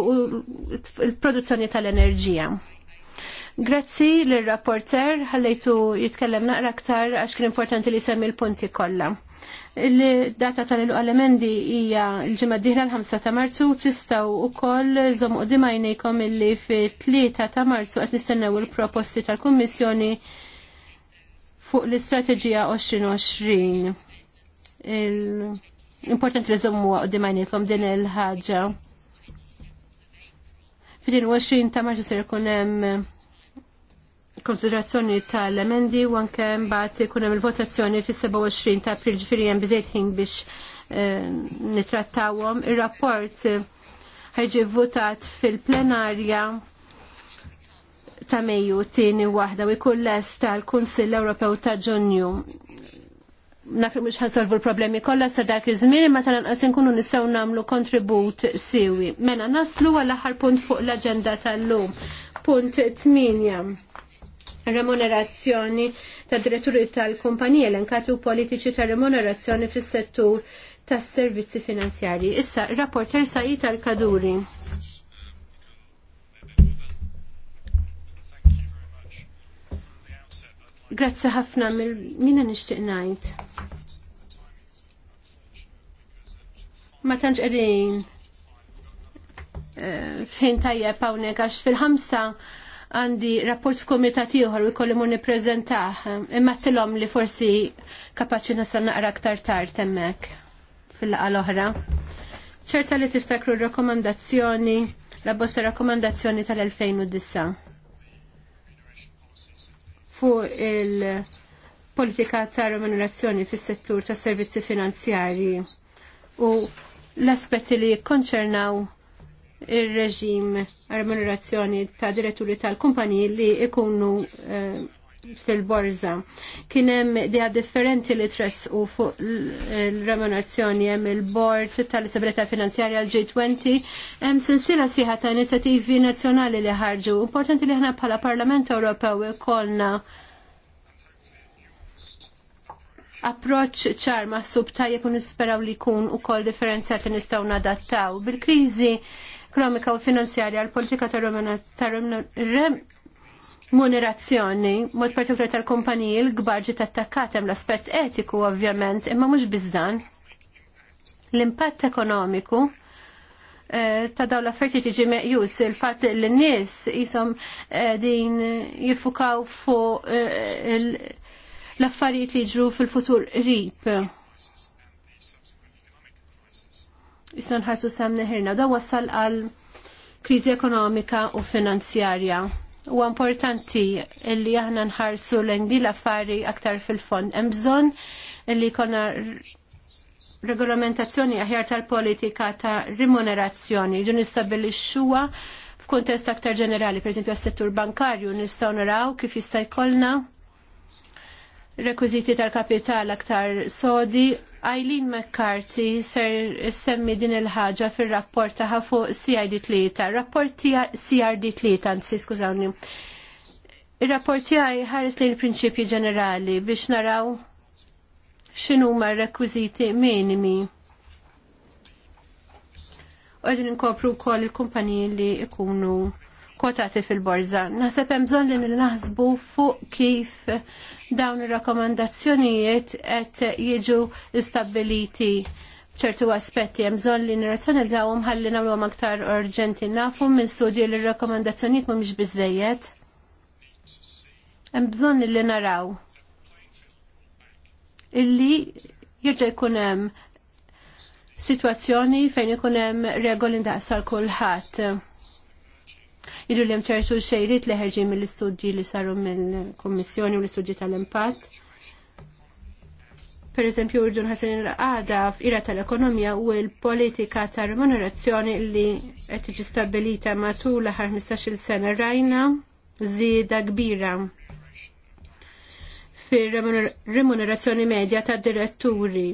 l-produzzjoni tal-enerġija. Grazzi l-rapporter, ħallejtu jitkellem naqra aktar għax kien importanti li semmi l-punti kollha. Il-data tal-emendi hija l-ġimgħa d-dieħla l-5 ta' Marzu tistgħu wkoll żomm qudiem għajnejkom illi fit-3 ta' Marzu qed nistennew il-proposti tal-Kummissjoni fuq l-Istrateġija 2020. Importanti li żommu qudiem għajnejkom din il-ħaġa. Fidin 20 ta' Marzu ser ikun hemm konsiderazzjoni tal-emendi u anke mbagħad ikun hemm il-votazzjoni fis-27 ta' April ġifieri hemm biżejt ħin biex eh, nitrattawhom. Ir-rapport ħajġi votat fil-plenarja ta' Mejju tieni waħda u jkun lest tal-Kunsill Ewropew ta' Ġunju. Nafri mhux ħasolvu l-problemi kollha sa dak iż-żmien imma tal-anqas inkunu nistgħu nagħmlu kontribut siwi. Mena naslu għall aħħar punt fuq l-aġenda tal-lum. Punt 8 remunerazzjoni ta' diretturi tal-kumpanija l-enkatu politiċi ta' remunerazzjoni fis settur tas servizzi finanzjari. Issa, rapporter Sajid tal-Kaduri. Grazzi ħafna mill-mina nixtieq ngħid. Ma tantx qegħdin eh, fejn tajjeb hawnhekk għax fil-ħamsa għandi rapport f'komitat ieħor u jkolli nippreżentah. Imma tilhom li forsi kapaċi nista' naqra aktar tard hemmhekk fil-laqgħa l-oħra. ċerta li tiftakru r-rakkomandazzjoni la bosta rakkomandazzjoni tal-2009 Fu il-politika ta' remunerazzjoni fis-settur tas servizzi finanzjarji u l-aspetti li jikkonċernaw il-reġim remunerazzjoni ta' diretturi tal-kumpaniji li ikunu eh, fil-borza. Kienem dija differenti li tress u fuq il-remunerazzjoni jem il-bord tal-Segreta Finanzjarja l-G20 jem sensira siħa ta' inizjativi nazjonali li ħarġu. Importanti li ħna bħala Parlament Ewropew ikolna approċ ċar ma' sub tajjeb u nisperaw li kun u kol differenzjat li nistaw nadattaw. Bil-krizi ekonomika u finanzjarja għal politika tar-remunerazzjoni, mod partikolari tal-kumpaniji l-kbar ġiet attakkat hemm l-aspett etiku ovvjament, imma mhux biżdan. L-impatt ekonomiku eh, ta' daw l-affarijiet tiġi meqjus il-fatt li n-nies isom eh, din jiffukaw fuq eh, l-affarijiet li ġru fil-futur qrib isna nħarsu sam ħirna, Da wassal għal kriżi ekonomika u finanzjarja. U importanti illi aħna nħarsu lejn di l-affari aktar fil-fond. Hemm bżonn illi konna regolamentazzjoni aħjar tal-politika ta' rimunerazzjoni. Ġu nistabilixxuha f'kuntest aktar ġenerali, per esempio settur bankarju, nistgħu naraw kif jista' jkollna rekwiziti tal-kapital aktar sodi. Eileen McCarthy ser semmi din il-ħaġa fil-rapport taħħa fuq CRD3. Rapport CRD3, anzi, skużawni. Il-rapport tiegħi ħares li l-prinċipji ġenerali biex naraw x'inhuma r-rekwiżiti minimi. U qegħdin inkopru wkoll il-kumpaniji li jkunu kwotati fil-borza. Naħseb hemm bżonn li naħsbu fuq kif dawn ir-rakkomandazzjonijiet qed jiġu stabiliti ċertu aspetti hemm bżonn li nirrazzjonalizzawhom ħalli nagħmluhom aktar urġenti nafu minn studju li r-rakkomandazzjonijiet mhumiex biżejjed. Hemm bżonn li naraw illi jirġa' jkun hemm sitwazzjoni fejn ikun hemm regoli ndaqsal kulħadd Jiġu li hemm ċertu xejrit li ħerġin mill-istudji li saru mill-Kummissjoni u l-istudji tal-impatt. Per eżempju, urġun ħasin il-qada f'ira tal-ekonomija u l-politika ta' remunerazzjoni li qed tiġi stabilita matul l-aħħar 15-il sena rajna żieda kbira fir-remunerazzjoni medja tad diretturi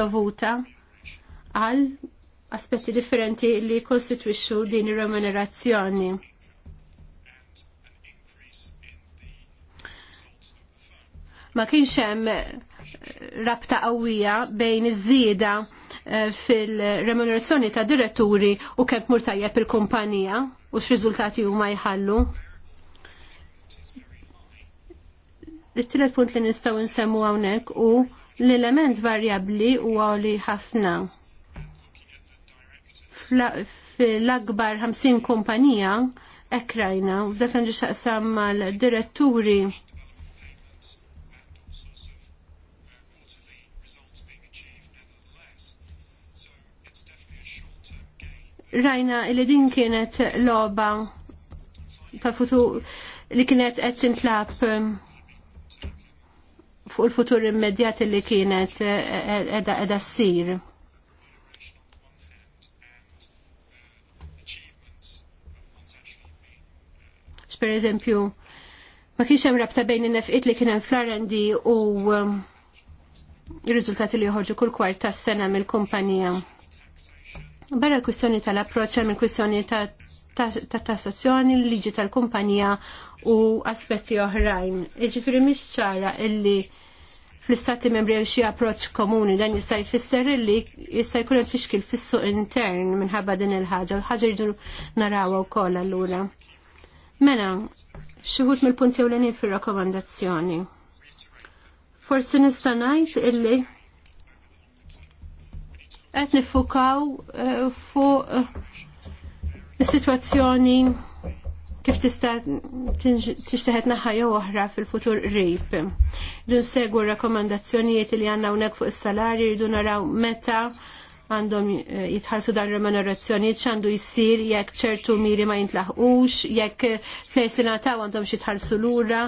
dovuta għal aspetti differenti li kostitwixxu din ir-remunerazzjoni. Ma kienx hemm eh, rabta qawwija bejn iż-żieda eh, fil-remunerazzjoni ta' diretturi u kemm tmur tajjeb il-kumpanija u x'riżultati huma jħallu. it tielet punt li nistgħu nsemmu hawnhekk u l-element varjabbli huwa li ħafna fl-akbar 50 kumpanija ekrajna, u f'dak nġi xaqsam mal-diretturi rajna il din kienet loba ta' futur li kienet qed tintlab um, fuq il-futur immedjat li kienet eh, eh, edha ssir. pereżempju ma kienx hemm rabta bejn in-nefqiet li kien hemm fl-R&D u ir-riżultati um, li joħorġu kull kwart tas-sena mill-kumpanija. Barra l-kwistjoni tal-approċċ hemm il-kwistjoni ta' tassazzjoni, liġi tal-kumpanija u aspetti oħrajn. Iġifieri mhix ċara illi fl-istati membri għal xi approċċ komuni dan jista' jfisser li jista' jkun hemm fixkil fis-suq intern minħabba din il-ħaġa u l-ħaġa jridu narawha wkoll allura. Mela, xuhut mill-punti u l-enin fil-rakomandazzjoni. Forse nistanajt illi għet nifukaw eh, fuq eh, situazzjoni kif tista naħħa naħħajja oħra fil-futur qrib. Rinsegwu r rakomandazzjonijiet li għanna unek fuq is-salari rridu naraw meta għandhom eh, jitħallsu dan remunerazzjoni ċandu jissir jekk ċertu miri ma jintlaħqux, jekk flejs li nataw għandhom xitħallsu lura,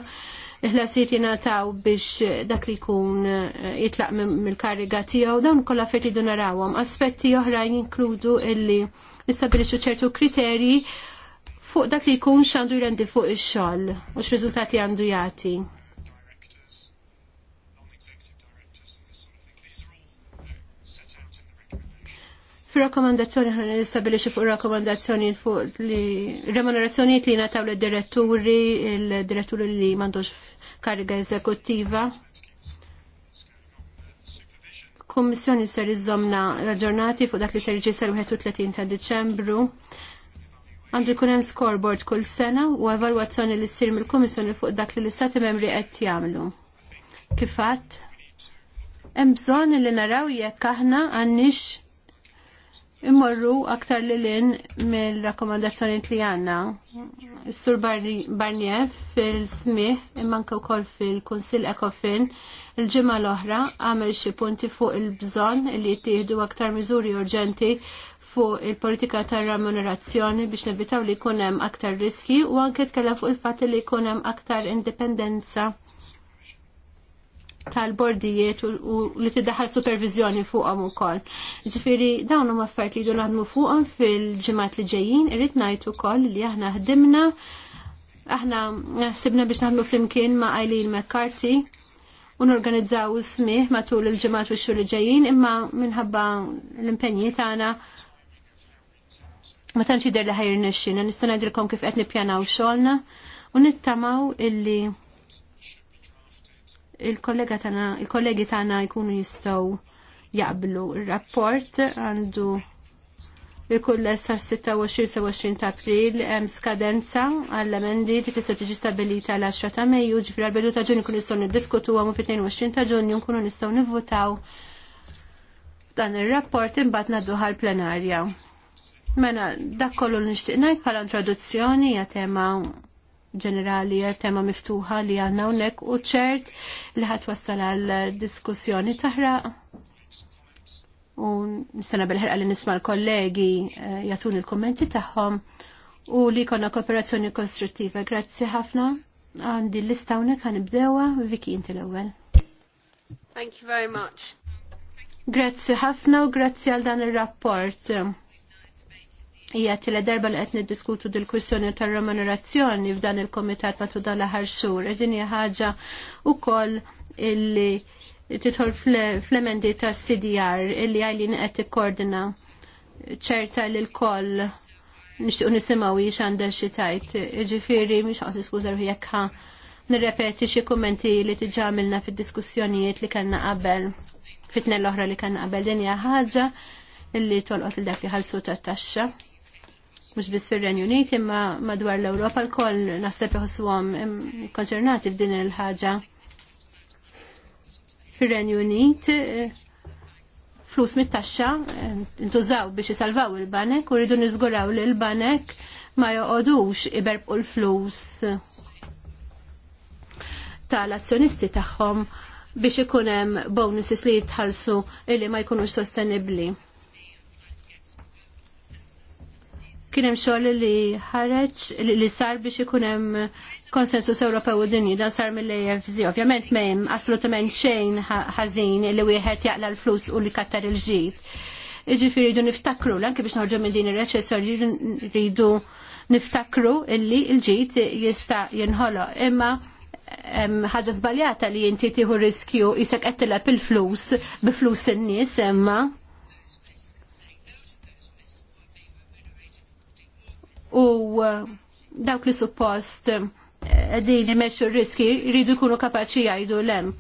ħlasijiet jinataw biex eh, dak li kun eh, jitlaq mill-kariga tiegħu, dawn kolla fejn li narawhom. Aspetti oħra jinkludu illi nistabilixu ċertu kriterji fuq dak li jkun x'għandu jrendi fuq ix-xogħol u x'riżultati għandu jagħti. Fir-rakkomandazzjoni ħana nistabilixi fuq rakkomandazzjoni fuq li remunerazzjoniet li nataw l diretturi il-diretturi li mandux kariga eżekuttiva. Kommissjoni ser iżomna ġurnati fuq dak li ser ġisar 31 ta' Deċembru. Għandu jkun hemm scoreboard kull sena u evalwazzjoni li ssir mill-Kummissjoni fuq dak li l-Istati membri qed jagħmlu. Kif Kifat, hemm bżonn li naraw jekk aħna għandniex immorru aktar li lin mill-rakkomandazzjoni li għanna. Sur Barnier fil-smih immanka wkoll fil konsil Ekofin il-ġimgħa l-oħra għamel xi punti fuq il-bżonn li jittihdu aktar miżuri urġenti fuq il-politika tar remunerazzjoni biex nevitaw li jkun hemm aktar riski u anke tkellem fuq il fat li jkun hemm aktar indipendenza tal-bordijiet u li tiddaħħal supervizjoni fuqhom ukoll. Ġifieri dawn huma affarijiet li jdu naħdmu fuqhom fil-ġimgħat li ġejjin, irrid ngħid ukoll li aħna ħdimna aħna sibna biex naħdmu flimkien ma' Eileen McCarthy u norganizzaw smih matul il-ġimgħat u x-xhur li ġejjin imma minħabba l-impenji tagħna ma tantx jidher li ħajr nixxina, nista' ngħidilkom kif qed nippjanaw xogħolna u nittamaw illi il-kollega tana, il-kollegi tana jkunu jistaw jaqblu il-rapport għandu jkull sar 26-27 ta' april hemm skadenza għall-emendi li tista' tiġi stabilita l-10 ta' Mejju, ġifri għal-bidu ta' Ġunju kun jistaw niddiskutu għamu fi 22 ta' Ġunju nkunu nistgħu nivvutaw dan ir-rapport imbagħad naddu għall-plenarja. Mena dak kollu nixtieq ngħid bħala introduzzjoni hija tema ġenerali tema miftuħa li għanna unnek u ċert li ħat wassal għal diskussjoni taħraq. U nistana bil-ħerqa li nisma l-kollegi eh, jatun il-kommenti taħħom u li konna kooperazzjoni konstruttiva. Grazzi ħafna. Għandi l-lista għan ibdewa, Viki inti l-ewel. Thank you very much. Grazzi ħafna u grazzi għal dan il-rapport hija tila darba li qed niddiskutu dil kwissjoni tar-remunerazzjoni f'dan il-komitat matul dan l aħar xhur. E din hija ħaġa wkoll illi titħol fl-emendi tas-CDR illi għajlin qed tikkoordina ċerta li l-koll nixtiqu nisimaw jiex għandha xi tajt. Ġifieri mhux qed niskużar jekk ħa nirrepeti xi kummenti li tiġamilna fid-diskussjonijiet li kellna qabel fitna l-oħra li kellna qabel din hija ħaġa illi tolqot il dak li ħalsu tat-taxxa mux bis fil-Renju Unit imma madwar l-Europa l-koll naħseb għom konċernati f'din il-ħaġa. Fil-Renju Unit eh, flus mit-taxxa intużaw eh, biex isalvaw il-banek u rridu niżguraw li l-banek ma joqodux iberbqu l-flus tal-azzjonisti tagħhom biex ikun hemm bonuses li jitħallsu illi ma jkunux sostenibbli. kien hemm xogħol li ħareġ li sar biex ikun hemm konsensus Ewropew dinji dan sar mill-AFZ. Ovvjament ma assolutament xejn ħażin li wieħed jaqla l-flus u li kattar il-ġid. Iġifieri rridu niftakru l-anke biex noħorġu minn din ir jridu jridu niftakru illi il-ġid jista' jinħolo. Imma ħaġa żbaljata li inti tieħu riskju isek qed tilab il-flus bi flus in-nies imma u eh, dawk li suppost għedin eh, imexxu r-riski rridu jkunu kapaċi jgħidu lem.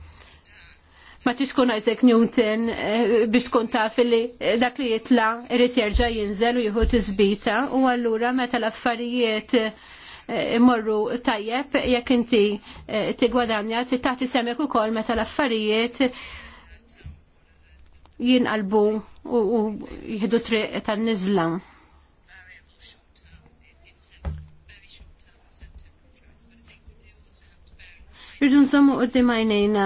Ma tix kun Isaac Newton eh, biex tkun taf li dak li jitla irrid jerġa' jinżel u jieħu tiżbita u allura meta l-affarijiet imorru tajjeb jekk inti tigwadanja tagħti semek ukoll meta l-affarijiet jinqalbu u jieħdu triq tan-niżla. rridu nżommu qudiem għajnejna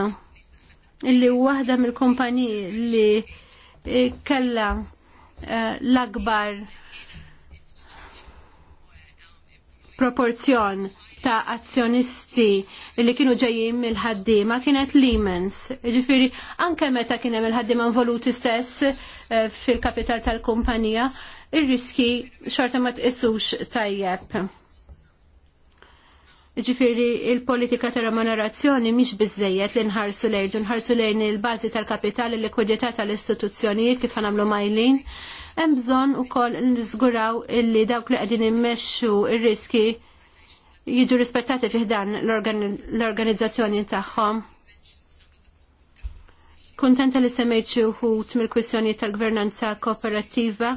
illi waħda mill-kumpaniji li eh, kella eh, l-akbar proporzjon ta' azzjonisti li kienu ġejjin mill-ħaddiema kienet Lehman's. Ġifiri, anke meta kien hemm il-ħaddiema involuti stess eh, fil-kapital tal-kumpanija, ir-riski xorta ma tqisux tajjeb Ġifiri, il-politika ta' remunerazzjoni miex bizzejiet li nħarsu lejn, nħarsu lejn il-bazi tal-kapitali, l-likwidità tal-istituzzjonijiet kif għamlu majlin. Hemm bżonn ukoll nżguraw illi dawk li qegħdin immexxu ir-riski jiġu rispettati fih dan l-organizzazzjoni tagħhom. Kuntenta li semmejt xi wħud mill-kwistjoni tal-gvernanza kooperattiva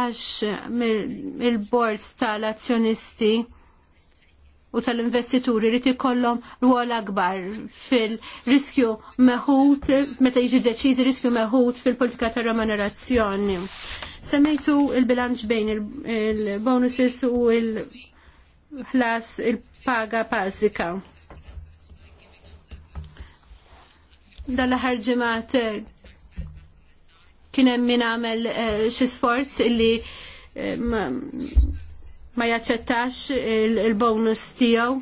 għax mill-boards tal-azzjonisti u tal-investituri rrit ikollhom rwol akbar fil-riskju meħud, meta jiġi deċiżi riskju meħud fil-politika ta' remunerazzjoni. Semmejtu il-bilanċ bejn il-bonuses u il-ħlas il-paga bażika. Dal-aħħar ġimgħat kien hemm min għamel eh, xi sforz illi eh, ma jaċċettax il-bonus tiegħu.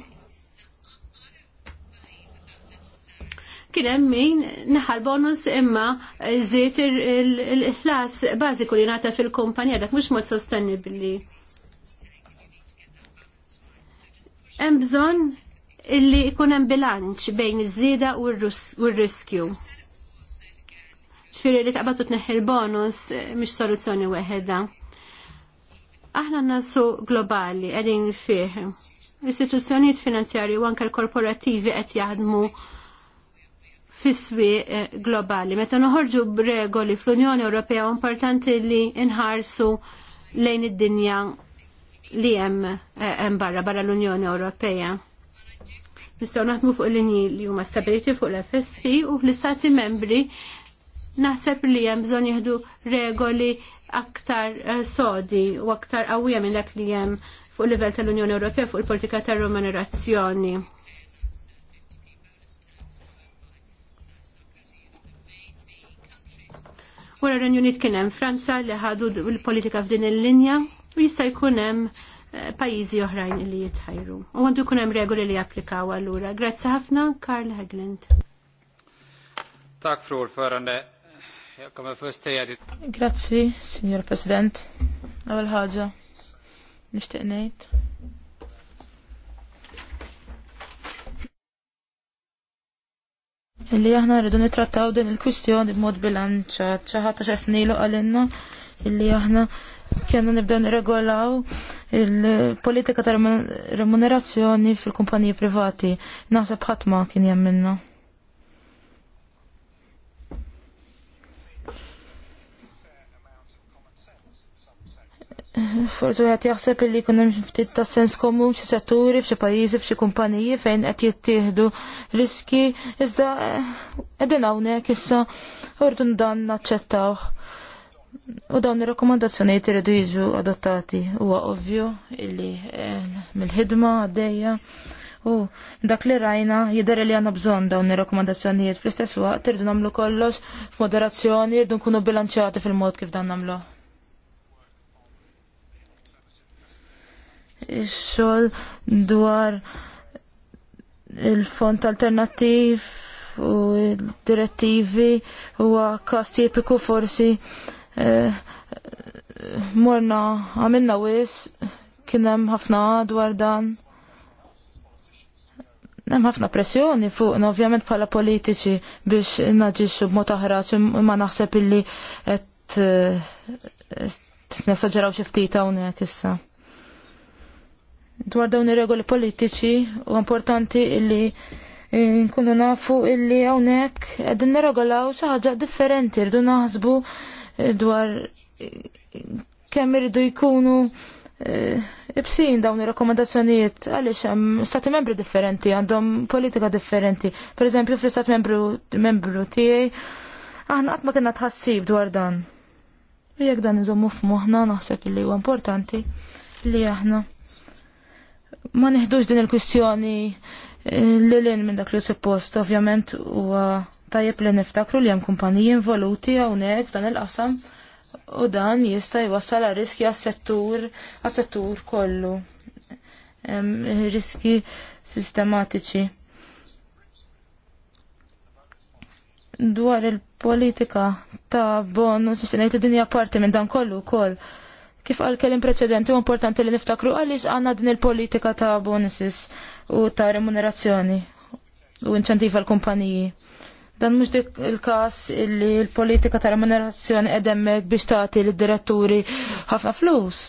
Kien hemm min naħal bonus imma żied il-ħlas bażiku li ngħata fil-kumpanija dak mhux mod sostenibbli. Hemm bżonn illi jkun hemm bilanċ bejn iż-żieda u r-riskju. Ġifieri li taqbad tneħħi l-bonus mhix soluzzjoni weħeda. Aħna nasu globali għedin fih. L-istituzzjonijiet finanzjarji u anke l-korporattivi qed jaħdmu fiswi eh, globali. Meta noħorġu b'regoli fl-Unjoni Ewropea importanti li nħarsu lejn id-dinja li hemm eh, hemm barra barra l-Unjoni Ewropea. Nistgħu naħdmu fuq l-inji li huma stabiliti fuq l-FSP u l-Istati membri naħseb li hemm bżonn jieħdu regoli aktar eh, sodi u aktar qawwija minn dak li hemm fuq livell tal-Unjoni Ewropea fuq il-politika tar remunerazzjoni. Wara r Unit kien hemm Franza li ħadu l-politika f'din il-linja u jista' jkun hemm eh, pajjiżi oħrajn li jitħajru. U għandu jkun hemm regoli li japplikaw allura. Grazzi ħafna, Karl Hegland. Tak, fru ordförande. Grazzi, Signor President. Ewwel ħaġa nixtieq ngħid. Illi aħna rridu nitrattaw din il-kwistjoni b'mod bilanċat. Xi ħadd għax snilu għalinna, illi aħna kienu nibdew nirregolaw il-politika ta' remunerazzjoni fil-kumpaniji privati. Naħseb ħadd kien jemminna. Forse għet jaħseb li kunem ftit ta' sens komun f'xi setturi, f'xi pajjiżi, f'xi kumpaniji fejn qed jittieħdu riski, iżda qegħdin eh, hawnhekk issa ordu dan naċċettawh. U dawn ir-rakkomandazzjonijiet iridu jiġu adottati huwa ovvju illi eh, mill-ħidma għaddejja. U dak li rajna jidher li għandna bżonn dawn ir-rakkomandazzjonijiet fl-istess waqt irdu nagħmlu kollox f'moderazzjoni, irdu nkunu bilanċjati fil-mod kif dan nagħmluh. xogħol dwar il-font alternattiv u direttivi huwa każ tipiku forsi eh, morna għamilna wis kien hemm ħafna dwar dan. Nem ħafna pressjoni fuq ovvjament bħala politiċi biex naġixxu b'mod aħraġ ma naħseb illi qed t eh, xi ftit hawnhekk issa dwar dawn ir-regoli politiċi u importanti illi eh, nkunu nafu illi hawnhekk qegħdin nirregolaw xi ħaġa differenti rridu naħsbu eh, dwar eh, kemm irridu jkunu Ibsin dawn ir-rakkomandazzjonijiet għaliex hemm stati membri differenti għandhom politika differenti. Per eżempju fl-istat membru, membru tiegħi aħna qatt ma kienna tħassib dwar dan. U jekk dan iżommu f'moħħna naħseb li huwa importanti li aħna ma neħdux din il-kwistjoni eh, li l-in minn dak li suppost, ovvjament, u tajjeb li niftakru li hemm kumpaniji involuti hawnhekk dan il-qasam u dan jista' jwassal għal riski għas-settur għas-settur kollu. Riski sistematiċi. Dwar il-politika ta' bonus, s-sinajt id-dinja parti minn dan kollu kol. Kol Kif għal kelim preċedenti u importanti li niftakru għaliex għandna din il-politika ta' bonuses u ta' remunerazzjoni u inċentiva l-kumpaniji. Dan mhux dik il-każ li l-politika ta' remunerazzjoni edemmek biex tagħti lid-diretturi ħafna flus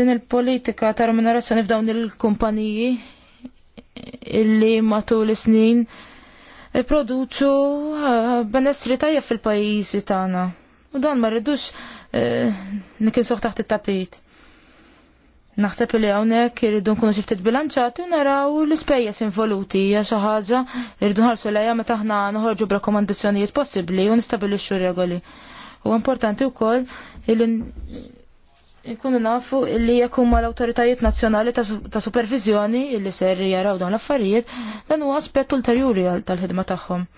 din il-politika ta' remunerazzjoni f'dawn il-kumpaniji illi matul is-snin il produċu eh, benessri tajjeb fil-pajjiżi tagħna. U dan ma rridux eh, soħ taħt it-tapit. Naħseb li hawnhekk irridu nkunu xi ftit bilanċati u naraw l-ispejjeż involuti hija xi ħaġa irridu nħarsu lejha meta aħna noħorġu b'rakkomandazzjonijiet possibbli u nistabilixxu regoli. U importanti wkoll li nkunu nafu li jekk huma l-awtoritajiet nazzjonali ta' supervizjoni illi ser jaraw dawn l-affarijiet dan huwa aspett ulterjuri tal-ħidma tagħhom.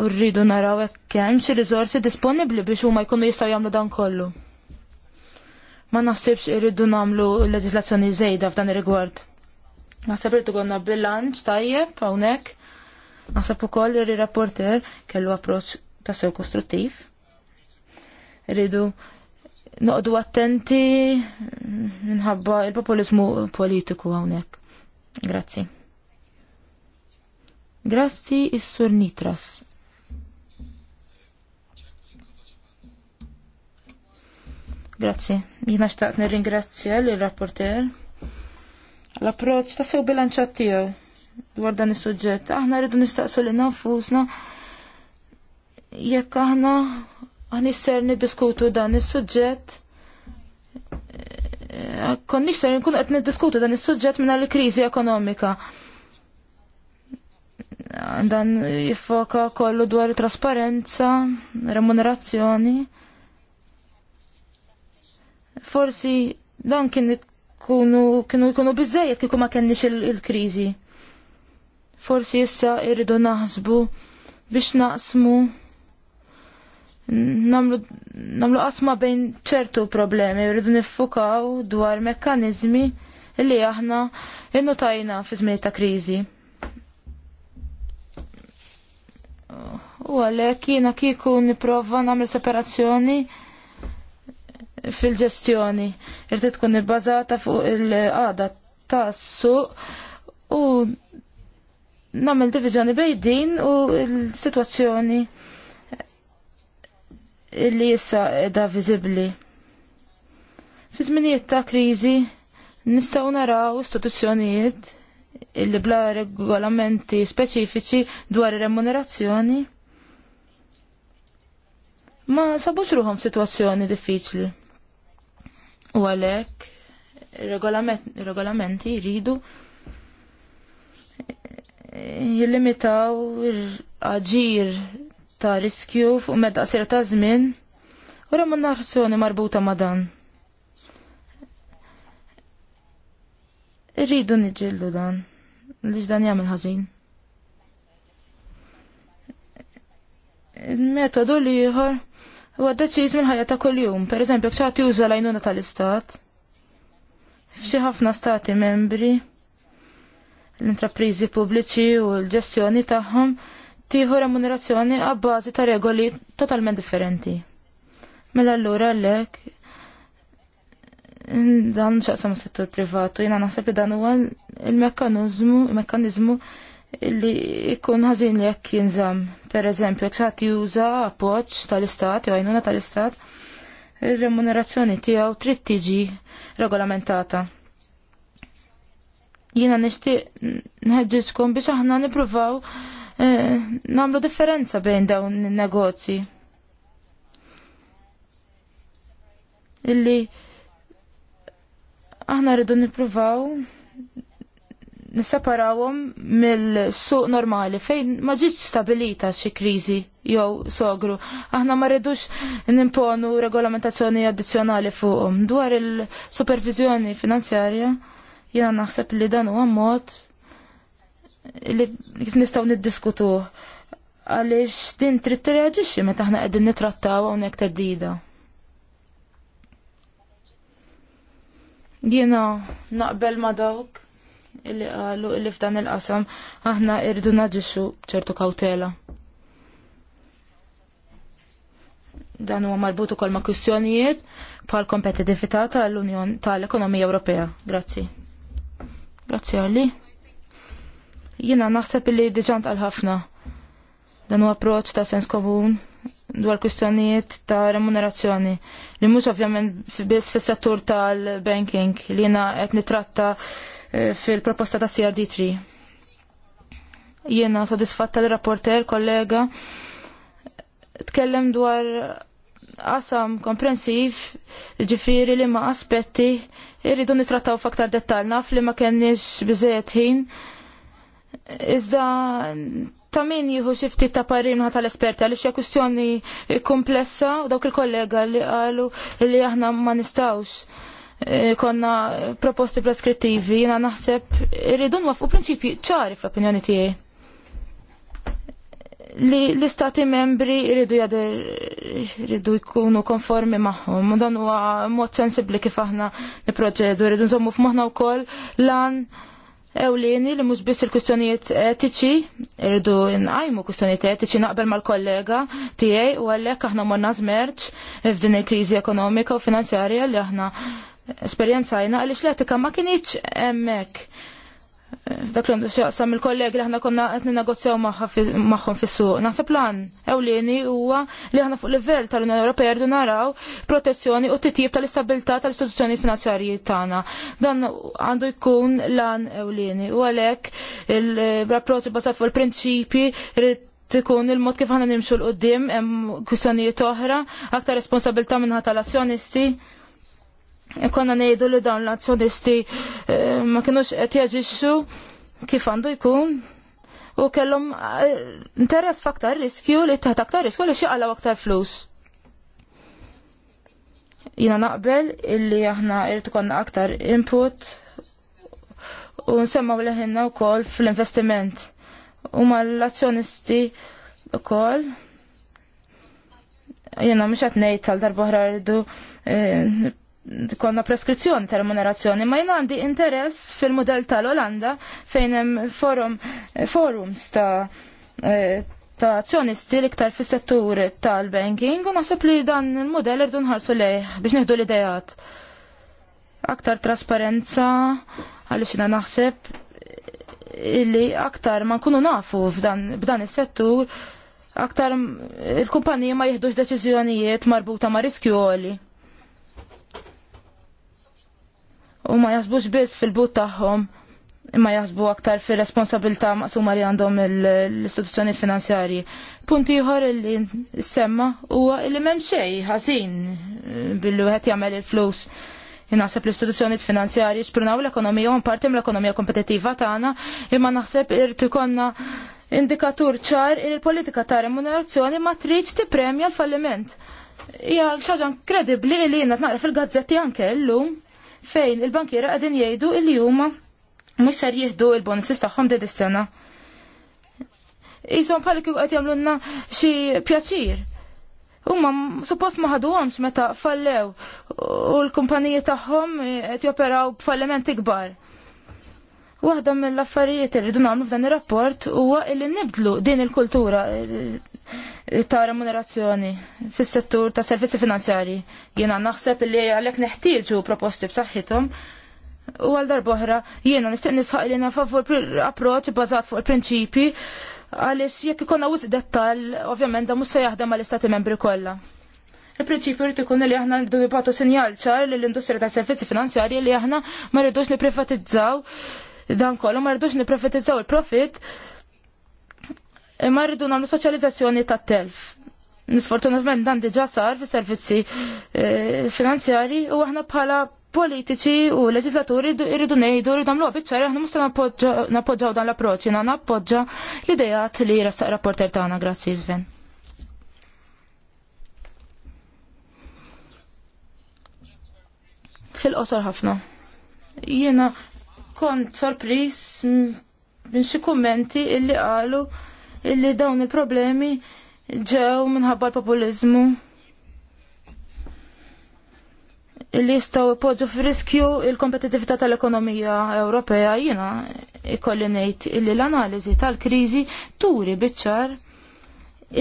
U rridu naraw hekk hemm xi riżorsi disponibbli biex huma jkunu jistgħu jagħmlu dan kollu. Ma naħsibx irridu nagħmlu leġislazzjoni żejda f'dan ir-rigward. Naħseb irridu konna bilanċ tajjeb hawnhekk. Naħseb ukoll li rapporter kellu approċċ ta' sew kostruttiv. Irridu noqdu attenti minħabba il-populizmu politiku hawnhekk. Grazzi. Grazzi is-Sur Nitras. Grazzi. Jina xtaqt nirringrazzja l-rapporter. L-approċ ta' sew bilanċat tiegħu dwar dan is-suġġett. Aħna rridu nistaqsu lil nfusna jekk aħna ħnisser niddiskutu dan is-suġġett. Eh, Konniex nkun nkunu qed niddiskutu dan is-suġġett minn l-kriżi ekonomika dan jiffoka kollu dwar trasparenza, remunerazzjoni. Forsi dan kien ikunu kienu jkunu biżejjed kieku ma kenniex il kriżi Il Forsi issa irridu naħsbu biex naqsmu namlu, namlu qasma bejn ċertu problemi, irridu niffukaw dwar mekkanizmi li aħna innotajna fi żmien ta' kriżi. U għalhekk jina kiku niprofa nagħmel separazzjoni fil-ġestjoni. Irrid tkun ibbażata fuq il għada tassu u nagħmel diviżjoni bejdin u l-sitwazzjoni li issa edha viżibbli. Fi żminijiet ta' kriżi nistgħu naraw istituzzjonijiet illi bla regolamenti speċifiċi dwar ir remunerazzjoni ma sabux ruħom situazzjoni diffiċli. U għalek, regolamenti jridu eh, jillimitaw il-ħagġir ta' riskju fuq medda sir ta' żmien u remunerazzjoni marbuta ma' dan. Irridu niġġieldu dan, li dan jagħmel ħażin. Il-metodu li ieħor U deċiż minn ħajja ta' kuljum. Pereżempju, eżempju, xagħti juża l-għajnuna tal-istat, f'xi ħafna stati membri, l-intraprizi pubbliċi u l-ġestjoni tagħhom tieħu remunerazzjoni għabbażi ta' regoli totalment differenti. Mela allura għalhekk dan xaqsam settur privatu, jina naħseb li dan huwa il-mekkanizmu, il-mekkanizmu il il mekkanizmu li ikun ħażin li jekk jinżam. Per eżempju, jekk juża appoċ tal-istat, jew għajnuna tal-istat, ir-remunerazzjoni tiegħu trid tiġi regolamentata. Jiena nixtieq nħeġġiskom biex aħna nippruvaw eh, namlu differenza bejn dawn il-negozji. Illi aħna rridu nippruvaw nisaparawom mill-suq normali fejn ma ġietx stabilita xi kriżi jew sogru. Aħna ma rridux nimponu regolamentazzjoni addizzjonali fuqhom. Dwar il-supervizjoni finanzjarja jiena naħseb li dan huwa mod li kif nistgħu niddiskutuh għaliex din trid tirreaġixxi meta aħna qegħdin nitrattaw hawnhekk teddida. Jiena naqbel ma dawk illi qalu illi f'dan il-qasam aħna irdu naġixxu ċertu kawtela. Dan huwa marbut ukoll ma' kwistjonijiet bħal kompetitività tal-Unjon tal-Ekonomija Ewropea. Grazzi. Grazzi għalli. Jiena naħseb illi diġant għal ħafna dan huwa approċċ ta' sens komun dwar kwistjonijiet ta' remunerazzjoni li mhux ovvjament biss fis-settur tal-banking li jiena qed nitratta fil-proposta ta' CRD3. Jiena sodisfatta l rapporter kollega tkellem dwar qasam komprensiv ġifiri li ma aspetti irridu nitrattaw f'aktar dettal naf li ma kenniex biżejjed ħin. Iżda ta' min jieħu xi ftit ta' parin tal-esperti għaliex hija kwistjoni komplessa u dawk il-kollega li qalu li aħna ma nistawx. Eh, konna proposti preskrittivi, jina naħseb irridu nwafqu prinċipji ċari fl-opinjoni tiegħi. Li l-istati membri irridu jader irridu jkunu konformi magħhom u dan huwa mod sensibbli kif aħna niproġedu, irridu nżommu f'moħħna wkoll lan ewlieni li mhux biss il-kwistjonijiet etiċi, irridu nqajmu kwistjonijiet etiċi naqbel mal-kollega tiegħi u għalhekk aħna morna żmerġ f'din il-kriżi ekonomika u finanzjarja li aħna jina, għaliex l-etika ma kienieċ hemmhekk. Dak l xaqsam il kollegi li ħna konna qed negozjaw magħhom fis-suq. Naħseb plan ewlieni huwa li aħna fuq livell tal-Unjoni Ewropea rridu naraw protezzjoni u titjib tal-istabilità tal-istituzzjoni finanzjarji tagħna. Dan għandu jkun lan ewlieni u għalhekk l-approċċ basat fuq il-prinċipji tikun il-mod kif ħana nimxu l-qoddim, hemm kwistjonijiet oħra, aktar responsabilità minnha tal-azzjonisti konna nejdu li dawn l-azzjonisti eh, ma kienux qed jaġixxu kif għandu jkun u kellhom eh, interess f'aktar riskju li taħt aktar riskju li xieqalaw aktar flus. Jina naqbel illi aħna irtu konna aktar input u nsemmaw leħinna wkoll fl-investiment. U ma l-azzjonisti wkoll jena mhux qed ngħid tal darba rridu eh, konna preskrizzjoni ta' remunerazzjoni, ma jina għandi interess fil-modell tal-Olanda fejn hemm forum, forums ta' eh, ta' azzjonisti l-iktar fis settur tal-banking u naħseb li dan il-modell irdu nħarsu lejh biex nieħdu l-idejat. Aktar trasparenza għaliex xina naħseb illi aktar ma nkunu nafu f'dan is-settur aktar il-kumpaniji ma jieħdux deċiżjonijiet marbuta ma' riskju għoli. u ma jasbux biss fil-but tagħhom imma jasbu aktar fil responsabilità maqsuma li għandhom l-istituzzjoni finanzjarji. Punt ieħor li semma huwa li m'hemm xejn ħażin eh, billi wieħed jagħmel il-flus. Naħseb l-istituzzjoni finanzjarji xprunaw l-ekonomija u parti mill-ekonomija kompetittiva tagħna, imma naħseb irid ikollna indikatur ċar il-politika ta' remunerazzjoni ma tridx tippremja l-falliment. Ja, xaġan kredibli li jiena naqra fil-gazzetti anke llum fejn il-bankiera qegħdin jgħidu li huma mhux ser jieħdu il-bonuses tagħhom din is-sena. Isom bħalli kif qed jagħmlulna xi pjaċir. Umma suppost ma ħaduhomx meta fallew u l-kumpaniji tagħhom qed joperaw b'fallimenti kbar. Waħda mill-affarijiet irridu nagħmlu f'dan ir-rapport huwa li nibdlu din il-kultura ta' remunerazzjoni fis-settur ta' servizzi finanzjari. Jiena naħseb li għalhekk neħtieġu proposti b'saħħithom u għal darboħra jiena nixtieq nisħaq li favur approċċ bażat fuq il-prinċipi għaliex jekk ikonna wis dettal ovvjament da mhux se jaħdem għall-istati membri kollha. Il-prinċipju rrid ikun li aħna ndu nibgħatu sinjal ċar lill industrija ta' servizzi finanzjarji li aħna ma rridux nipprivatizzaw dan kollu ma rridux nipprivatizzaw il-profit il profit imma rridu nagħmlu soċjalizzazzjoni tat-telf. Nisfortunatament dan diġà sar fi servizzi e, finanzjari u aħna bħala politiċi u leġislaturi rridu ngħidu rridu nagħmlu biċċari aħna mista nappoġġaw dan l-approċċ, jiena nappoġġa l-idejat li jressaq rapporter tagħna, grazzi Sven. fil-qosor ħafna. Jiena kont sorpris minn xi kummenti illi qalu illi dawn il-problemi ġew minħabba l-populizmu illi jistgħu ipoġġu f'riskju il-kompetitività tal-ekonomija Ewropea jiena ikolli ngħid illi l-analiżi tal-kriżi turi biċ-ċar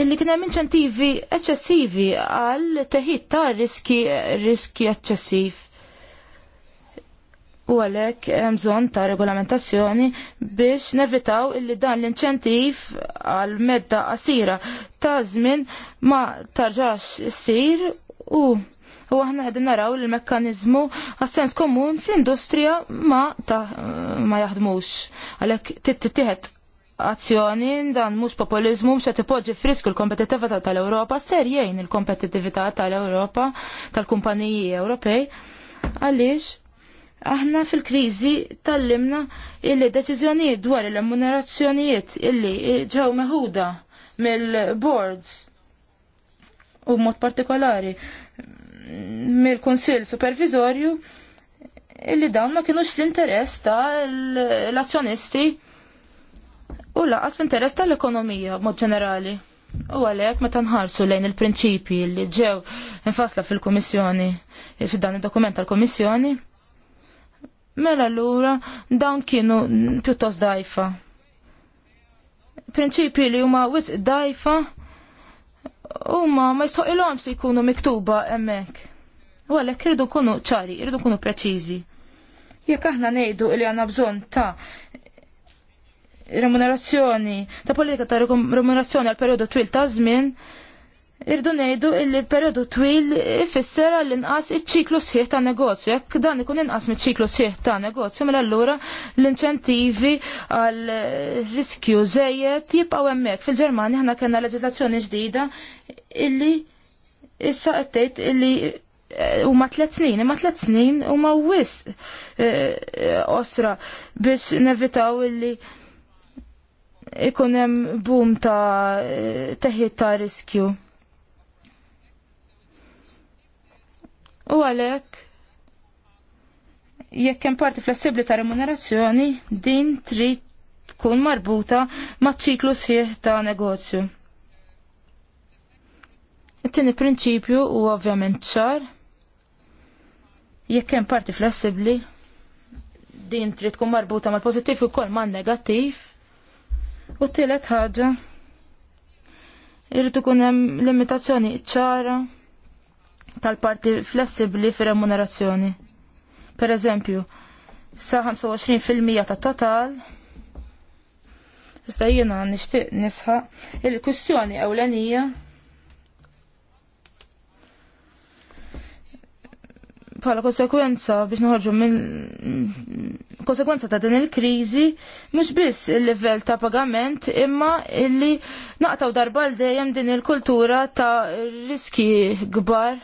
illi kien hemm inċentivi eċċessivi għal teħid ta' riski riski eċċessiv u għalek mżon ta' regolamentazzjoni biex nevitaw illi dan l-inċentiv għal medda qasira ta' żmien ma tarġax issir u u aħna għedin naraw l mekkaniżmu għas-sens komun fl-industrija ma ta' ma jaħdmux. Għalhekk tittieħed azzjoni dan mhux populizmu mhux qed frisku l-kompetittività tal-Ewropa ser jgħin il-kompetittività tal-Ewropa tal-kumpaniji Ewropej. Għaliex? Aħna fil-krizi tallimna illi deċiżjonijiet dwar il-remunerazzjonijiet illi ġew meħuda mill-boards u mod partikolari mill-Kunsill Supervizorju illi dawn ma kienux fl-interess ta' l-azzjonisti u laqas fl-interess tal-ekonomija mod ġenerali. U għalek meta nħarsu lejn il-prinċipji li ġew infasla fil-Komissjoni, il-dokument dan id-dokument tal-Komissjoni, Mela l-ura dawn kienu pjuttost dajfa. Principi li huma wisq dajfa huma ma jistħoqilhomx li jkunu miktuba hemmhekk. U għalhekk irridu kunu ċari, irridu kunu preċiżi. Jekk aħna ngħidu li għandna bżonn ta' remunerazzjoni, ta' politika ta' remunerazzjoni għal perjodu twil ta' żmien, Irdu ngħidu illi periodu twil ifisser għall inqas iċ-ċiklu sħiħ ta' negozju. Jekk dan ikun inqas miċ-ċiklu sħiħ ta' negozju, mela allura l-inċentivi għal riskju żejjed jibqgħu hemmhekk. Fil-Ġermanja aħna kellna leġislazzjoni ġdida illi issa qed tgħid illi eh, u ma tlet snin, imma tlet snin u ma wis eh, osra biex nevitaw illi ikun hemm boom ta' eh, teħid ta' riskju. U għalhekk jekk hemm parti flessibbli ta' remunerazzjoni, din trid tkun marbuta ma' ċiklu sħiħ ta' negozju. It-tieni prinċipju huwa ovvjament ċar. Jekk hemm parti flessibbli, din trid tkun marbuta mal-pożittiv ukoll man-negattiv. U t-tielet ħaġa irrid ikun hemm limitazzjoni ċara tal-parti flessibli fir-remunerazzjoni. Per eżempju, sa 25% ta' total Iżda jiena nixtieq nisħa. il-kwistjoni ewlenija bħala konsekwenza biex noħorġu minn konsekwenza ta' din il-kriżi mhux biss il-livell ta' pagament imma illi naqtaw darba l dejjem din il-kultura ta' riski kbar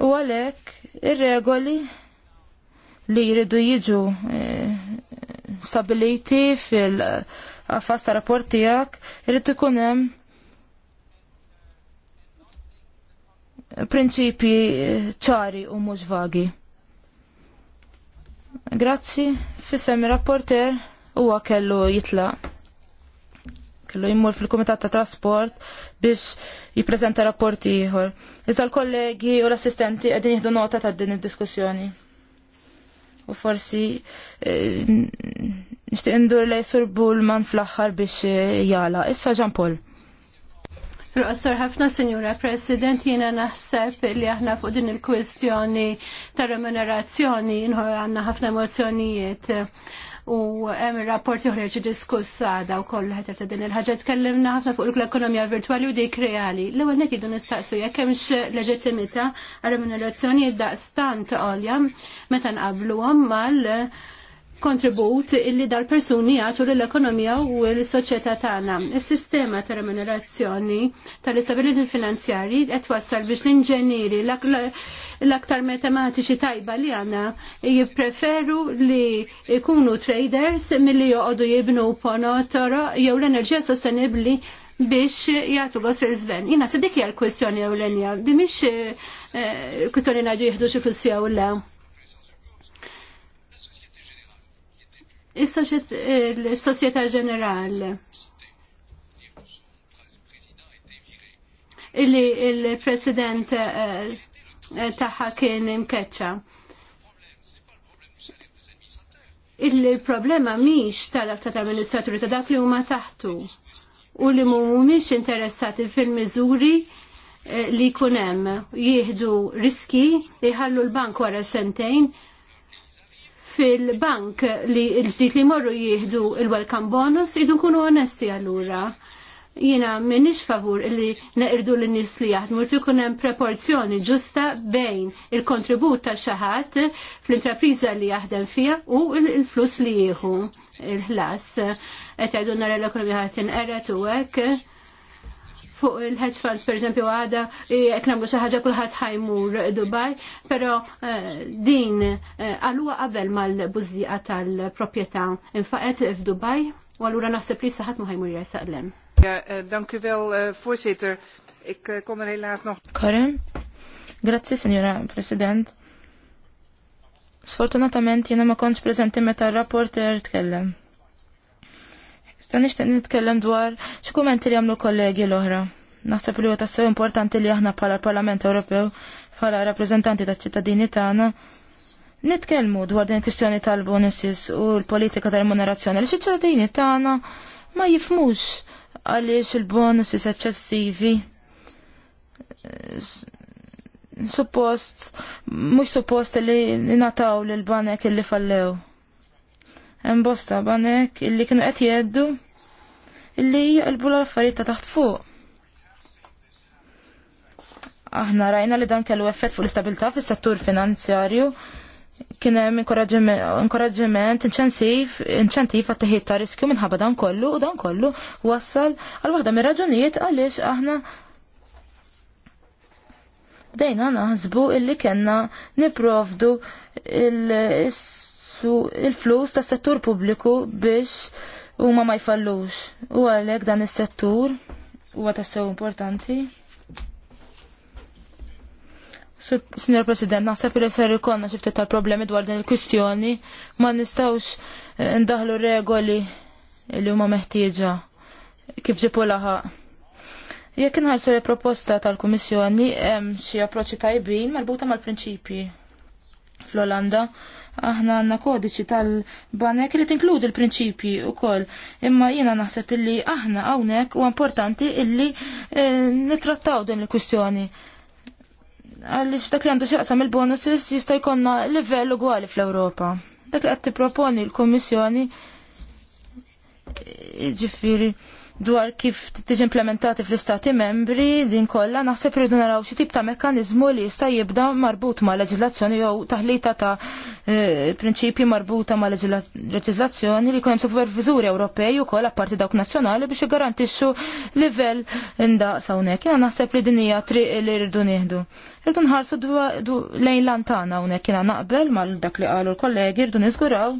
U għalhekk ir-regoli li jridu jiġu eh, stabiliti fil affasta rapportijak, rapport tiegħek irid ikun hemm prinċipji eh, ċari u mhux vagi. Grazzi, fissem rapporter huwa kellu jitlaq kellu jimmur fil-Kumitat ta' Trasport biex jippreżenta rapport ieħor. Iżda l-kollegi u l-assistenti qegħdin jieħdu nota ta' din id-diskussjoni. U forsi eh, nixtieq indur lej sur Bullman fl-aħħar biex eh, jala. Issa Ġan Paul. fil ħafna, Signora President, jiena naħseb li aħna fuq din il-kwestjoni ta' remunerazzjoni nħu għanna ħafna emozjonijiet u hemm rapporti oħra diskuss diskussada u koll ħeter ta' din il-ħaġa tkellimna ħafna fuq l-ekonomija virtwali u dik reali. L-ewwel nett jidu nistaqsu jekk hemmx leġittimità għar remunerazzjoni daqstant għolja meta nqabluhom mal kontribut illi dal-persuni jagħtu l-ekonomija u l-soċieta tagħna. Is-sistema ta' remunerazzjoni tal-istabiliti finanzjari qed wassal biex l-inġenieri, l-aktar matematiċi tajba li għanna jippreferu li jkunu traders milli joqodu jibnu ponotoro jew l-enerġija sostenibli biex jgħatu għos il-żven. Jina, xe dik l-kwestjoni jew l-enja, di miex eh, kwestjoni naġi jihdu xe fussi jew l Issa l-Sosjetà Ġenerali. Illi il-President eh, tagħha kien imkeċċa. Il-problema miex tal tal amministraturi ta' dak li huma taħtu u li mhumiex interessati fil-miżuri eh, li kunem jieħdu riski jħallu l-bank wara sentejn fil-bank li l-ġdid li morru jieħdu il-welcome bonus idu nkunu onesti allura Jiena minnix favur li neqirdu l-nis li jaħdmu, ikun hemm proporzjoni ġusta bejn il-kontribut ta' xi ħadd fl-intrapriża li jaħdem fija u l-flus li jieħu il-ħlas. Qed jgħidu nara l-ekonomija ħadd erret u hekk fuq il-hedge funds, per eżempju, għada, jek namlu xaħġa kullħat ħajmur Dubai, pero eh, din eh, għalua qabel mal-bużija tal-propieta infaqet f'Dubaj, u għallura naħseb li saħat muħajmur jersaqlem. Ja, eh, dank u wel, eh, voorzitter. Ik eh, kom er helaas nog... Grazie, signora President. Sfortunatament jiena ma kontx preżenti meta r-rapporter tkellem. Sta nixtieq nitkellem dwar xi kumenti li għamlu kollegi l-oħra. Naħseb li huwa tassew importanti li aħna bħala l-Parlament Ewropew bħala rappreżentanti taċ-ċittadini tagħna nitkellmu dwar din kwistjoni tal-bonuses u l-politika tal-remunerazzjoni li ċittadini tagħna ma jifmux għaliex il bonus eċċessivi suppost, mux suppost li nataw li l-banek illi fallew. Embosta banek illi kienu qed jeddu illi jgħalbu l-affarijiet ta' taħt fuq. Aħna rajna li dan kellu effett fuq l istabilta fis-settur finanzjarju kien hemm inkoraġġiment inċentiv inċentiv għat teħid ta' riskju minħabba dan kollu u dan kollu wassal għal waħda mir-raġunijiet għaliex aħna bdejna naħsbu illi kellna nipprovdu il-flus tas settur pubbliku biex huma ma jfallux u għalhekk dan is-settur huwa tassew importanti. Signor President, naħseb li ser ikonna xifti ta' problemi dwar din il-kwistjoni, ma nistgħux eh, ndaħlu regoli li huma meħtieġa kif ġipu laħa. Jekk inħarsu li proposta tal-Kummissjoni hemm xi approċċi tajbin marbuta mal-prinċipji fl-Olanda aħna għandna kodiċi tal-banek li tinkludi l-prinċipji wkoll, Imma jiena naħseb illi aħna hawnhekk u importanti illi eh, nitrattaw din il kwistjoni Għaliex f'dak li għandu xaqsam il-bonuses jista' jkollna livell uguali fl-Ewropa. Dak li qed tipproponi l-Kummissjoni ġifieri dwar kif tiġi implementati fl-istati membri din kollha naħseb rridu naraw xi tip ta' mekkaniżmu li jista' jibda marbut ma' leġislazzjoni jew taħlita ta' e, prinċipji marbuta ma' leġislazzjoni li jkun hemm supervizuri Ewropej ukoll apparti dawk nazzjonali biex igarantixxu livell indaqs hawnhekk. Jiena naħseb li din hija triq li rridu nieħdu. Rridu nħarsu lejn lantana hawnhekk jiena naqbel mal dak li qalu l-kollegi rridu niżguraw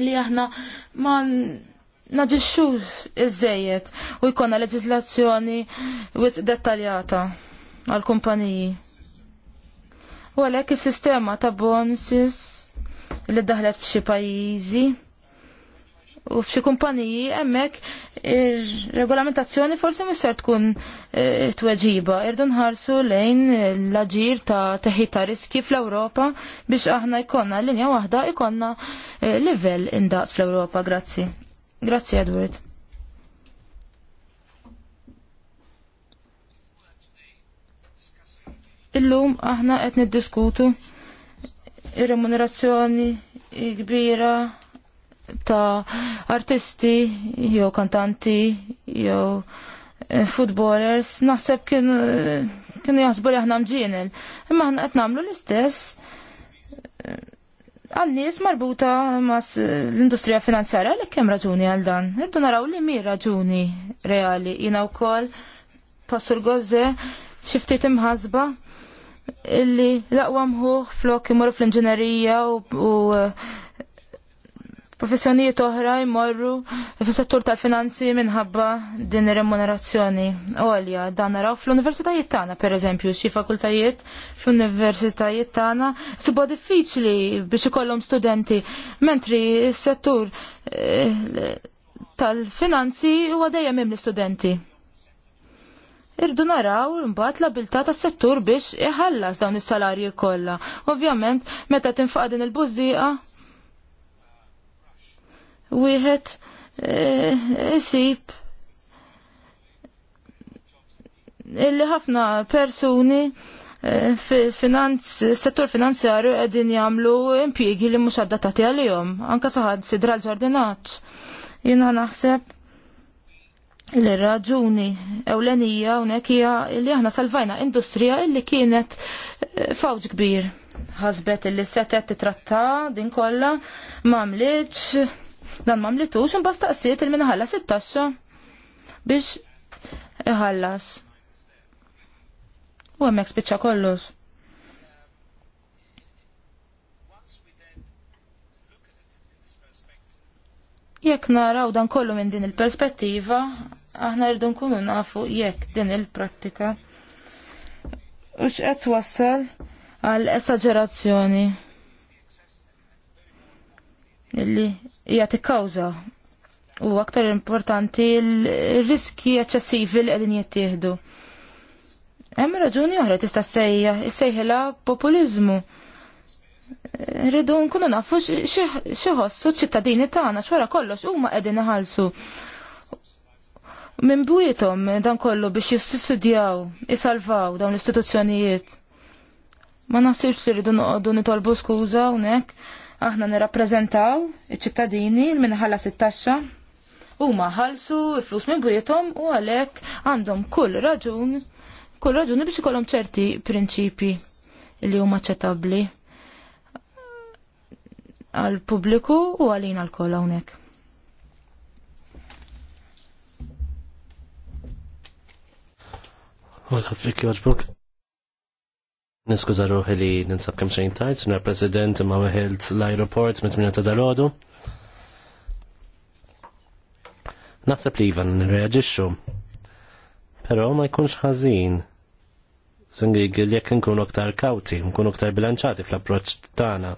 li aħna ma' naġiċu żejiet u jkonna leġislazzjoni wisq dettaljata għal-kumpaniji. U għalek il-sistema ta' bonuses li daħlet f'xi pajizi u f'xi kumpaniji emmek ir-regolamentazzjoni forsi mhux tkun eh, tweġiba. Irdu nħarsu lejn l-aġir ta' teħid ta' riski fl-Ewropa biex aħna jkollna linja waħda jkollna eh, livell indaqs fl-Ewropa. Grazzi. Grazzi Edward. Illum aħna qed niddiskutu ir-remunerazzjoni kbira ta' artisti jew kantanti jew eh, footballers naħseb eh, kienu jaħsbu li aħna mġienel. Imma aħna qed nagħmlu l-istess eh, għannis marbuta mas eh, l-industrija finanzjarja li kem raġuni għal dan. Irdu naraw li mi raġuni reali. Jina u kol pastur gozze xiftit imħazba illi laqwa mħuħ flok imur fl-inġenerija u, u uh, professjonijiet oħra jmorru fis-settur tal-finanzi minħabba din ir-remunerazzjoni għolja. Dan naraw fl-universitajiet tagħna pereżempju, xi fakultajiet fl-universitajiet tagħna suba diffiċli biex ikollhom studenti, mentri s-settur eh, tal-finanzi huwa dejjem hemm l-istudenti. Irdu naraw mbagħad l-abilità tas-settur biex iħallas dawn is-salarji kollha. Ovvjament, meta tinfaq din il-bużdieqa, wieħed eh, isib illi ħafna persuni eh, finanz, settur finanzjarju qegħdin jagħmlu impjiegi li mhux adattati għalihom, anke saħad sidra l-ġardinat. Jiena naħseb li raġuni ewlenija hawnhekk hija li aħna salvajna industrija illi kienet eh, fawġ kbir. Ħasbet illi setet titratta din kollha m'għamlitx Dan ma mlitux imbagħad taqsiet il min ħallas it-taxxa biex iħallas. U hemmhekk spiċċa kollox. Jekk naraw dan kollu minn din il-perspettiva, aħna rridu nkunu nafu jekk din il-prattika. U x'qed wassal għal esaġerazzjoni li hija tikkawża u aktar importanti l-riski eċċessivi li qegħdin jittieħdu. Hemm raġuni oħra tista' sejja sejħilha populiżmu. Rridu nkunu nafu xieħossu ċittadini tagħna xwara kollox huma qegħdin iħallsu. Minn bujitom dan kollu biex jistudjaw, isalvaw dawn l-istituzzjonijiet. Ma nasibx irridu noqogħdu nitolbu skuża hawnhekk Aħna nirrappreżentaw iċ-ċittadini minħalla sit-taxxa huma ħalsu flus minn bujietom u għalhekk għandhom kull raġun kull raġun biex ikollhom ċerti prinċipi li huma ċettabbli għal pubbliku u għalina l-koll hawnhekk. Għal Afriki Oġbuk. Niskuza ruħi li ninsab kem xejn tajt, sinna president imma weħilt l-aeroport mit minna ta' dalodu. Naħseb li Ivan nirreagġixxu. Però ma jkunx ħażin. Zingig li jekk nkunu aktar kawti, nkunu aktar bilanċati fl-approċċ tagħna.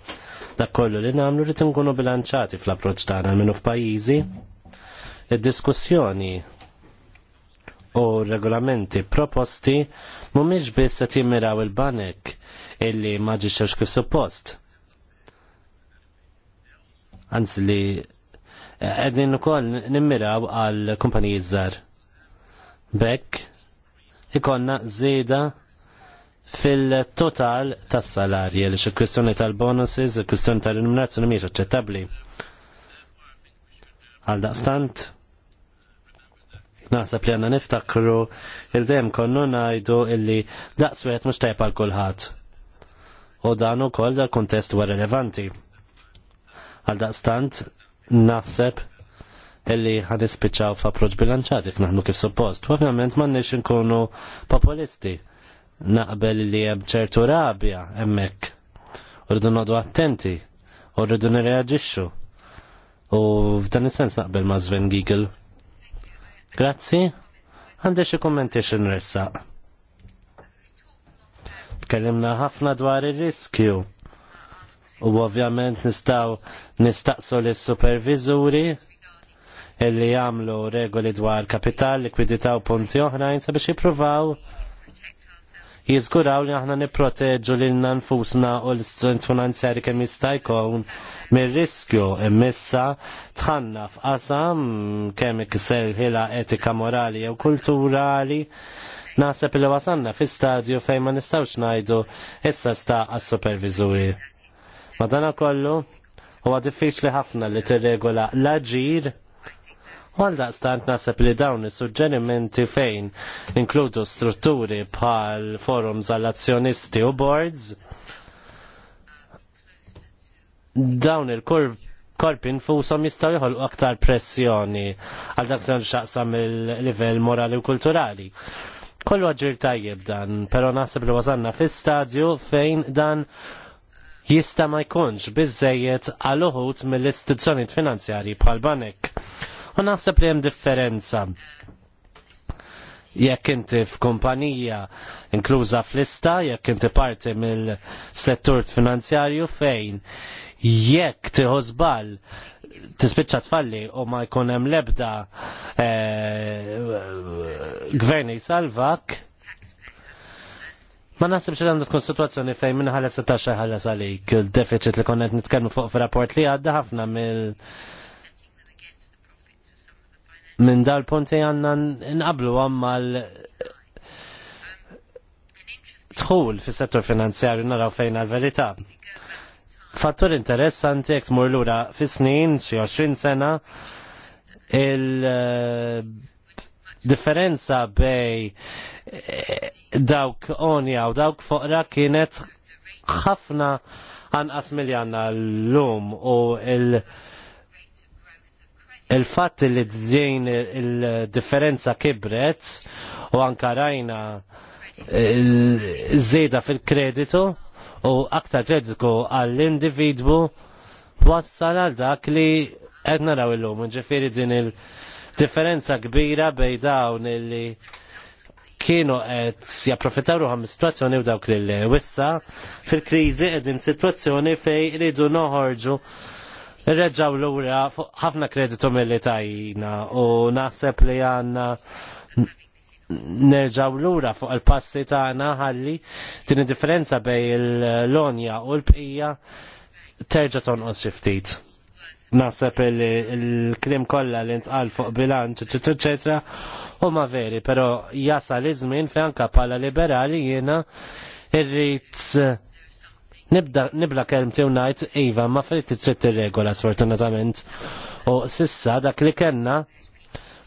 Dak kollu li nagħmlu rrid nkunu bilanċati fl-approċċ tagħna minnu f'pajjiżi. Id-diskussjoni u regolamenti proposti mhumiex biss qed jimmiraw il-banek illi ma ġixxewx kif suppost. Anzi li eh, qegħdin ukoll nimmiraw għal kumpaniji żgħar. Bekk ikonna żieda fil-total tas salarji li xe kwistjoni tal-bonuses, kwistjoni tal-remunerazzjoni mhijiex aċċettabbli. Għal daqstant, Naħseb li għanna niftakru il-dem konnu najdu illi daqswet mux tajpa l-kulħat. U dan u koll dal-kontest u relevanti. Għal daqstant, naħseb illi għan ispiċaw proġ bilanċati knaħnu kif suppost. għavjament ma nix nkunu populisti. Naqbel li hemm ċertu rabja hemmhekk. rridu nodu attenti, u rridu nirreaġixxu. U f'dan is-sens naqbel ma' Sven Giegel Grazzi. Għandi xi kummenti x'inressaq. Tkellimna ħafna dwar ir-riskju. U ovvjament nistaw nistaqsu l supervizuri illi jagħmlu regoli dwar kapital, likwidità u punti oħrajn sabiex jippruvaw jizguraw li aħna niproteġu li nfusna u l student finanzjari kemm jista' jkun mir-riskju immissa tħanna f'qasam kemm ikisser ħila etika morali jew kulturali naħseb li wasanna fi stadju fejn ma nistgħux ngħidu issa sta għas-supervizuri. Madana kollu, huwa diffiċli ħafna li tirregola l-aġir Għalda stant nasab li dawn is-suġġerimenti fejn inkludu strutturi bħal forums għall azzjonisti u boards dawn il-korp infusom jistaw jħolqu aktar pressjoni għal dak xaqsam il-livell morali u kulturali. Kollu għagġir tajjeb dan, pero nasib li wasanna fi stadju fejn dan jista ma jkunx bizzejiet għal uħut mill-istituzzjoni finanzjari bħal banek U naħseb li hemm differenza. Jekk inti f'kumpanija inkluża fl ista jekk inti parti mill-settur finanzjarju fejn jekk tiħosbal tispiċċa tfalli u ma jkun hemm lebda eh, gvern jsalvak, Ma naħseb xi għandu tkun situazzjoni fejn minn ħalas 16 ħalas għalik il-deficit li konnet nitkellmu fuq fir-rapport li għadda ħafna mill Minn dal-ponti għanna nqablu għammal tħul fis settur finanzjarju naraw fejn għal-verità. Fattur interessanti jek tmur lura fis snin xi 20 sena il-differenza eh, bej eh, dawk onja u dawk foqra kienet ħafna anqas miljan l-lum u il- il-fatt li tżejn il-differenza kibret u anka rajna żieda fil-kreditu u aktar kreditu għall-individwu wassal għal dak li qed naraw illum ġifiri din il-differenza kbira bejn dawn li kienu qed japprofittaw ruħam situazzjoni u dawk li wissa fil-kriżi qegħdin situazzjoni fej rridu noħorġu reġaw l-ura ħafna kreditu mill-li tajna u naħseb li għanna nerġaw l-ura fuq il-passi tagħna ħalli din differenza bej il-lonja u l-bqija terġa' tonqos xi ftit. Naħseb il krim kollha li ntqal fuq bilanċ, eċetera, huma veri, però jasal iż-żmien fejn anke bħala liberali jiena irrid Nibda nibla kelm tiegħu ngħid iva ma frit trid tirregola sfortunatament. U sissa dak li kellna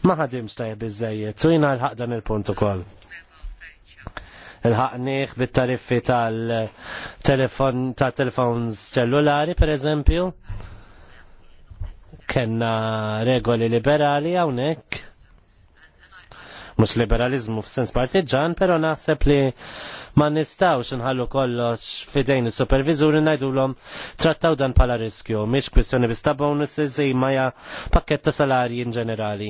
ma ħadimx tajjeb iżejjed u jiena l dan il-punt ukoll. Il-ħaqniħ bit-tariffi tal-telefon tal-telefons ċellulari pereżempju. Kenna regoli liberali hawnhekk mux liberalizmu f'sens partiġan, pero naħseb li Ma nistawx nħallu kollox fidejn il-supervizuri om trattaw dan pala riskju, miex kwistjoni bista bonuses imma ja pakketta ta' salarji in ġenerali.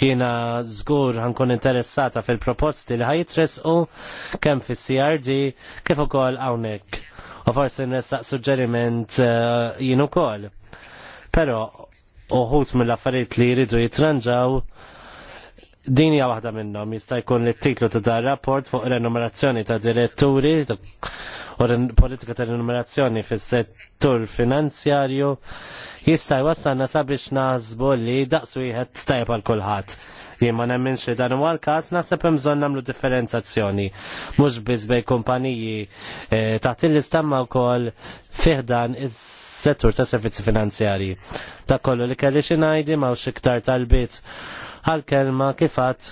Jiena żgur ħankun interessata fil-proposti li u kemm fis-CRD kif ukoll hawnhekk. U forsi nessaq suġġeriment eh, jien ukoll. Però uħut mill-affarijiet li jridu jitranġaw Din hija waħda minnhom jista' jkun it titlu ta' dar rapport fuq renumerazzjoni ta' diretturi u politika ta' renumerazzjoni fis-settur finanzjarju jista' jwassalna sabiex naħsbu li daqsu wieħed tajb għal kulħadd. Jien ma nemminx li dan huwa l-każ naħseb hemm bżonn nagħmlu differenzjazzjoni mhux biss bej kumpaniji e, taħt il-istamma wkoll fih dan is-settur ta' servizzi finanzjarji. Ta' kollu li kelli xi ngħidi ma' xiktar tal-bit għal-kelma kifat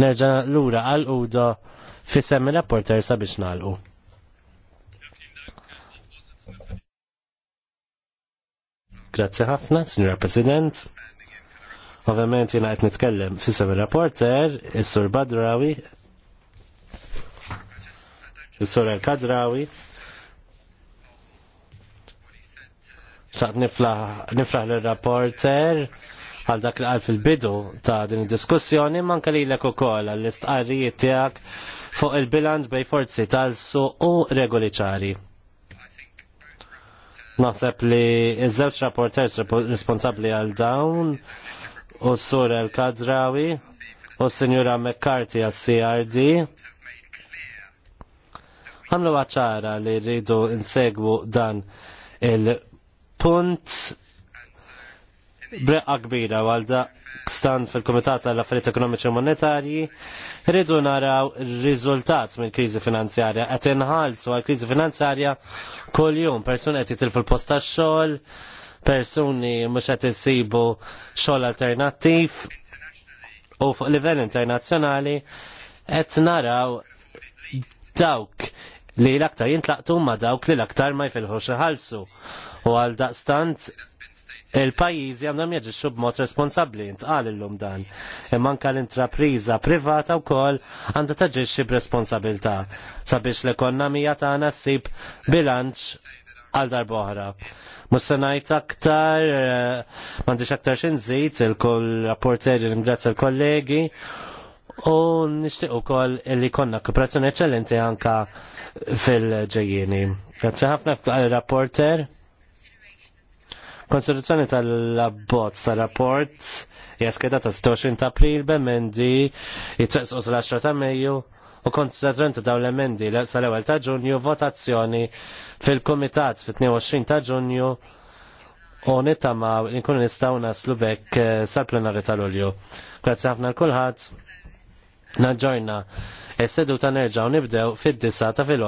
nerġa l-ura għal-udo fi semmi rapporter sabiex nalqu. Grazie ħafna, Signora President. Ovvjament jina għet nitkellem fi semmi rapporter, il-Sur Badrawi, il-Sur El-Kadrawi, Saqt niflaħ l-rapporter, għal dak li għal fil-bidu ta' din id-diskussjoni man kalli l ukoll għall istqarrijiet tiegħek fuq il-bilanċ bej forzi tal-su u regoli ċari. Naħseb li iż-żewġ rapporters responsabbli għal dawn u s-sur el-Kadrawi u s-Sinjura McCarthy għal CRD għamlu għacċara li rridu insegwu dan il-punt breqqa kbira għal da stand fil-Komitat tal affarijiet Ekonomiċi Monetarji, rridu naraw riżultat mill kriżi finanzjarja. Qed inħallsu għal kriżi finanzjarja kuljum persuni qed jitilfu fil post tax-xogħol, persuni mhux qed isibu xogħol alternattiv u fuq livell internazzjonali qed naraw dawk li l-aktar jintlaqtu ma dawk li l-aktar ma jfilħux iħallsu. U għal daqstant il-pajjiżi għandhom jaġixxu b'mod responsabbli intqal illum dan. Imma anke l-intrapriża privata wkoll għandha taġixxi b'responsabilità sabiex l-ekonomija tagħna ssib bilanċ għal darboħra. Mussanajt aktar, eh, mandiċ aktar xinżit, il-koll rapporteri ringrazzja l-kollegi, u nishtiq u koll li konna kooperazzjoni eccellenti anka fil-ġejjini. Grazie ħafna rapporter. Konstituzzjoni tal-abbozz tal-rapport jaskeda ta' 26 ta' April b'emendi jitresqos l-10 ta' Mejju u konsekwenza daw l-emendi sal-ewwel ta' Ġunju votazzjoni fil-Kumitat fit-22 ta' Ġunju u nittama nkunu nistgħu naslu bekk eh, sal-plenarju tal-Ulju. Grazzi ħafna l-kulħadd. Naġġorna. Is-seduta nerġgħu nibdew fid-disa ta' fil